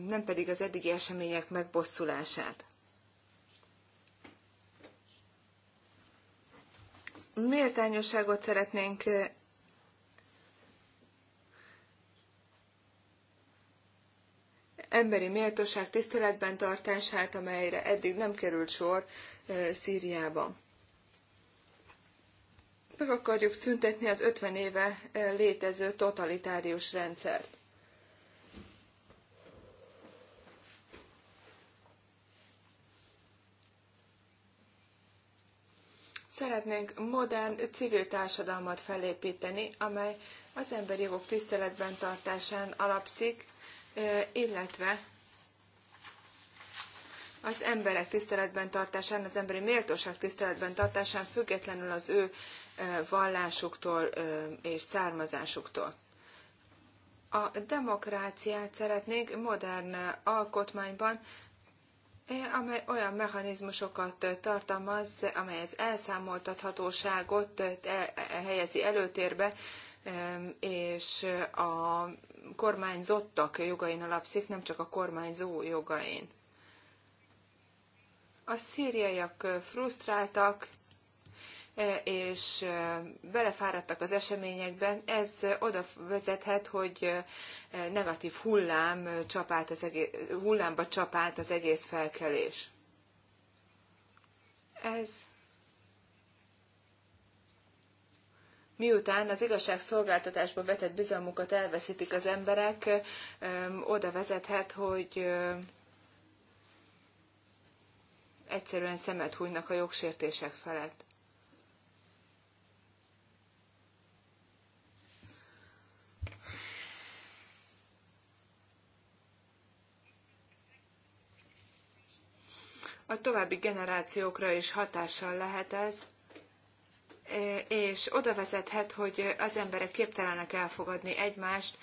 nem pedig az eddigi események megbosszulását. méltányosságot szeretnénk emberi méltóság tiszteletben tartását, amelyre eddig nem került sor Szíriában. Meg akarjuk szüntetni az 50 éve létező totalitárius rendszert. Szeretnénk modern civil társadalmat felépíteni, amely az emberi jogok tiszteletben tartásán alapszik, illetve az emberek tiszteletben tartásán, az emberi méltóság tiszteletben tartásán, függetlenül az ő vallásuktól és származásuktól. A demokráciát szeretnénk modern alkotmányban, amely olyan mechanizmusokat tartalmaz, amely az elszámoltathatóságot helyezi előtérbe, és a kormányzottak jogain alapszik, nem csak a kormányzó jogain. A szíriaiak frusztráltak, és belefáradtak az eseményekben, ez oda vezethet, hogy negatív hullám csapált az egész, hullámba csapált az egész felkelés. Ez miután az igazságszolgáltatásba vetett bizalmukat elveszítik az emberek, oda vezethet, hogy egyszerűen szemet hújnak a jogsértések felett. a további generációkra is hatással lehet ez, és oda vezethet, hogy az emberek képtelenek elfogadni egymást,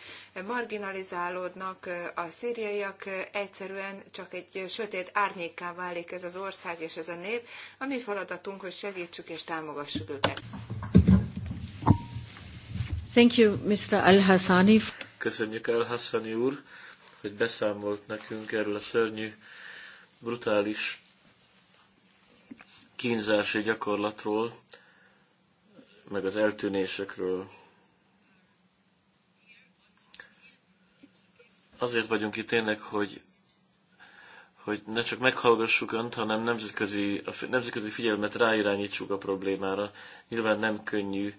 marginalizálódnak a szíriaiak, egyszerűen csak egy sötét árnyékká válik ez az ország és ez a nép. A mi feladatunk, hogy segítsük és támogassuk őket. Thank you, Mr. al Köszönjük Al-Hassani úr, hogy beszámolt nekünk erről a szörnyű, brutális kínzási gyakorlatról, meg az eltűnésekről. Azért vagyunk itt tényleg, hogy, hogy ne csak meghallgassuk önt, hanem nemzetközi, a nemzetközi figyelmet ráirányítsuk a problémára. Nyilván nem könnyű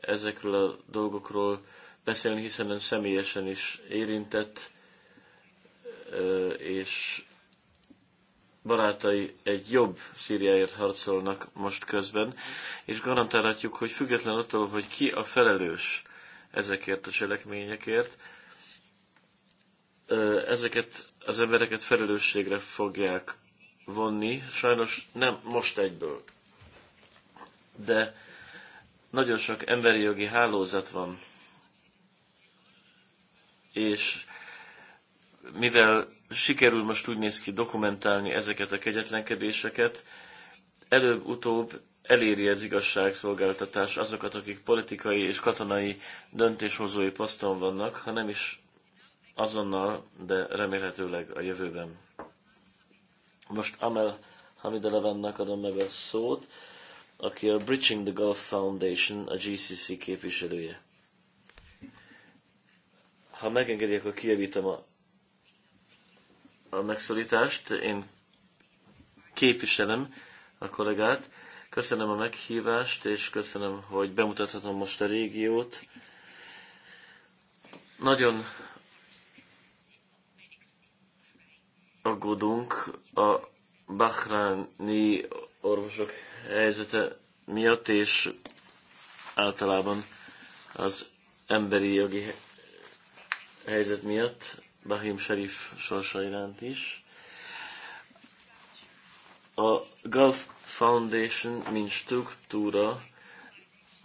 ezekről a dolgokról beszélni, hiszen ön személyesen is érintett, és barátai egy jobb Szíriáért harcolnak most közben, és garantálhatjuk, hogy független attól, hogy ki a felelős ezekért a cselekményekért, ezeket az embereket felelősségre fogják vonni, sajnos nem most egyből. De nagyon sok emberi jogi hálózat van, és mivel sikerül most úgy néz ki dokumentálni ezeket a kegyetlenkedéseket, előbb-utóbb eléri az igazságszolgáltatás azokat, akik politikai és katonai döntéshozói poszton vannak, ha nem is azonnal, de remélhetőleg a jövőben. Most Amel Hamidelevennek adom meg a szót, aki a Bridging the Gulf Foundation, a GCC képviselője. Ha megengedi, akkor kijavítom a a megszólítást, Én képviselem a kollégát. Köszönöm a meghívást, és köszönöm, hogy bemutathatom most a régiót. Nagyon aggódunk a bahráni orvosok helyzete miatt, és általában az emberi jogi helyzet miatt Bahim Sharif sorsa iránt is. A Gulf Foundation, mint struktúra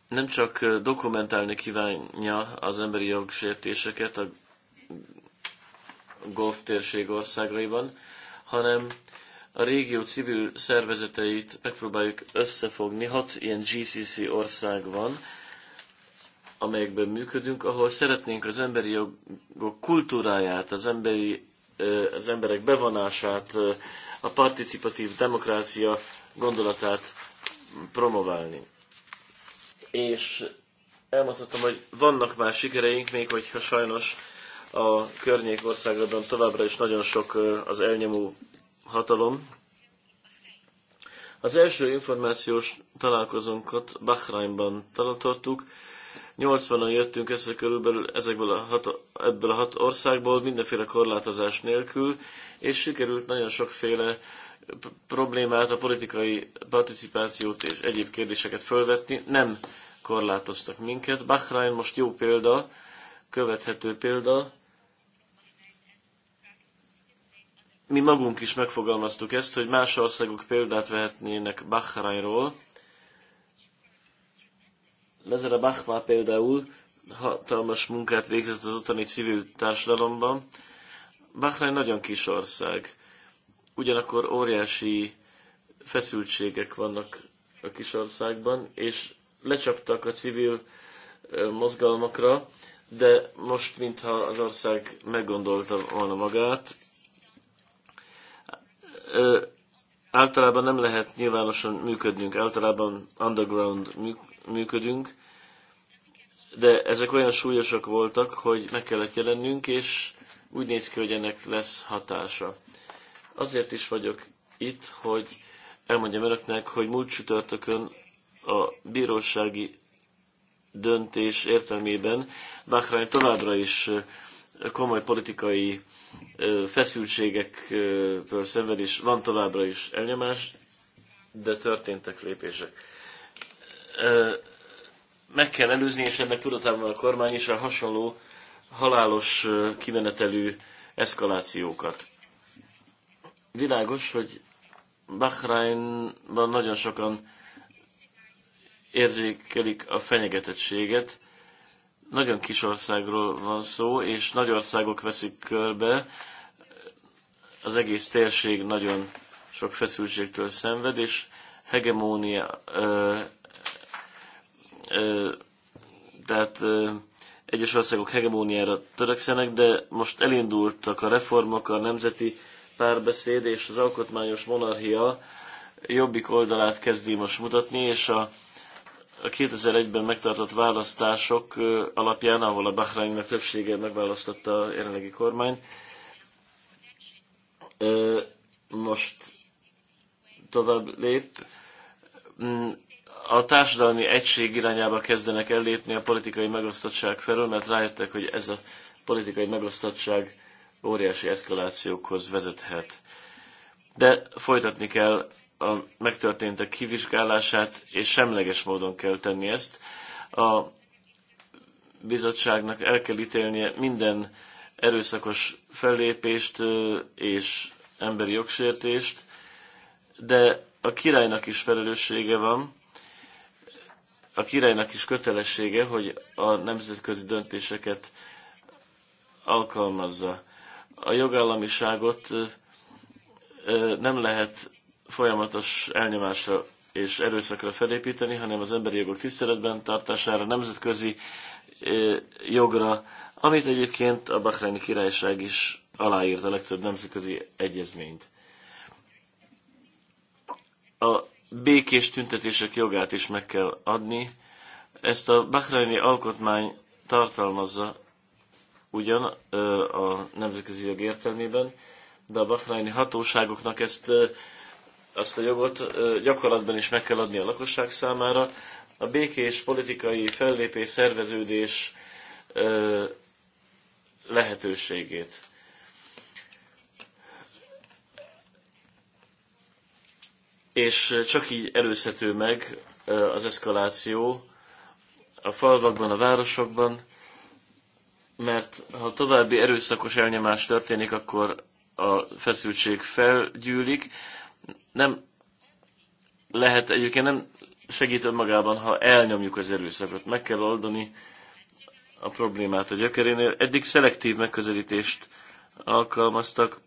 nem csak dokumentálni kívánja az emberi jogsértéseket a golf térség országaiban, hanem a régió civil szervezeteit megpróbáljuk összefogni. Hat ilyen GCC ország van, amelyekben működünk, ahol szeretnénk az emberi jogok kultúráját, az, emberi, az emberek bevonását, a participatív demokrácia gondolatát promoválni. És elmondhatom, hogy vannak már sikereink, még hogyha sajnos a környék országokban továbbra is nagyon sok az elnyomó hatalom. Az első információs találkozónkat Bahrainban tartottuk, 80-an jöttünk össze körülbelül ezekből a hat, ebből a hat országból, mindenféle korlátozás nélkül, és sikerült nagyon sokféle problémát, a politikai participációt és egyéb kérdéseket fölvetni. Nem korlátoztak minket. Bahrain most jó példa, követhető példa. Mi magunk is megfogalmaztuk ezt, hogy más országok példát vehetnének Bahrainról, a Bachma például hatalmas munkát végzett az ottani civil társadalomban. egy nagyon kis ország. Ugyanakkor óriási feszültségek vannak a kis országban, és lecsaptak a civil mozgalmakra, de most, mintha az ország meggondolta volna magát, általában nem lehet nyilvánosan működnünk, általában underground működünk, de ezek olyan súlyosak voltak, hogy meg kellett jelennünk, és úgy néz ki, hogy ennek lesz hatása. Azért is vagyok itt, hogy elmondjam önöknek, hogy múlt csütörtökön a bírósági döntés értelmében Bahrain továbbra is komoly politikai feszültségektől szenved, és van továbbra is elnyomás, de történtek lépések meg kell előzni, és ennek tudatában a kormány is a hasonló halálos kimenetelű eszkalációkat. Világos, hogy Bahrainban nagyon sokan érzékelik a fenyegetettséget. Nagyon kis országról van szó, és nagy országok veszik körbe. Az egész térség nagyon sok feszültségtől szenved, és hegemónia tehát egyes országok hegemóniára törekszenek, de most elindultak a reformok, a nemzeti párbeszéd és az alkotmányos monarchia jobbik oldalát kezdi most mutatni, és a, a 2001-ben megtartott választások alapján, ahol a Bahreinnek többsége megválasztotta a jelenlegi kormány, most tovább lép, a társadalmi egység irányába kezdenek ellépni a politikai megosztottság felől, mert rájöttek, hogy ez a politikai megosztottság óriási eszkalációkhoz vezethet. De folytatni kell a megtörténtek kivizsgálását, és semleges módon kell tenni ezt. A bizottságnak el kell ítélnie minden erőszakos fellépést és emberi jogsértést, de a királynak is felelőssége van, a királynak is kötelessége, hogy a nemzetközi döntéseket alkalmazza. A jogállamiságot nem lehet folyamatos elnyomásra és erőszakra felépíteni, hanem az emberi jogok tiszteletben tartására, nemzetközi jogra, amit egyébként a Bahreini Királyság is aláírt a legtöbb nemzetközi egyezményt. A békés tüntetések jogát is meg kell adni. Ezt a Bahreini alkotmány tartalmazza ugyan a nemzetközi jog értelmében, de a bahreini hatóságoknak ezt azt a jogot gyakorlatban is meg kell adni a lakosság számára. A békés politikai fellépés szerveződés lehetőségét. és csak így előzhető meg az eszkaláció a falvakban, a városokban, mert ha további erőszakos elnyomás történik, akkor a feszültség felgyűlik. Nem lehet egyébként nem segít önmagában, ha elnyomjuk az erőszakot. Meg kell oldani a problémát a gyökerénél. Eddig szelektív megközelítést alkalmaztak,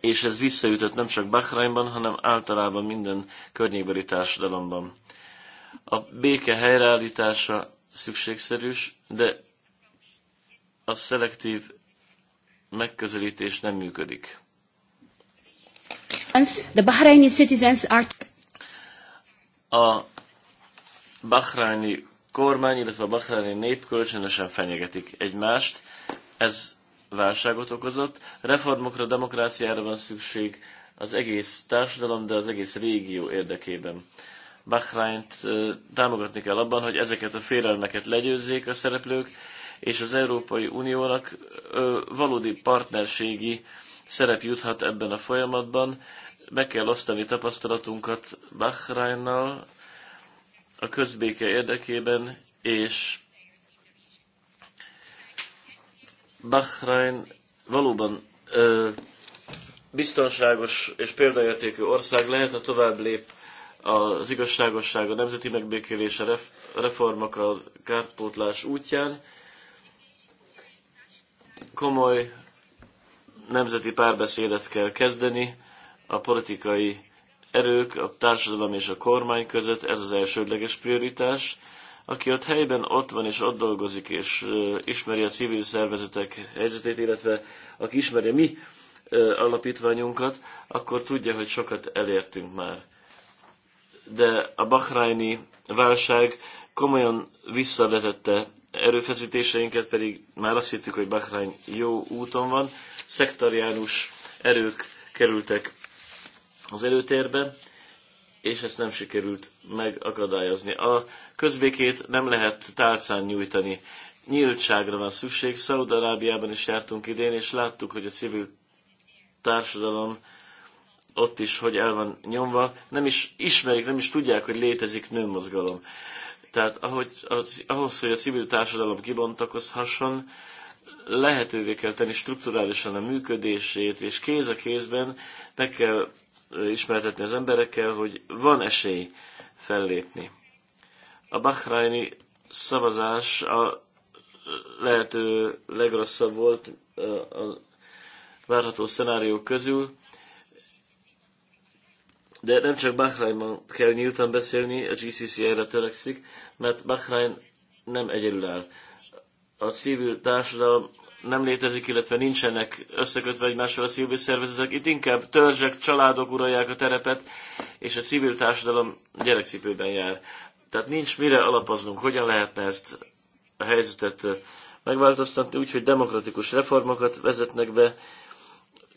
és ez visszajütött nem csak Bahrainban, hanem általában minden környékbeli társadalomban. A béke helyreállítása szükségszerűs, de a szelektív megközelítés nem működik. The Bahraini citizens are... A bahraini kormány, illetve a bahraini nép kölcsönösen fenyegetik egymást. Ez válságot okozott. Reformokra, demokráciára van szükség az egész társadalom, de az egész régió érdekében. Bahrányt támogatni kell abban, hogy ezeket a félelmeket legyőzzék a szereplők, és az Európai Uniónak valódi partnerségi szerep juthat ebben a folyamatban. Meg kell osztani tapasztalatunkat Bahránnal a közbéke érdekében, és Bahrain valóban ö, biztonságos és példaértékű ország lehet, a tovább lép az igazságosság, a nemzeti megbékélés, a reformok, a kártpótlás útján. Komoly nemzeti párbeszédet kell kezdeni a politikai erők, a társadalom és a kormány között, ez az elsődleges prioritás aki ott helyben ott van és ott dolgozik, és ismeri a civil szervezetek helyzetét, illetve aki ismeri mi alapítványunkat, akkor tudja, hogy sokat elértünk már. De a bahrájni válság komolyan visszavetette erőfeszítéseinket, pedig már azt hittük, hogy Bahrány jó úton van. Szektariánus erők kerültek az előtérbe, és ezt nem sikerült megakadályozni. A közbékét nem lehet tárcán nyújtani. Nyíltságra van szükség. Szaúd-Arábiában is jártunk idén, és láttuk, hogy a civil társadalom ott is, hogy el van nyomva, nem is ismerik, nem is tudják, hogy létezik nőmozgalom. Tehát ahogy, az, ahhoz, hogy a civil társadalom kibontakozhasson, lehetővé kell tenni strukturálisan a működését, és kéz a kézben meg kell ismertetni az emberekkel, hogy van esély fellépni. A Bahraini szavazás a lehető legrosszabb volt a várható szenárió közül, de nem csak Bahrainban kell nyíltan beszélni, a GCC erre törekszik, mert Bahrain nem egyedül áll. A civil társadalom nem létezik, illetve nincsenek összekötve egymással a civil szervezetek. Itt inkább törzsek, családok uralják a terepet, és a civil társadalom gyerekcipőben jár. Tehát nincs mire alapoznunk, hogyan lehetne ezt a helyzetet megváltoztatni, úgyhogy demokratikus reformokat vezetnek be,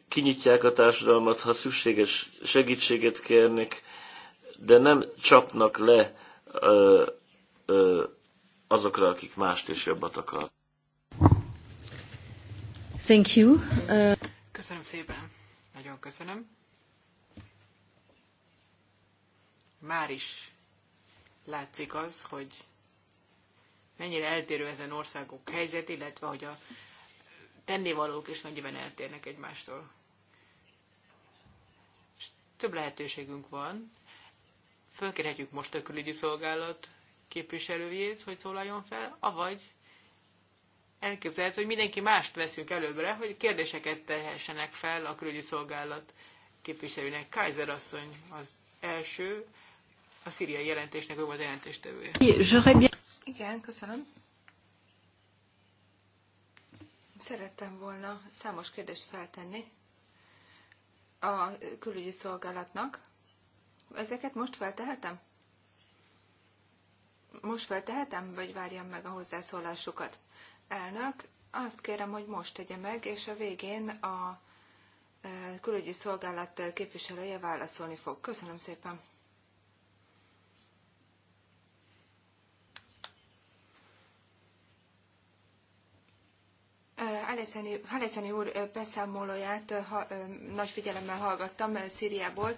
kinyitják a társadalmat, ha szükséges segítséget kérnek, de nem csapnak le ö, ö, azokra, akik mást és jobbat akar. Thank you. Köszönöm szépen. Nagyon köszönöm. Már is látszik az, hogy mennyire eltérő ezen országok helyzet, illetve hogy a tennivalók is mennyiben eltérnek egymástól. És több lehetőségünk van. Fölkérhetjük most a külügyi szolgálat képviselőjét, hogy szólaljon fel, avagy elképzelhető, hogy mindenki mást veszünk előbbre, hogy kérdéseket tehessenek fel a külügyi szolgálat képviselőnek. Kaiser asszony az első, a szíriai jelentésnek ő volt jelentéstevője. Igen, köszönöm. Szerettem volna számos kérdést feltenni a külügyi szolgálatnak. Ezeket most feltehetem? Most feltehetem, vagy várjam meg a hozzászólásukat? Elnök, azt kérem, hogy most tegye meg, és a végén a külügyi szolgálat képviselője válaszolni fog. Köszönöm szépen. Haleszeni úr beszámolóját nagy figyelemmel hallgattam Szíriából.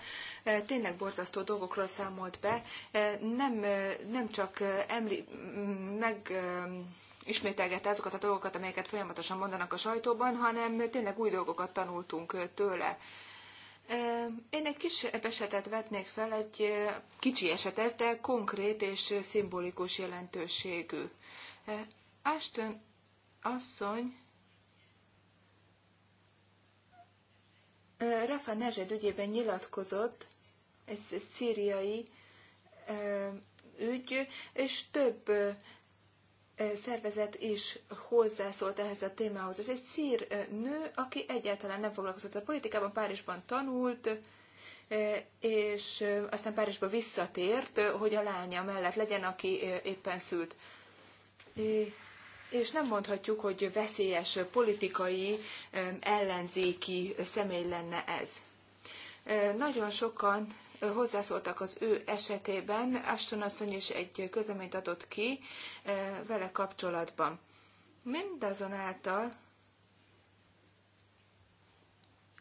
Tényleg borzasztó dolgokról számolt be. Nem, nem csak emli, meg ismételgette azokat a dolgokat, amelyeket folyamatosan mondanak a sajtóban, hanem tényleg új dolgokat tanultunk tőle. Én egy kis esetet vetnék fel, egy kicsi eset ez, de konkrét és szimbolikus jelentőségű. Ashton asszony Rafa Nezsed ügyében nyilatkozott, ez szíriai ügy, és több szervezet is hozzászólt ehhez a témához. Ez egy szír nő, aki egyáltalán nem foglalkozott a politikában, Párizsban tanult, és aztán Párizsba visszatért, hogy a lánya mellett legyen, aki éppen szült. És nem mondhatjuk, hogy veszélyes politikai ellenzéki személy lenne ez. Nagyon sokan hozzászóltak az ő esetében. Ashton asszony is egy közleményt adott ki vele kapcsolatban. Mindazonáltal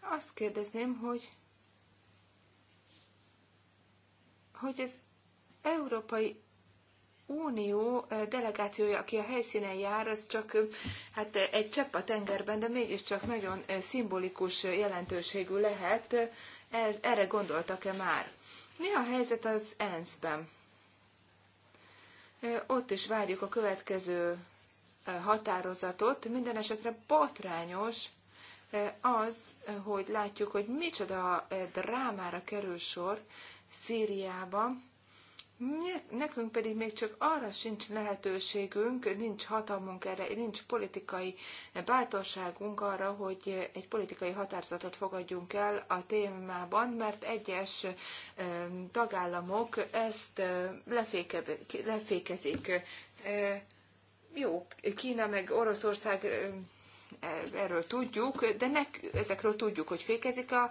azt kérdezném, hogy, hogy ez Európai Unió delegációja, aki a helyszínen jár, az csak hát egy csepp a tengerben, de mégiscsak nagyon szimbolikus jelentőségű lehet Erre gondoltak-e már? Mi a helyzet az ENSZ-ben? Ott is várjuk a következő határozatot. Minden esetre botrányos az, hogy látjuk, hogy micsoda drámára kerül sor Szíriában, Nekünk pedig még csak arra sincs lehetőségünk, nincs hatalmunk erre, nincs politikai bátorságunk arra, hogy egy politikai határozatot fogadjunk el a témában, mert egyes tagállamok ezt lefékezik. Jó, Kína meg Oroszország erről tudjuk, de nek, ezekről tudjuk, hogy fékezik a,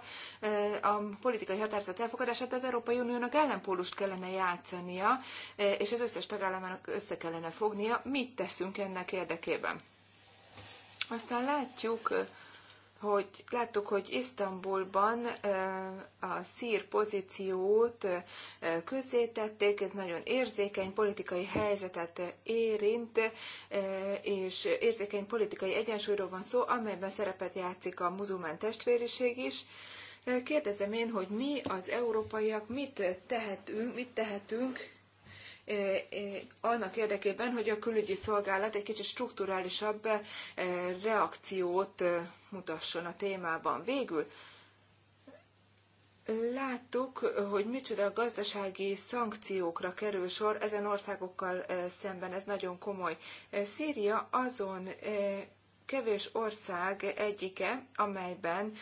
a politikai határozat elfogadását, az Európai Uniónak ellenpólust kellene játszania, és az összes tagállamának össze kellene fognia, mit teszünk ennek érdekében. Aztán látjuk, hogy láttuk, hogy Isztambulban a szír pozíciót közzétették, ez nagyon érzékeny politikai helyzetet érint, és érzékeny politikai egyensúlyról van szó, amelyben szerepet játszik a muzulmán testvériség is. Kérdezem én, hogy mi az európaiak mit tehetünk, mit tehetünk annak érdekében, hogy a külügyi szolgálat egy kicsit strukturálisabb reakciót mutasson a témában. Végül láttuk, hogy micsoda gazdasági szankciókra kerül sor ezen országokkal szemben, ez nagyon komoly. Szíria azon kevés ország egyike, amelyben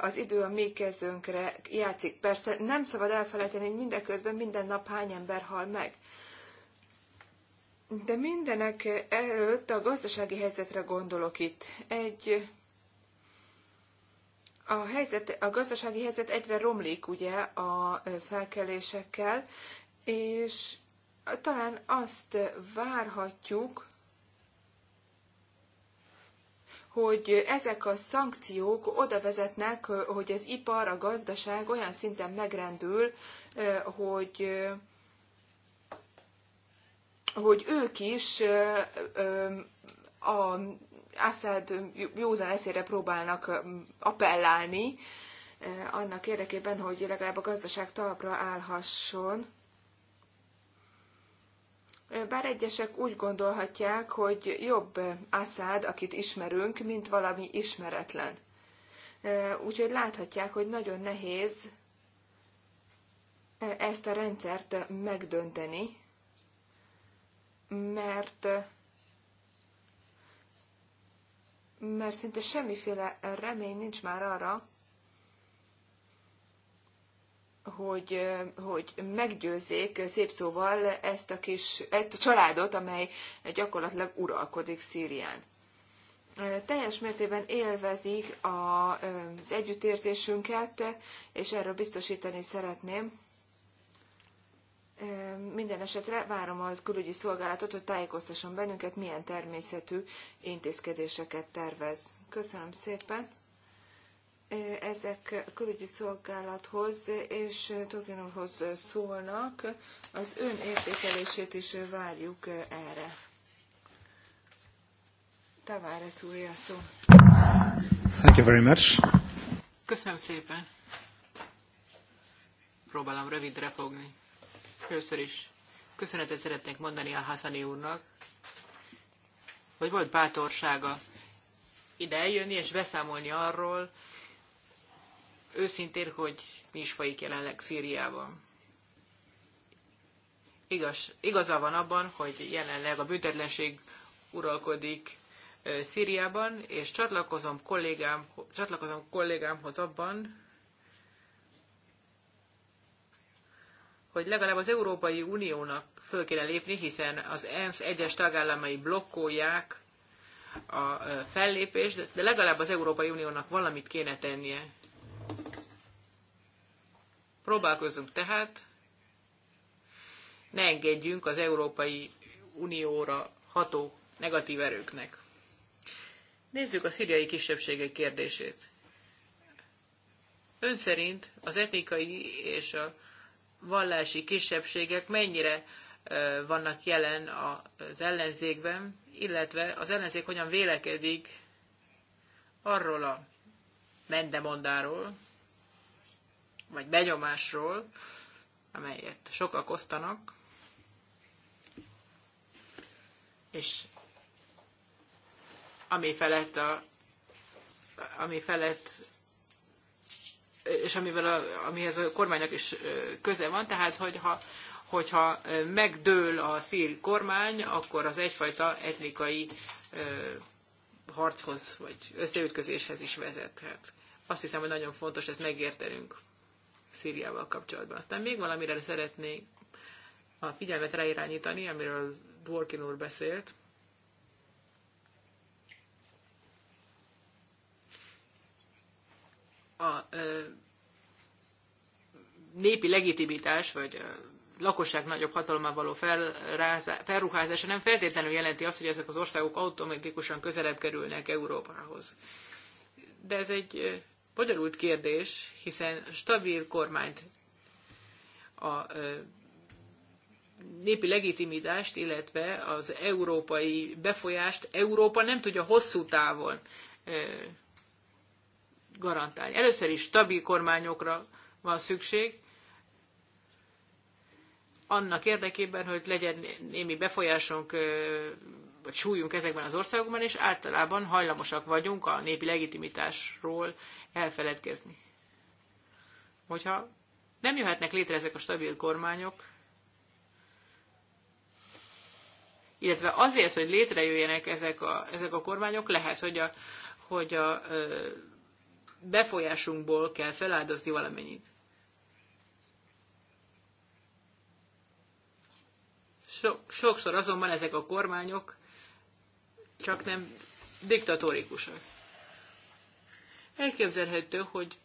az idő a mi kezünkre játszik. Persze nem szabad elfelejteni, hogy mindeközben minden nap hány ember hal meg. De mindenek előtt a gazdasági helyzetre gondolok itt. Egy a, helyzet, a gazdasági helyzet egyre romlik ugye a felkelésekkel, és talán azt várhatjuk, hogy ezek a szankciók oda vezetnek, hogy az ipar, a gazdaság olyan szinten megrendül, hogy hogy ők is az Assad józan eszére próbálnak appellálni, annak érdekében, hogy legalább a gazdaság talpra állhasson. Bár egyesek úgy gondolhatják, hogy jobb Assad, akit ismerünk, mint valami ismeretlen. Úgyhogy láthatják, hogy nagyon nehéz ezt a rendszert megdönteni, mert mert szinte semmiféle remény nincs már arra, hogy, hogy meggyőzzék szép szóval ezt a, kis, ezt a családot, amely gyakorlatilag uralkodik Szírián. Teljes mértében élvezik az együttérzésünket, és erről biztosítani szeretném, Minden esetre várom az külügyi szolgálatot, hogy tájékoztasson bennünket, milyen természetű intézkedéseket tervez. Köszönöm szépen. Ezek a külügyi szolgálathoz és Turkinulhoz szólnak. Az ön értékelését is várjuk erre. Tavára úr, a szó. Thank you very much. Köszönöm szépen. Próbálom rövidre fogni Először is köszönetet szeretnék mondani a Hassani úrnak, hogy volt bátorsága ide eljönni és beszámolni arról, őszintén, hogy mi is folyik jelenleg Szíriában. Igaz, igaza van abban, hogy jelenleg a büntetlenség uralkodik Szíriában, és csatlakozom, kollégám, csatlakozom kollégámhoz abban, hogy legalább az Európai Uniónak föl kéne lépni, hiszen az ENSZ egyes tagállamai blokkolják a fellépést, de legalább az Európai Uniónak valamit kéne tennie. Próbálkozzunk tehát, ne engedjünk az Európai Unióra ható negatív erőknek. Nézzük a szíriai kisebbségek kérdését. Ön szerint az etnikai és a vallási kisebbségek mennyire vannak jelen az ellenzékben, illetve az ellenzék hogyan vélekedik arról a mendemondáról, vagy benyomásról, amelyet sokak osztanak, és ami felett, a, ami felett és amivel a, amihez a kormánynak is köze van, tehát hogyha, hogyha megdől a szír kormány, akkor az egyfajta etnikai harchoz, vagy összeütközéshez is vezethet. Azt hiszem, hogy nagyon fontos ezt megértenünk Szíriával kapcsolatban. Aztán még valamire szeretnék a figyelmet ráirányítani, amiről Dworkin úr beszélt, a népi legitimitás, vagy a lakosság nagyobb hatalommal való felruházása nem feltétlenül jelenti azt, hogy ezek az országok automatikusan közelebb kerülnek Európához. De ez egy bonyolult kérdés, hiszen stabil kormányt a népi legitimitást, illetve az európai befolyást Európa nem tudja hosszú távon garantálni. Először is stabil kormányokra van szükség, annak érdekében, hogy legyen némi befolyásunk vagy súlyunk ezekben az országokban, és általában hajlamosak vagyunk a népi legitimitásról elfeledkezni. Hogyha nem jöhetnek létre ezek a stabil kormányok, illetve azért, hogy létrejöjjenek ezek a, ezek a kormányok, lehet, hogy a, hogy a befolyásunkból kell feláldozni valamennyit. Sokszor azonban ezek a kormányok csak nem diktatórikusak. Elképzelhető, hogy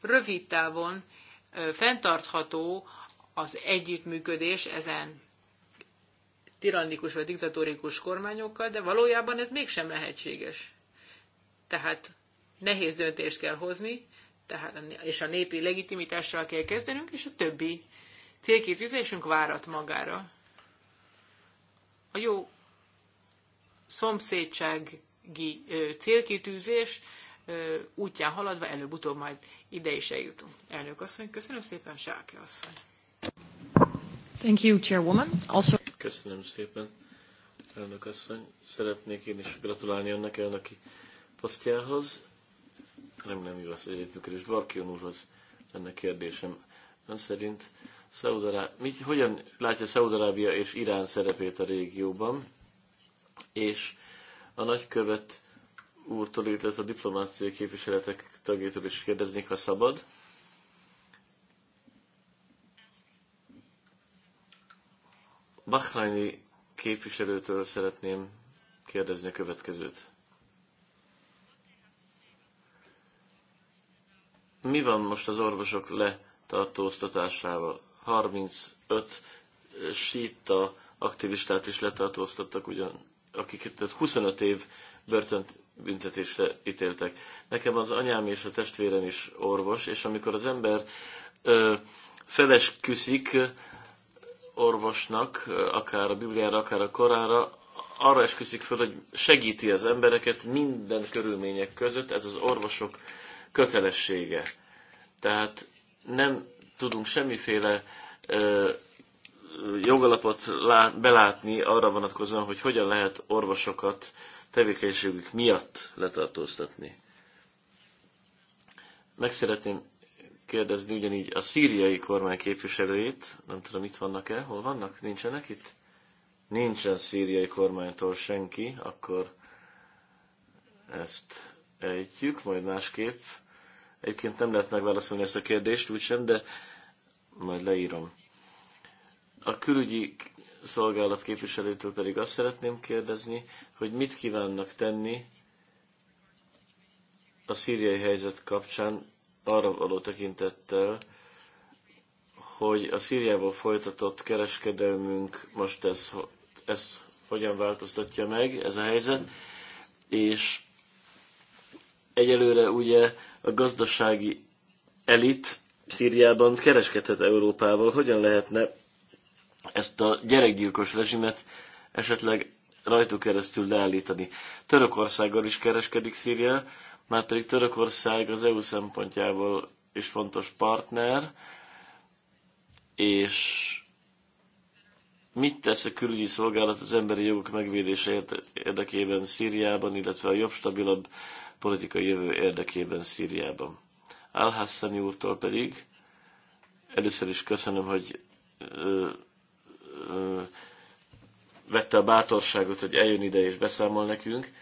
rövid távon fenntartható az együttműködés ezen tirannikus vagy diktatórikus kormányokkal, de valójában ez mégsem lehetséges. Tehát nehéz döntést kell hozni, tehát a, és a népi legitimitással kell kezdenünk, és a többi célképzésünk várat magára. A jó szomszédsági célkitűzés útján haladva előbb-utóbb majd ide is eljutunk. Elnök asszony, köszönöm szépen, Sáki asszony. Thank you, Chairwoman. Also... Köszönöm szépen, elnök asszony. Szeretnék én is gratulálni önnek elnöki posztjához nem, nem igaz együttműködés. Barkion úrhoz lenne kérdésem. Ön szerint Szaudará... Mit, hogyan látja Szaudarábia és Irán szerepét a régióban? És a nagykövet úrtól, illetve a diplomáciai képviseletek tagjától is kérdeznék, ha szabad. Bahraini képviselőtől szeretném kérdezni a következőt. mi van most az orvosok letartóztatásával? 35 síta aktivistát is letartóztattak, ugyan, akiket tehát 25 év börtönt büntetésre ítéltek. Nekem az anyám és a testvérem is orvos, és amikor az ember ö, felesküszik orvosnak, akár a Bibliára, akár a Koránra, arra esküszik föl, hogy segíti az embereket minden körülmények között, ez az orvosok kötelessége. Tehát nem tudunk semmiféle ö, jogalapot lát, belátni arra vonatkozóan, hogy hogyan lehet orvosokat tevékenységük miatt letartóztatni. Meg szeretném kérdezni ugyanígy a szíriai kormány képviselőit, nem tudom, itt vannak-e, hol vannak, nincsenek itt? Nincsen szíriai kormánytól senki, akkor ezt ejtjük, majd másképp. Egyébként nem lehet megválaszolni ezt a kérdést úgysem, de majd leírom. A külügyi szolgálat képviselőtől pedig azt szeretném kérdezni, hogy mit kívánnak tenni a szíriai helyzet kapcsán arra való tekintettel, hogy a Szíriából folytatott kereskedelmünk most ez, ez hogyan változtatja meg, ez a helyzet, és egyelőre ugye a gazdasági elit Szíriában kereskedhet Európával. Hogyan lehetne ezt a gyerekgyilkos rezsimet esetleg rajtuk keresztül leállítani? Törökországgal is kereskedik Szíria, már pedig Törökország az EU szempontjából is fontos partner, és mit tesz a külügyi szolgálat az emberi jogok megvédése érdekében Szíriában, illetve a jobb, stabilabb politikai jövő érdekében Szíriában. Álhászani úrtól pedig először is köszönöm, hogy ö, ö, vette a bátorságot, hogy eljön ide és beszámol nekünk.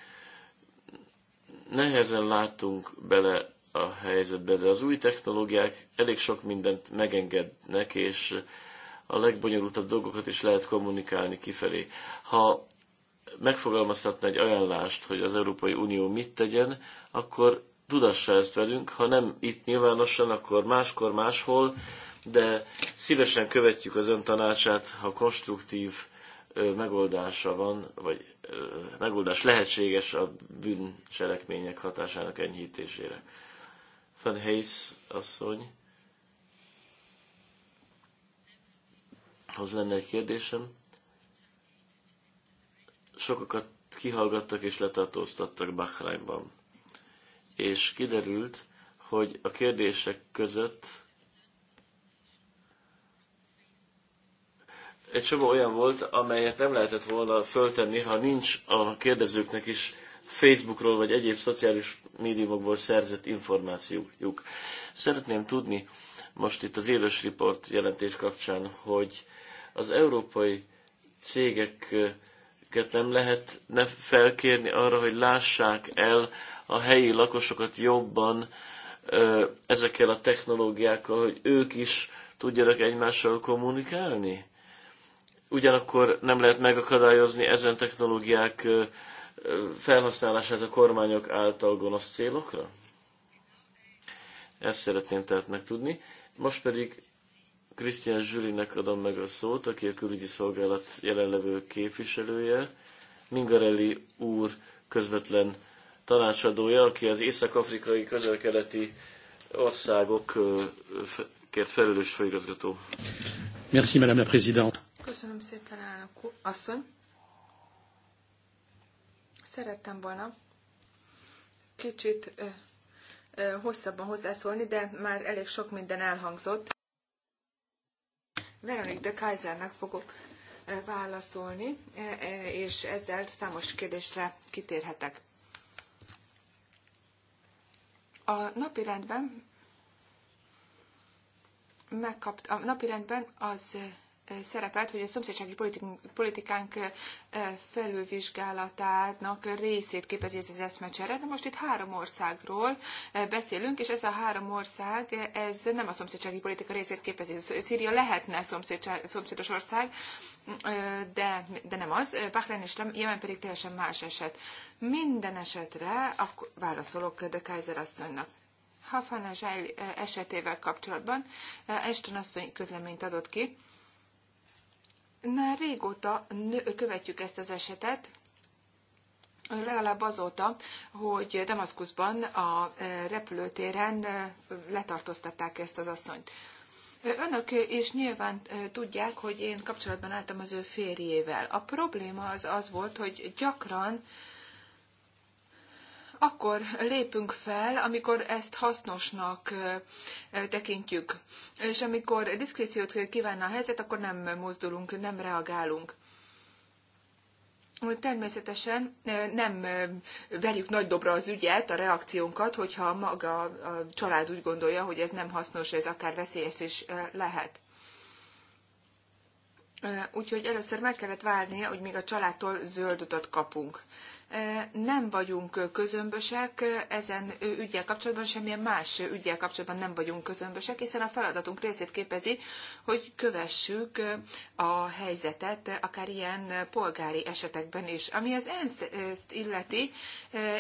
Nehezen látunk bele a helyzetbe, de az új technológiák elég sok mindent megengednek, és a legbonyolultabb dolgokat is lehet kommunikálni kifelé. Ha megfogalmazhatna egy ajánlást, hogy az Európai Unió mit tegyen, akkor tudassa ezt velünk, ha nem itt nyilvánosan, akkor máskor, máshol, de szívesen követjük az ön tanácsát, ha konstruktív megoldása van, vagy megoldás lehetséges a bűncselekmények hatásának enyhítésére. Van Hayes asszony, hoz lenne egy kérdésem sokakat kihallgattak és letartóztattak Bahrainban. És kiderült, hogy a kérdések között egy csomó olyan volt, amelyet nem lehetett volna föltenni, ha nincs a kérdezőknek is Facebookról vagy egyéb szociális médiumokból szerzett információjuk. Szeretném tudni most itt az élős riport jelentés kapcsán, hogy az európai cégek őket nem ne felkérni arra, hogy lássák el a helyi lakosokat jobban ezekkel a technológiákkal, hogy ők is tudjanak egymással kommunikálni? Ugyanakkor nem lehet megakadályozni ezen technológiák felhasználását a kormányok által gonosz célokra? Ezt szeretném tehát megtudni. Most pedig Krisztián Zsülinek adom meg a szót, aki a külügyi szolgálat jelenlevő képviselője. Mingarelli úr közvetlen tanácsadója, aki az észak-afrikai közel-keleti országokért felelős főigazgató. Merci, Madame la Présidente. Köszönöm szépen, elnök asszony. Szerettem volna kicsit ö, ö, hosszabban hozzászólni, de már elég sok minden elhangzott. Veronik de Kaisernek fogok válaszolni, és ezzel számos kérdésre kitérhetek. A napirendben. rendben a napirendben az szerepelt, hogy a szomszédsági politikánk felülvizsgálatának részét képezi ez az eszmecsere. De most itt három országról beszélünk, és ez a három ország, ez nem a szomszédsági politika részét képezi. Szíria lehetne szomszédos ország, de, de nem az. Bahrein és Jemen pedig teljesen más eset. Minden esetre akkor válaszolok de Kaiser asszonynak. Hafanazsáj esetével kapcsolatban Eston asszony közleményt adott ki, Már régóta követjük ezt az esetet, legalább azóta, hogy Damaszkuszban a repülőtéren letartóztatták ezt az asszonyt. Önök is nyilván tudják, hogy én kapcsolatban álltam az ő férjével. A probléma az az volt, hogy gyakran akkor lépünk fel, amikor ezt hasznosnak tekintjük. És amikor diszkréciót kívánna a helyzet, akkor nem mozdulunk, nem reagálunk. Természetesen nem verjük nagy dobra az ügyet, a reakciónkat, hogyha maga a család úgy gondolja, hogy ez nem hasznos, ez akár veszélyes is lehet. Úgyhogy először meg kellett várnia, hogy még a családtól zöld utat kapunk nem vagyunk közömbösek, ezen ügyel kapcsolatban semmilyen más ügyel kapcsolatban nem vagyunk közömbösek, hiszen a feladatunk részét képezi, hogy kövessük a helyzetet, akár ilyen polgári esetekben is. Ami az ENSZ illeti,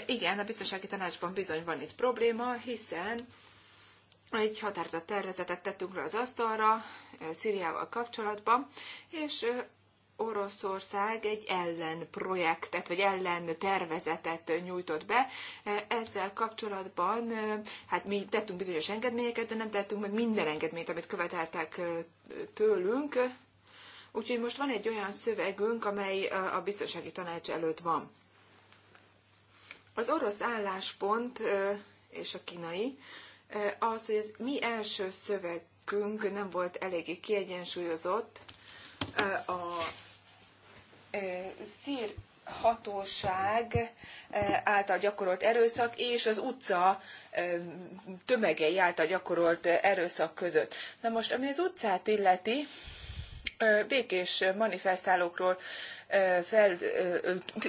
igen, a biztonsági tanácsban bizony van itt probléma, hiszen egy határozat tervezetet tettünk le az asztalra Szíriával kapcsolatban, és Oroszország egy ellenprojektet, vagy tervezetet nyújtott be. Ezzel kapcsolatban, hát mi tettünk bizonyos engedményeket, de nem tettünk meg minden engedményt, amit követeltek tőlünk. Úgyhogy most van egy olyan szövegünk, amely a biztonsági tanács előtt van. Az orosz álláspont és a kínai az, hogy ez mi első szövegünk nem volt eléggé kiegyensúlyozott, a szír hatóság által gyakorolt erőszak és az utca tömegei által gyakorolt erőszak között. Na most, ami az utcát illeti, békés manifestálókról, fel,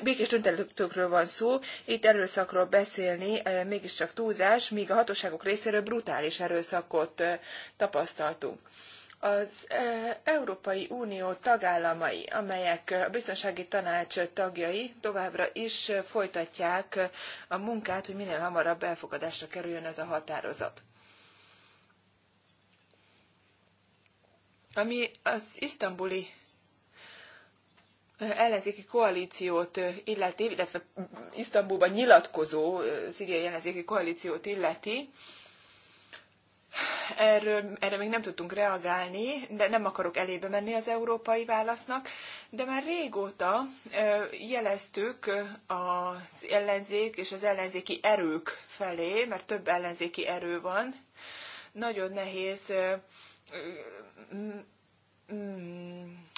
békés tüntetőkről van szó, itt erőszakról beszélni mégiscsak túlzás, míg a hatóságok részéről brutális erőszakot tapasztaltunk. Az Európai Unió tagállamai, amelyek a biztonsági tanács tagjai továbbra is folytatják a munkát, hogy minél hamarabb elfogadásra kerüljön ez a határozat. Ami az isztambuli ellenzéki koalíciót illeti, illetve Isztambulban nyilatkozó szíriai ellenzéki koalíciót illeti, Erről, erre még nem tudtunk reagálni, de nem akarok elébe menni az európai válasznak, de már régóta jeleztük az ellenzék és az ellenzéki erők felé, mert több ellenzéki erő van. Nagyon nehéz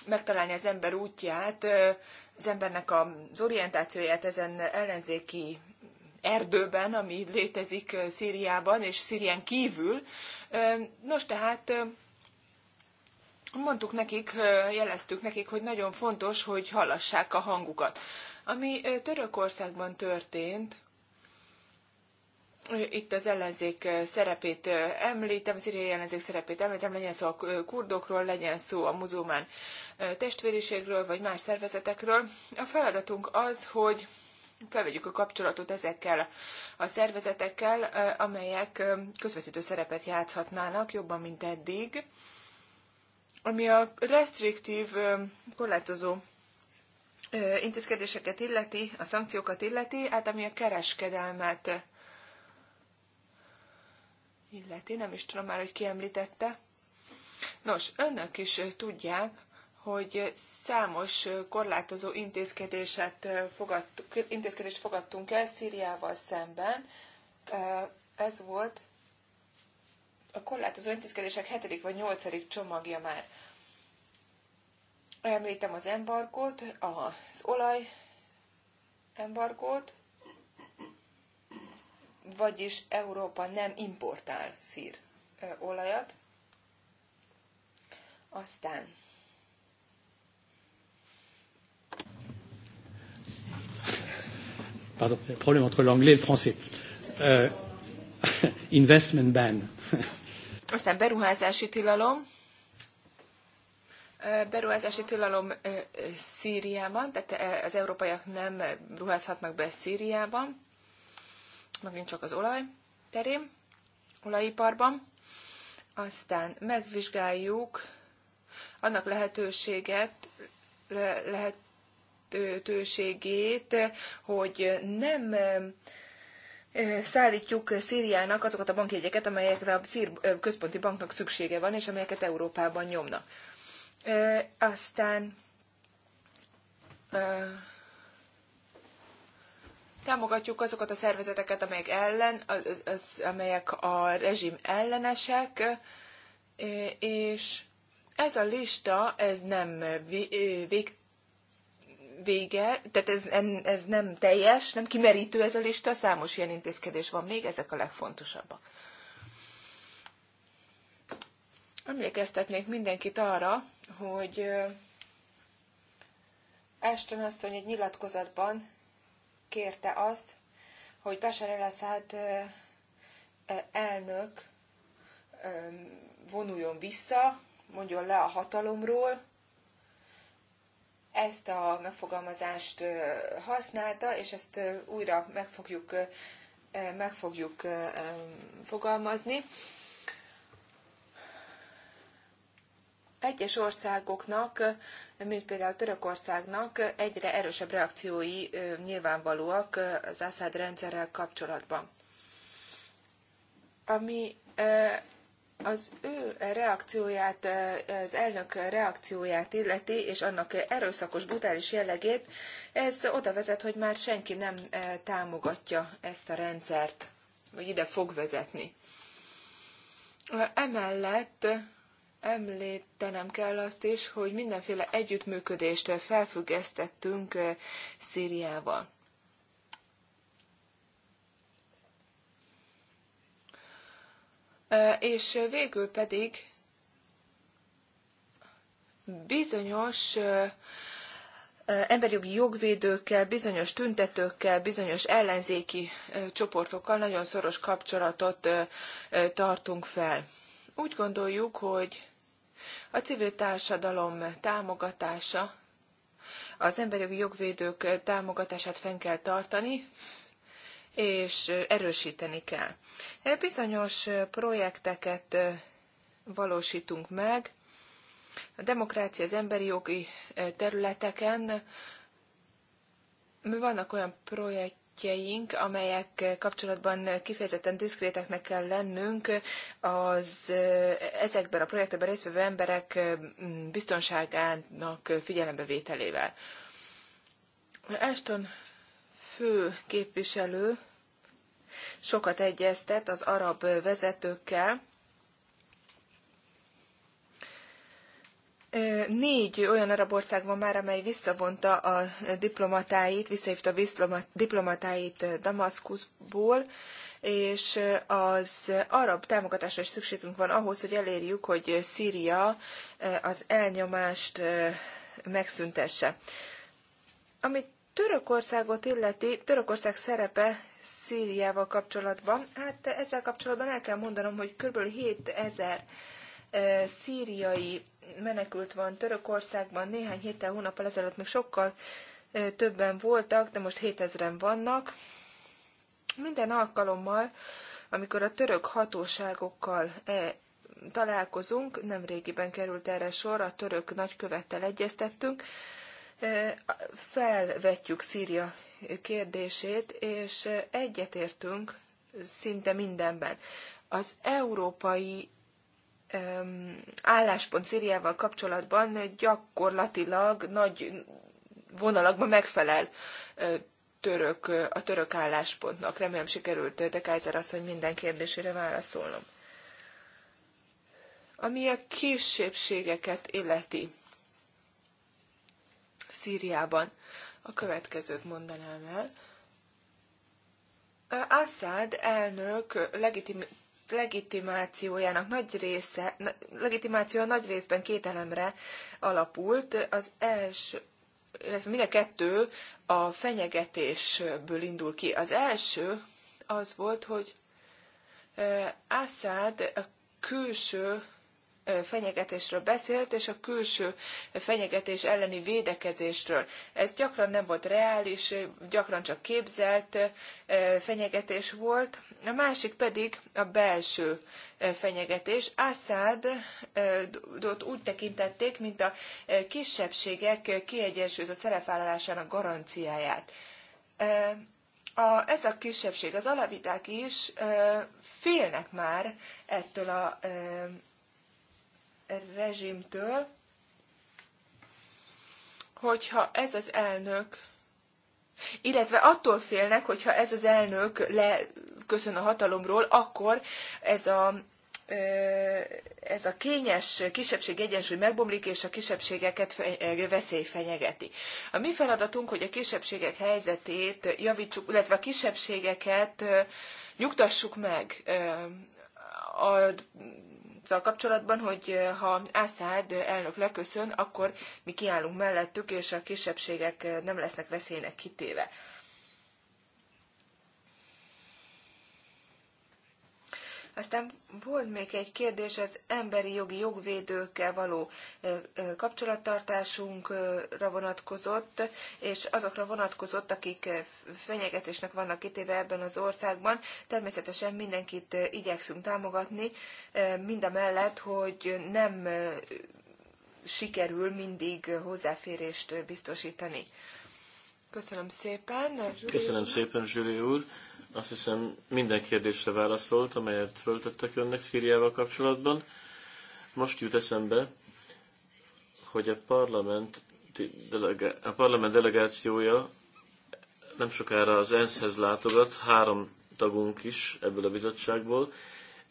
megtalálni az ember útját, az embernek az orientációját ezen ellenzéki erdőben, ami létezik Szíriában és Szírián kívül. Nos, tehát mondtuk nekik, jeleztük nekik, hogy nagyon fontos, hogy hallassák a hangukat. Ami Törökországban történt, itt az ellenzék szerepét említem, szíriai ellenzék szerepét említem, legyen szó a kurdokról, legyen szó a muzulmán testvériségről, vagy más szervezetekről. A feladatunk az, hogy felvegyük a kapcsolatot ezekkel a szervezetekkel, amelyek közvetítő szerepet játszhatnának jobban, mint eddig. Ami a restriktív, korlátozó intézkedéseket illeti, a szankciókat illeti, hát ami a kereskedelmet illeti, nem is tudom már, hogy kiemlítette. Nos, önök is tudják, hogy számos korlátozó intézkedéset intézkedést fogadtunk el Szíriával szemben. Ez volt a korlátozó intézkedések hetedik vagy nyolcadik csomagja már. Említem az embargót, az olaj embargót, vagyis Európa nem importál szír olajat. Aztán Pardon, il y a un problème entre l'anglais et le français. Euh, investment ban. Aztán beruházási tilalom. Beruházási tilalom Szíriában, tehát az európaiak nem ruházhatnak be Szíriában, megint csak az olaj terén, olajiparban. Aztán megvizsgáljuk annak lehetőséget, lehet, lehetőségét, hogy nem szállítjuk Szíriának azokat a bankjegyeket, amelyekre a Szír központi banknak szüksége van, és amelyeket Európában nyomnak. Aztán támogatjuk azokat a szervezeteket, amelyek ellen, az, az, amelyek a rezsim ellenesek, és ez a lista, ez nem vég, vége, tehát ez, ez nem teljes, nem kimerítő ez a lista, számos ilyen intézkedés van még, ezek a legfontosabbak. Emlékeztetnék mindenkit arra, hogy Ashton asszony egy nyilatkozatban kérte azt, hogy Bashar el elnök vonuljon vissza, mondjon le a hatalomról, ezt a megfogalmazást használta, és ezt újra meg fogjuk, meg fogjuk fogalmazni. Egyes országoknak, mint például Törökországnak egyre erősebb reakciói nyilvánvalóak az Assad rendszerrel kapcsolatban. Ami az ő reakcióját, az elnök reakcióját illeti, és annak erőszakos, brutális jellegét, ez oda vezet, hogy már senki nem támogatja ezt a rendszert, vagy ide fog vezetni. Emellett említenem kell azt is, hogy mindenféle együttműködést felfüggesztettünk Szíriával. és végül pedig bizonyos emberjogi jogvédőkkel, bizonyos tüntetőkkel, bizonyos ellenzéki csoportokkal nagyon szoros kapcsolatot tartunk fel. Úgy gondoljuk, hogy a civil társadalom támogatása, az emberjogi jogvédők támogatását fenn kell tartani, és erősíteni kell. Bizonyos projekteket valósítunk meg, a demokrácia, az emberi jogi területeken vannak olyan projektjeink, amelyek kapcsolatban kifejezetten diszkréteknek kell lennünk az ezekben a projektekben résztvevő emberek biztonságának figyelembevételével. Ashton fő képviselő sokat egyeztet az arab vezetőkkel, Négy olyan arab ország van már, amely visszavonta a diplomatáit, visszahívta a diplomatáit Damaszkuszból, és az arab támogatásra is szükségünk van ahhoz, hogy elérjük, hogy Szíria az elnyomást megszüntesse. Amit Törökországot illeti, Törökország szerepe Szíriával kapcsolatban. Hát ezzel kapcsolatban el kell mondanom, hogy kb. 7000 szíriai menekült van Törökországban. Néhány héttel, hónappal ezelőtt még sokkal többen voltak, de most 7000-en vannak. Minden alkalommal, amikor a török hatóságokkal találkozunk, nem régiben került erre sor, a török nagykövettel egyeztettünk, felvetjük Szíria kérdését, és egyetértünk szinte mindenben. Az európai álláspont Szíriával kapcsolatban gyakorlatilag nagy vonalakban megfelel török, a török álláspontnak. Remélem sikerült de Kaiser az, hogy minden kérdésére válaszolnom. Ami a kisebbségeket illeti. Szíriában. A következőt mondanám el. Assad elnök legitimációjának nagy része, legitimáció nagy részben két elemre alapult. Az első, illetve mind a kettő a fenyegetésből indul ki. Az első az volt, hogy Assad a külső fenyegetésről beszélt, és a külső fenyegetés elleni védekezésről. Ez gyakran nem volt reális, gyakran csak képzelt fenyegetés volt. A másik pedig a belső fenyegetés. Assadot úgy tekintették, mint a kisebbségek kiegyensúlyozott szerepvállalásának garanciáját a, ez a kisebbség, az alaviták is ö, félnek már ettől a, ö, rezsimtől, hogyha ez az elnök, illetve attól félnek, hogyha ez az elnök leköszön a hatalomról, akkor ez a ez a kényes kisebbség egyensúly megbomlik, és a kisebbségeket veszély fenyegeti. A mi feladatunk, hogy a kisebbségek helyzetét javítsuk, illetve a kisebbségeket nyugtassuk meg a kapcsolatban, hogy ha Assad elnök leköszön, akkor mi kiállunk mellettük, és a kisebbségek nem lesznek veszélynek kitéve. Aztán volt még egy kérdés az emberi jogi jogvédőkkel való kapcsolattartásunkra vonatkozott, és azokra vonatkozott, akik fenyegetésnek vannak kitéve ebben az országban. Természetesen mindenkit igyekszünk támogatni, mind a mellett, hogy nem sikerül mindig hozzáférést biztosítani. Köszönöm szépen. Zsuri Köszönöm szépen, Zsuri úr. Azt hiszem minden kérdésre válaszolt, amelyet föltöttek önnek Szíriával kapcsolatban. Most jut eszembe, hogy a parlament, a parlament delegációja nem sokára az ENSZ-hez látogat, három tagunk is ebből a bizottságból,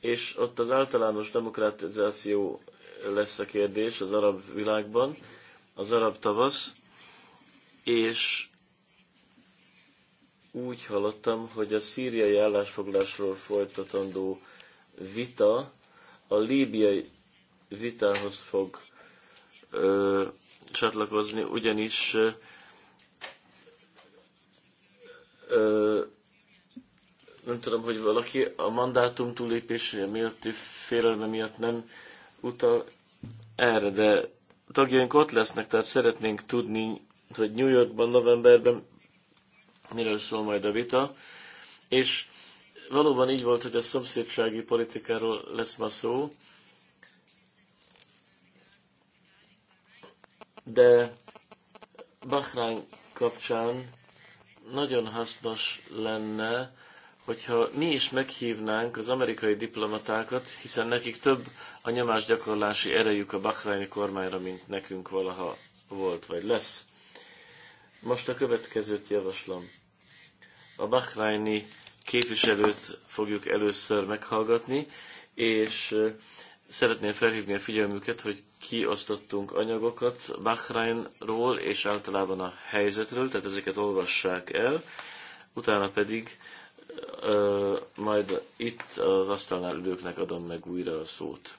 és ott az általános demokratizáció lesz a kérdés az arab világban, az arab tavasz, és úgy hallottam, hogy a szíriai állásfoglásról folytatandó vita a líbiai vitához fog ö, csatlakozni, ugyanis ö, nem tudom, hogy valaki a mandátum túlépése miatt félelme miatt nem utal erre, de tagjaink ott lesznek, tehát szeretnénk tudni, hogy New Yorkban novemberben miről szól majd a vita, és valóban így volt, hogy a szomszédsági politikáról lesz ma szó, de Bahrán kapcsán nagyon hasznos lenne, hogyha mi is meghívnánk az amerikai diplomatákat, hiszen nekik több a nyomásgyakorlási erejük a bahráni kormányra, mint nekünk valaha volt vagy lesz. Most a következőt javaslom a Bahrájni képviselőt fogjuk először meghallgatni, és szeretném felhívni a figyelmüket, hogy kiosztottunk anyagokat Bahrainról és általában a helyzetről, tehát ezeket olvassák el, utána pedig majd itt az asztalnál ülőknek adom meg újra a szót.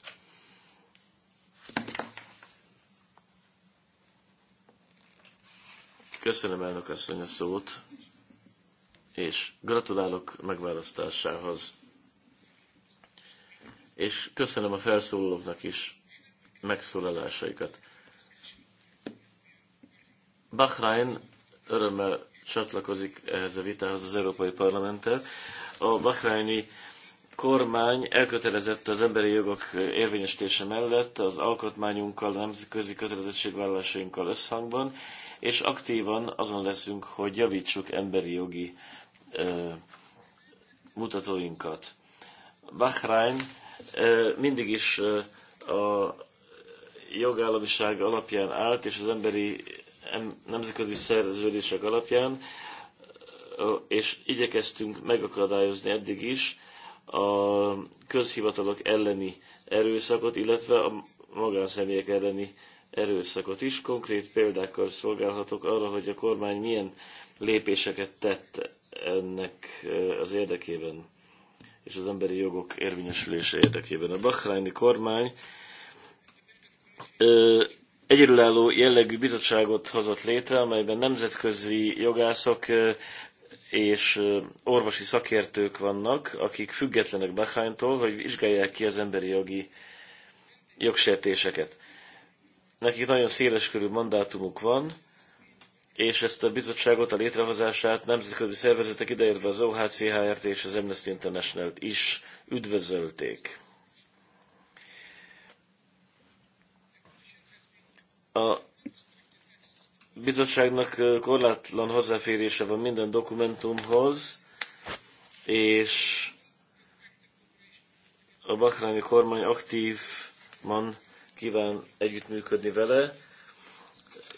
Köszönöm elnök asszony a szót és gratulálok megválasztásához. És köszönöm a felszólalóknak is megszólalásaikat. Bahrain örömmel csatlakozik ehhez a vitához az Európai Parlamenttel. A bahraini kormány elkötelezett az emberi jogok érvényesítése mellett az alkotmányunkkal, a nemzetközi kötelezettségvállalásainkkal összhangban, és aktívan azon leszünk, hogy javítsuk emberi jogi mutatóinkat. Bahrain mindig is a jogállamiság alapján állt, és az emberi nemzetközi szerződések alapján, és igyekeztünk megakadályozni eddig is a közhivatalok elleni erőszakot, illetve a magánszemélyek elleni erőszakot is. Konkrét példákkal szolgálhatok arra, hogy a kormány milyen lépéseket tett ennek az érdekében és az emberi jogok érvényesülése érdekében. A bahraini kormány egyedülálló jellegű bizottságot hozott létre, amelyben nemzetközi jogászok és orvosi szakértők vannak, akik függetlenek Bahránytól, hogy vizsgálják ki az emberi jogi jogsértéseket. Nekik nagyon széles körű mandátumuk van, és ezt a bizottságot, a létrehozását nemzetközi szervezetek ideértve az OHCHRT és az Amnesty international is üdvözölték. A bizottságnak korlátlan hozzáférése van minden dokumentumhoz, és a bakráni kormány aktívan kíván együttműködni vele,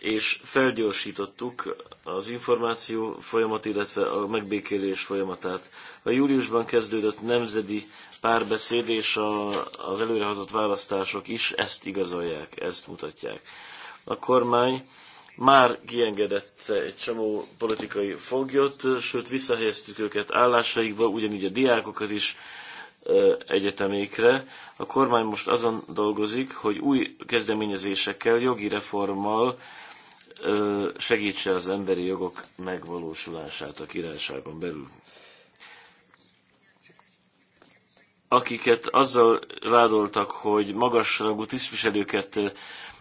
és felgyorsítottuk az információ folyamat, illetve a megbékélés folyamatát. A júliusban kezdődött nemzeti párbeszéd és a, az előrehozott választások is ezt igazolják, ezt mutatják. A kormány már kiengedett egy csomó politikai foglyot, sőt visszahelyeztük őket állásaikba, ugyanígy a diákokat is egyetemékre. A kormány most azon dolgozik, hogy új kezdeményezésekkel, jogi reformmal segítse az emberi jogok megvalósulását a királyságon belül. Akiket azzal vádoltak, hogy magasrangú tisztviselőket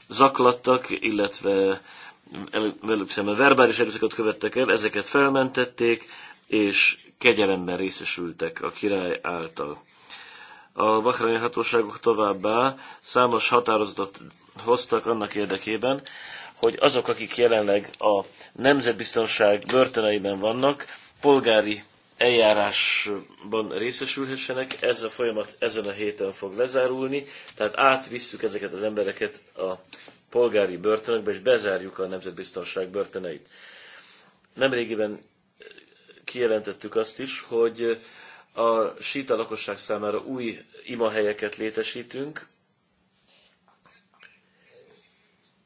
zaklattak, illetve velük szemben verbális erőszakot követtek el, ezeket felmentették, és kegyelemben részesültek a király által. A bahreini hatóságok továbbá számos határozatot hoztak annak érdekében, hogy azok, akik jelenleg a nemzetbiztonság börtöneiben vannak, polgári eljárásban részesülhessenek. Ez a folyamat ezen a héten fog lezárulni, tehát átvisszük ezeket az embereket a polgári börtönökbe, és bezárjuk a nemzetbiztonság börtöneit. Nemrégiben kijelentettük azt is, hogy a síta lakosság számára új imahelyeket létesítünk,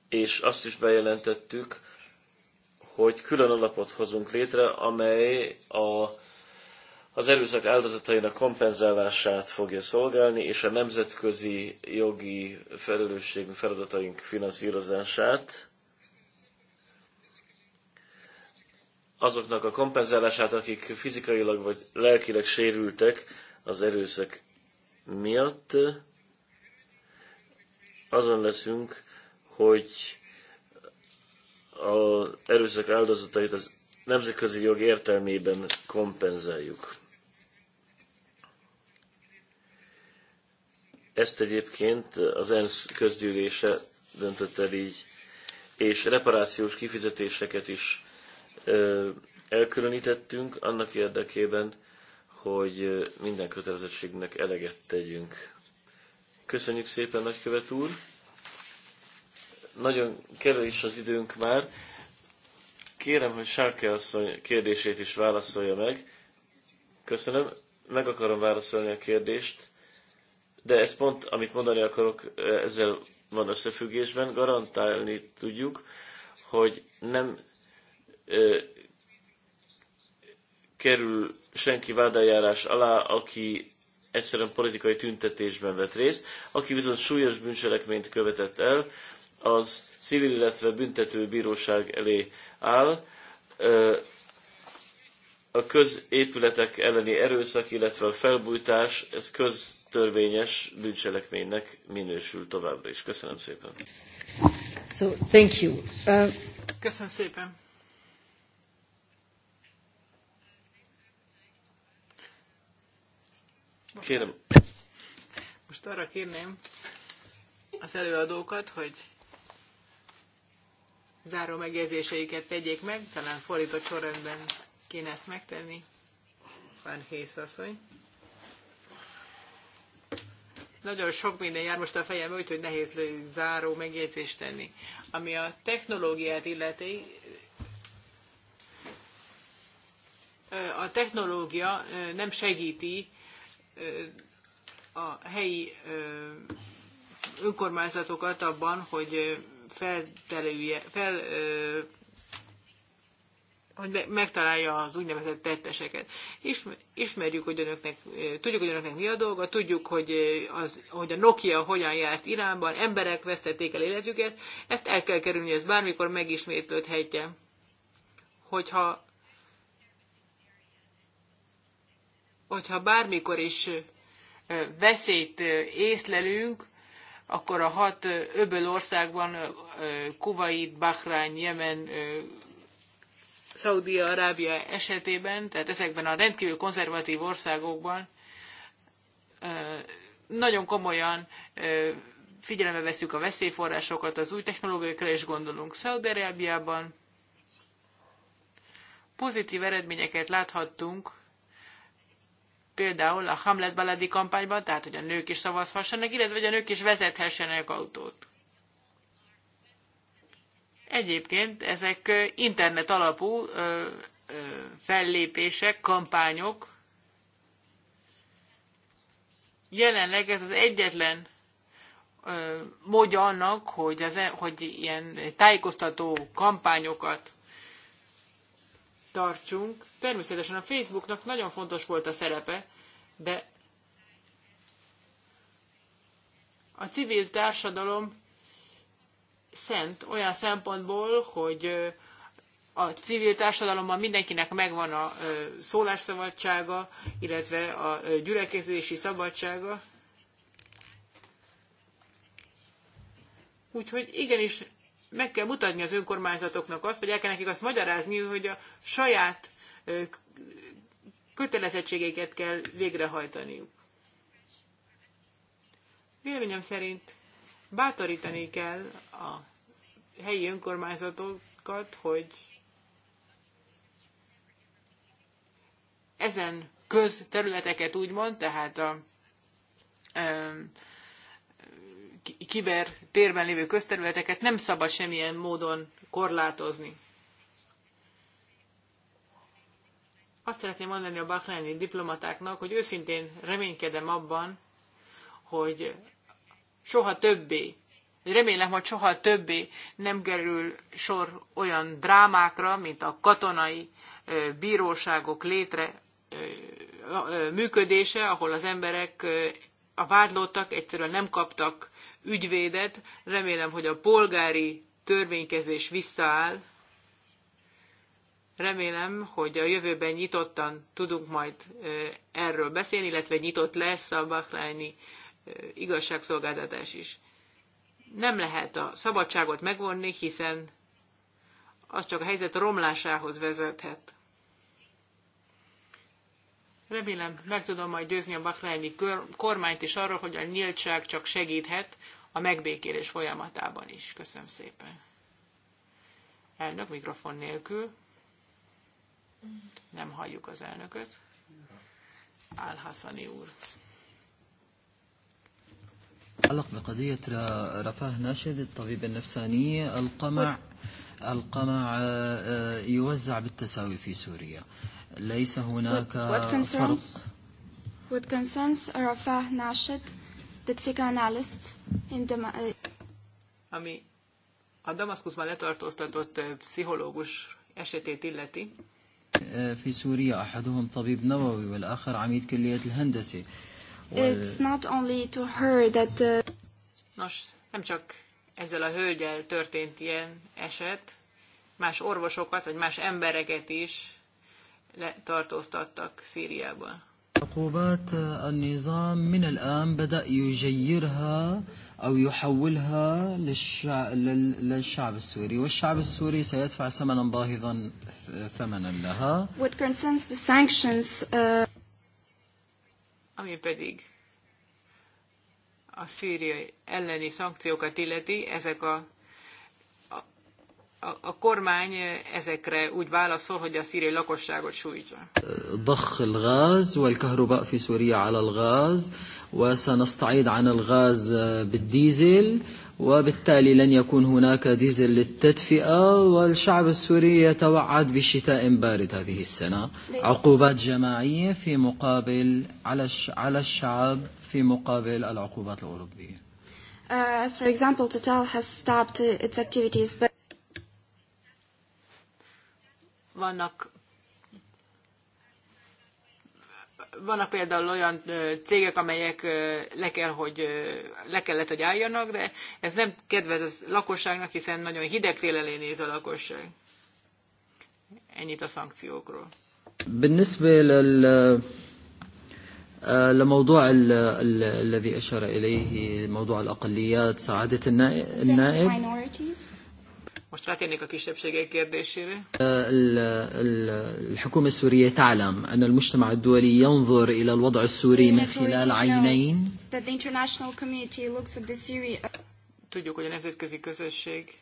és azt is bejelentettük, hogy külön alapot hozunk létre, amely a, az erőszak áldozatainak kompenzálását fogja szolgálni, és a nemzetközi jogi felelősségünk, feladataink finanszírozását, azoknak a kompenzálását, akik fizikailag vagy lelkileg sérültek az erőszak miatt, azon leszünk, hogy az erőszak áldozatait az nemzetközi jog értelmében kompenzáljuk. Ezt egyébként az ENSZ közgyűlése döntött el így, és reparációs kifizetéseket is ö, elkülönítettünk annak érdekében, hogy minden kötelezettségnek eleget tegyünk. Köszönjük szépen, nagykövet úr! nagyon kevés az időnk már. Kérem, hogy Sárke asszony kérdését is válaszolja meg. Köszönöm, meg akarom válaszolni a kérdést, de ez pont, amit mondani akarok, ezzel van összefüggésben. Garantálni tudjuk, hogy nem ö, kerül senki vádájárás alá, aki egyszerűen politikai tüntetésben vett részt, aki viszont súlyos bűncselekményt követett el, az civil, illetve büntető bíróság elé áll. A középületek elleni erőszak, illetve a felbújtás, ez köztörvényes bűncselekménynek minősül továbbra is. Köszönöm szépen. So, thank you. Uh... Köszönöm szépen. Most, Kérem. Most arra kérném az előadókat, hogy záró megjegyzéseiket tegyék meg, talán fordított sorrendben kéne ezt megtenni. Van Hész asszony. Nagyon sok minden jár most a fejem, úgyhogy nehéz záró megjegyzést tenni. Ami a technológiát illeti, a technológia nem segíti a helyi önkormányzatokat abban, hogy feltelője, fel, ö, hogy megtalálja az úgynevezett tetteseket. Ismerjük, hogy önöknek, tudjuk, hogy önöknek mi a dolga, tudjuk, hogy, az, hogy a Nokia hogyan járt Iránban, emberek vesztették el életüket, ezt el kell kerülni, ez bármikor megismétlődhetje. Hogyha hogyha bármikor is veszélyt észlelünk, akkor a hat öböl országban, Kuwait, Bahrain, Jemen, Szaudi-Arábia esetében, tehát ezekben a rendkívül konzervatív országokban nagyon komolyan figyelembe veszük a veszélyforrásokat, az új technológiákra is gondolunk. Szaudi-Arábiában pozitív eredményeket láthattunk például a Hamlet baladi kampányban, tehát hogy a nők is szavazhassanak, illetve hogy a nők is vezethessenek autót. Egyébként ezek internet alapú ö, ö, fellépések, kampányok. Jelenleg ez az egyetlen ö, módja annak, hogy, az, hogy ilyen tájékoztató kampányokat tartsunk. Természetesen a Facebooknak nagyon fontos volt a szerepe, de a civil társadalom szent olyan szempontból, hogy a civil társadalomban mindenkinek megvan a szólásszabadsága, illetve a gyülekezési szabadsága. Úgyhogy igenis meg kell mutatni az önkormányzatoknak azt, vagy el kell nekik azt magyarázni, hogy a saját kötelezettségeket kell végrehajtaniuk. Véleményem szerint bátorítani kell a helyi önkormányzatokat, hogy ezen közterületeket úgymond, tehát a kiber térben lévő közterületeket nem szabad semmilyen módon korlátozni. Azt szeretném mondani a bahreini diplomatáknak, hogy őszintén reménykedem abban, hogy soha többé, remélem, hogy soha többé nem kerül sor olyan drámákra, mint a katonai bíróságok létre működése, ahol az emberek, a vádlottak egyszerűen nem kaptak ügyvédet. Remélem, hogy a polgári törvénykezés visszaáll, Remélem, hogy a jövőben nyitottan tudunk majd erről beszélni, illetve nyitott lesz a Bahreini igazságszolgáltatás is. Nem lehet a szabadságot megvonni, hiszen az csak a helyzet romlásához vezethet. Remélem, meg tudom majd győzni a bahreini kormányt is arról, hogy a nyíltság csak segíthet a megbékélés folyamatában is. Köszönöm szépen. Elnök mikrofon nélkül. Nem halljuk az elnököt. al Al-Hassani úr. تعلق بقضية رفاه ناشد الطبيب النفساني القمع القمع يوزع بالتساوي في سوريا ليس هناك فرق What concerns Rafah Nashid, the psychoanalyst in the... Ami a Damaszkuszban letartóztatott pszichológus esetét illeti, في سوريا أحدهم طبيب نووي والآخر عميد كلية الهندسة It's not only to her that Nos, nem csak ezzel a hölgyel történt ilyen eset, más orvosokat, vagy más embereket is letartóztattak Szíriában. عقوبات النظام من الآن بدأ يجيرها أو يحولها للشعب السوري والشعب السوري سيدفع ثمنا باهظا ثمنا لها What concerns the sanctions uh... ami pedig a szíriai elleni szankciókat illeti, ezek a a, a kormány ezekre úgy válaszol, hogy a szíriai lakosságot sújtja. ضخ الغاز والكهرباء في سوريا على الغاز وسنستعيد عن الغاز بالديزل وبالتالي لن يكون هناك ديزل للتدفئة والشعب السوري يتوعد بشتاء بارد هذه السنة عقوبات جماعية في مقابل على على الشعب في مقابل العقوبات الأوروبية. As for example, Total has stopped its activities, but Vannak vannak például olyan cégek, amelyek le, kell, hogy, le kellett, hogy álljanak, de ez nem kedvez a lakosságnak, hiszen nagyon hideg télen néz a lakosság. Ennyit a szankciókról. بالنسبة لل لموضوع الذي أشار إليه موضوع الأقليات سعادة النائب Most rátérnék a kisebbségek kérdésére. الحكومة السورية تعلم أن المجتمع الدولي ينظر إلى الوضع السوري من خلال عينين. Tudjuk, hogy a nemzetközi közösség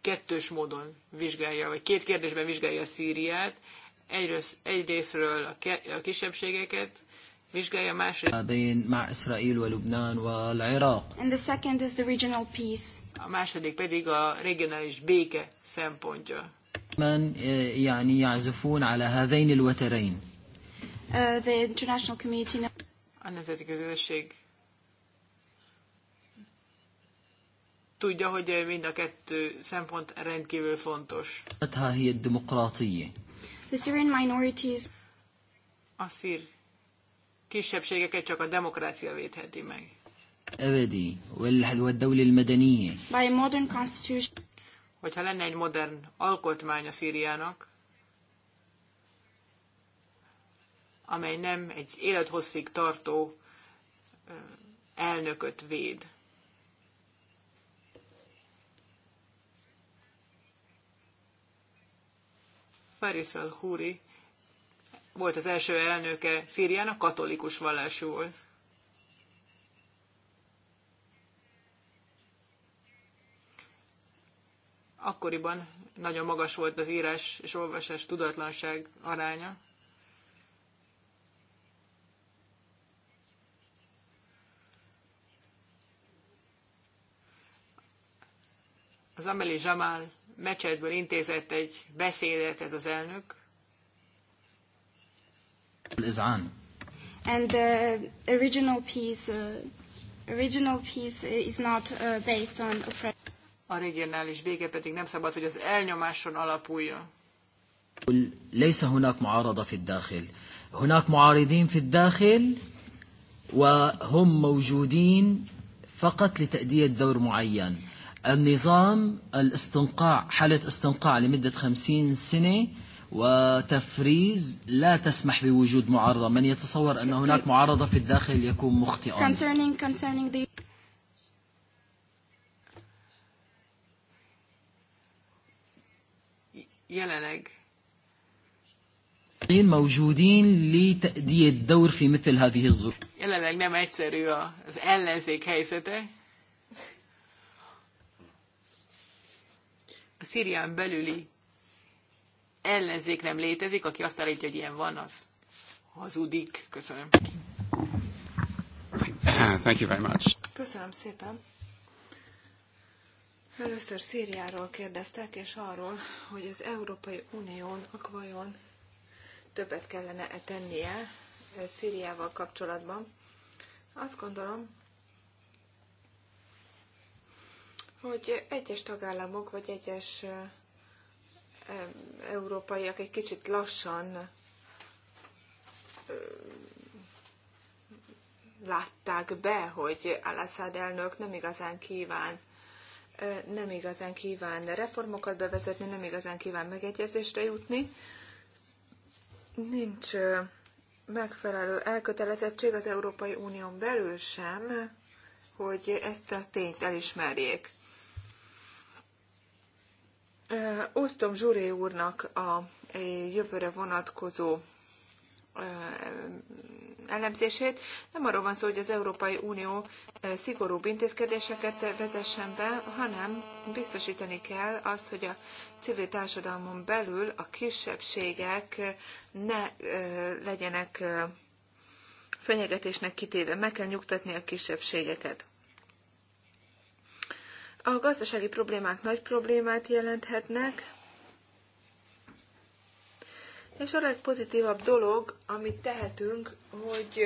kettős módon vizsgálja, vagy két kérdésben vizsgálja a Szíriát. Egyrészt, egyrésztről a kisebbségeket, بين مع إسرائيل ولبنان والعراق. And the second is the regional peace. A második pedig a regionális béke szempontja. من يعني يعزفون على هذين الوترين. the international community. A nemzeti közösség tudja, hogy mind a kettő szempont rendkívül fontos. The Syrian minorities. A szír kisebbségeket csak a demokrácia védheti meg. Ebedi, By modern constitution. Hogyha lenne egy modern alkotmány a Szíriának, amely nem egy élethosszig tartó elnököt véd. Farisal Huri volt az első elnöke Szíriának, katolikus vallású volt. Akkoriban nagyon magas volt az írás és olvasás tudatlanság aránya. Az Ameli Jamal mecsetből intézett egy beszédet ez az elnök, And the original piece, uh original piece is not uh based on oppression. A regionális béke pedig nem szabad, hogy az elnyomáson alapuljon. ليس هناك معارضة في الداخل هناك معارضين في الداخل وهم موجودين فقط لتأدية دور معين النظام الاستنقاع حالة استنقاع لمدة خمسين سنة وتفريز لا تسمح بوجود معارضة من يتصور أن هناك معارضة في الداخل يكون مخطئا jelenleg موجودين لتأدية الدور في مثل هذه الظروف. يلا nem ما az ellenzék helyzete. A Szírián ellenzék nem létezik, aki azt állítja, hogy ilyen van, az hazudik. Köszönöm. Thank you very much. Köszönöm szépen. Először Szíriáról kérdeztek, és arról, hogy az Európai Uniónak vajon többet kellene -e tennie Szíriával kapcsolatban. Azt gondolom, hogy egyes tagállamok vagy egyes európaiak egy kicsit lassan látták be, hogy al elnök nem igazán kíván nem igazán kíván reformokat bevezetni, nem igazán kíván megegyezésre jutni. Nincs megfelelő elkötelezettség az Európai Unión belül sem, hogy ezt a tényt elismerjék. Osztom Zsuré úrnak a jövőre vonatkozó elemzését. Nem arról van szó, hogy az Európai Unió szigorúbb intézkedéseket vezessen be, hanem biztosítani kell azt, hogy a civil társadalmon belül a kisebbségek ne legyenek fenyegetésnek kitéve. Meg kell nyugtatni a kisebbségeket. A gazdasági problémák nagy problémát jelenthetnek, és a legpozitívabb dolog, amit tehetünk, hogy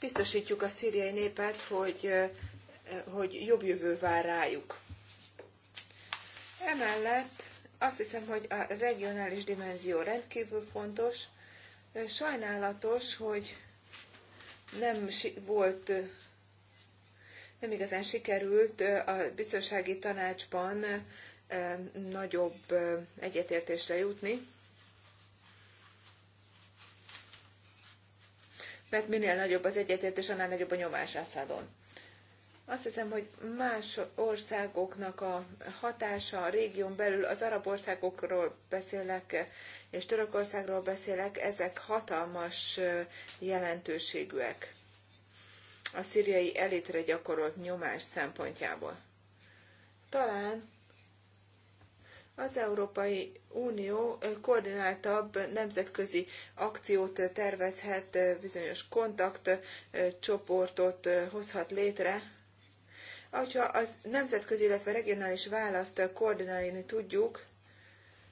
biztosítjuk a szíriai népet, hogy, hogy jobb jövő vár rájuk. Emellett azt hiszem, hogy a regionális dimenzió rendkívül fontos. Sajnálatos, hogy nem volt nem igazán sikerült a biztonsági tanácsban nagyobb egyetértésre jutni, mert minél nagyobb az egyetértés, annál nagyobb a nyomás Assadon. Azt hiszem, hogy más országoknak a hatása a régión belül, az arab országokról beszélek, és Törökországról beszélek, ezek hatalmas jelentőségűek a szíriai elitre gyakorolt nyomás szempontjából. Talán az Európai Unió koordináltabb nemzetközi akciót tervezhet, bizonyos kontaktcsoportot hozhat létre, hogyha az nemzetközi, illetve regionális választ koordinálni tudjuk,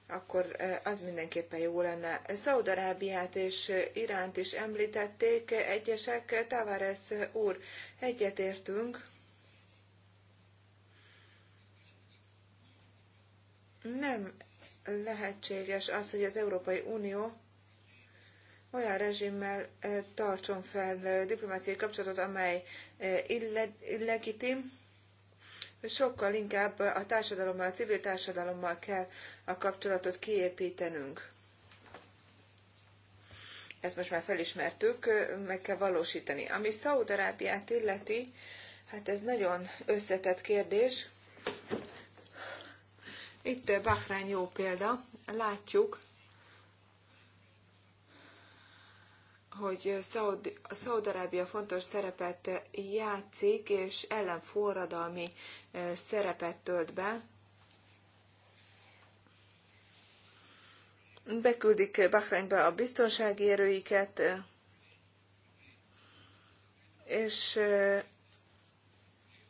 akkor az mindenképpen jó lenne. Szaudarábiát és Iránt is említették egyesek. Tavares úr, egyetértünk. Nem lehetséges az, hogy az Európai Unió olyan rezsimmel tartson fel diplomáciai kapcsolatot, amely illegitim, sokkal inkább a társadalommal, a civil társadalommal kell a kapcsolatot kiépítenünk. Ezt most már felismertük, meg kell valósítani. Ami Szaúd-Arábiát illeti, hát ez nagyon összetett kérdés. Itt Bahrány jó példa. Látjuk, hogy Szaudarábia fontos szerepet játszik, és ellenforradalmi szerepet tölt be. Beküldik Bahreinbe a biztonsági erőiket, és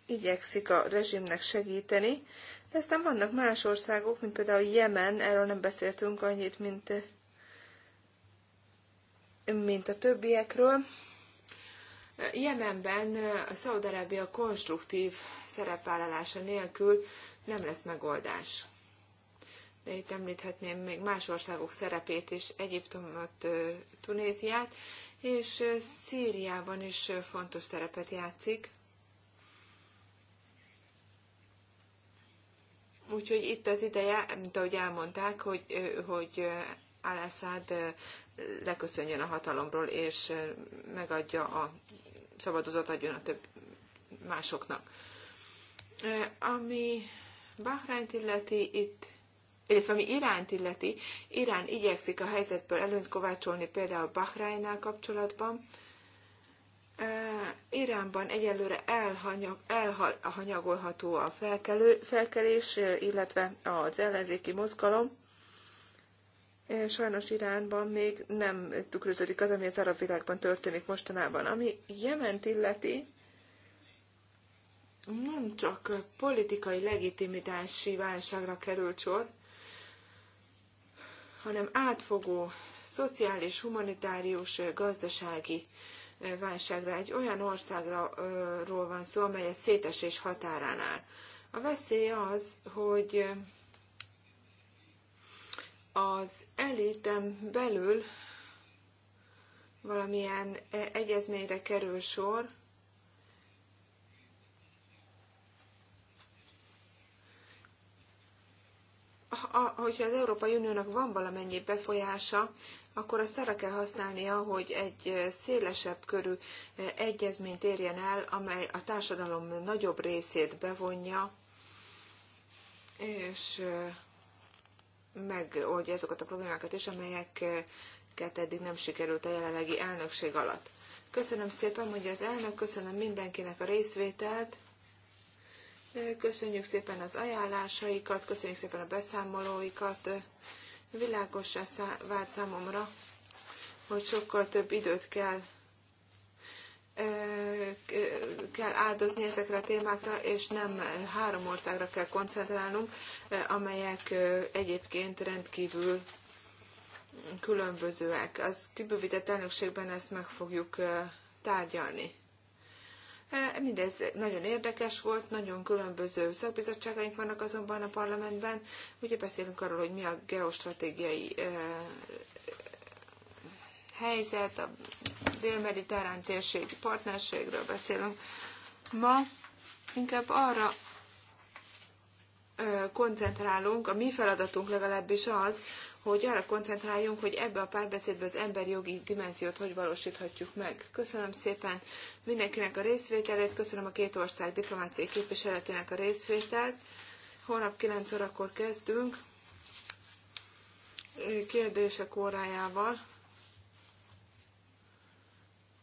igyekszik a rezsimnek segíteni. De aztán vannak más országok, mint például Jemen, erről nem beszéltünk annyit, mint mint a többiekről. Jemenben a Szaudarábia konstruktív szerepvállalása nélkül nem lesz megoldás. De itt említhetném még más országok szerepét is, Egyiptomot, Tunéziát, és Szíriában is fontos szerepet játszik. Úgyhogy itt az ideje, mint ahogy elmondták, hogy, hogy Al-Assad leköszönjön a hatalomról, és megadja a szabadozat adjon a több másoknak. Ami Bahrányt illeti, itt illetve ami Iránt illeti, Irán igyekszik a helyzetből előnyt kovácsolni például Bahrainnál kapcsolatban. Iránban egyelőre elhanyag, elhanyagolható a felkelő, felkelés, illetve az ellenzéki mozgalom sajnos Iránban még nem tükröződik az, ami az arab világban történik mostanában. Ami Jement illeti, nem csak politikai legitimitási válságra kerül sor, hanem átfogó szociális, humanitárius, gazdasági válságra. Egy olyan országról van szó, amely a szétesés határán áll. A veszély az, hogy az elítem belül valamilyen egyezményre kerül sor, ha, hogyha az Európai Uniónak van valamennyi befolyása, akkor azt arra kell használnia, hogy egy szélesebb körű egyezményt érjen el, amely a társadalom nagyobb részét bevonja, és megoldja azokat a problémákat is, amelyeket eddig nem sikerült a jelenlegi elnökség alatt. Köszönöm szépen, hogy az elnök, köszönöm mindenkinek a részvételt, köszönjük szépen az ajánlásaikat, köszönjük szépen a beszámolóikat. Világosá vált számomra, hogy sokkal több időt kell kell áldozni ezekre a témákra, és nem három országra kell koncentrálnunk, amelyek egyébként rendkívül különbözőek. Az kibővített elnökségben ezt meg fogjuk tárgyalni. Mindez nagyon érdekes volt, nagyon különböző szakbizottságaink vannak azonban a parlamentben. Ugye beszélünk arról, hogy mi a geostratégiai helyzet, a dél-mediterrán térségi partnerségről beszélünk. Ma inkább arra koncentrálunk, a mi feladatunk legalábbis az, hogy arra koncentráljunk, hogy ebbe a párbeszédbe az emberi jogi dimenziót hogy valósíthatjuk meg. Köszönöm szépen mindenkinek a részvételét, köszönöm a két ország diplomáciai képviseletének a részvételt. Holnap 9 órakor kezdünk kérdések órájával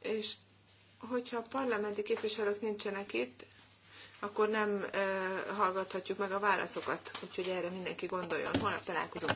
és hogyha a parlamenti képviselők nincsenek itt, akkor nem hallgathatjuk meg a válaszokat, úgyhogy erre mindenki gondoljon. Holnap találkozunk.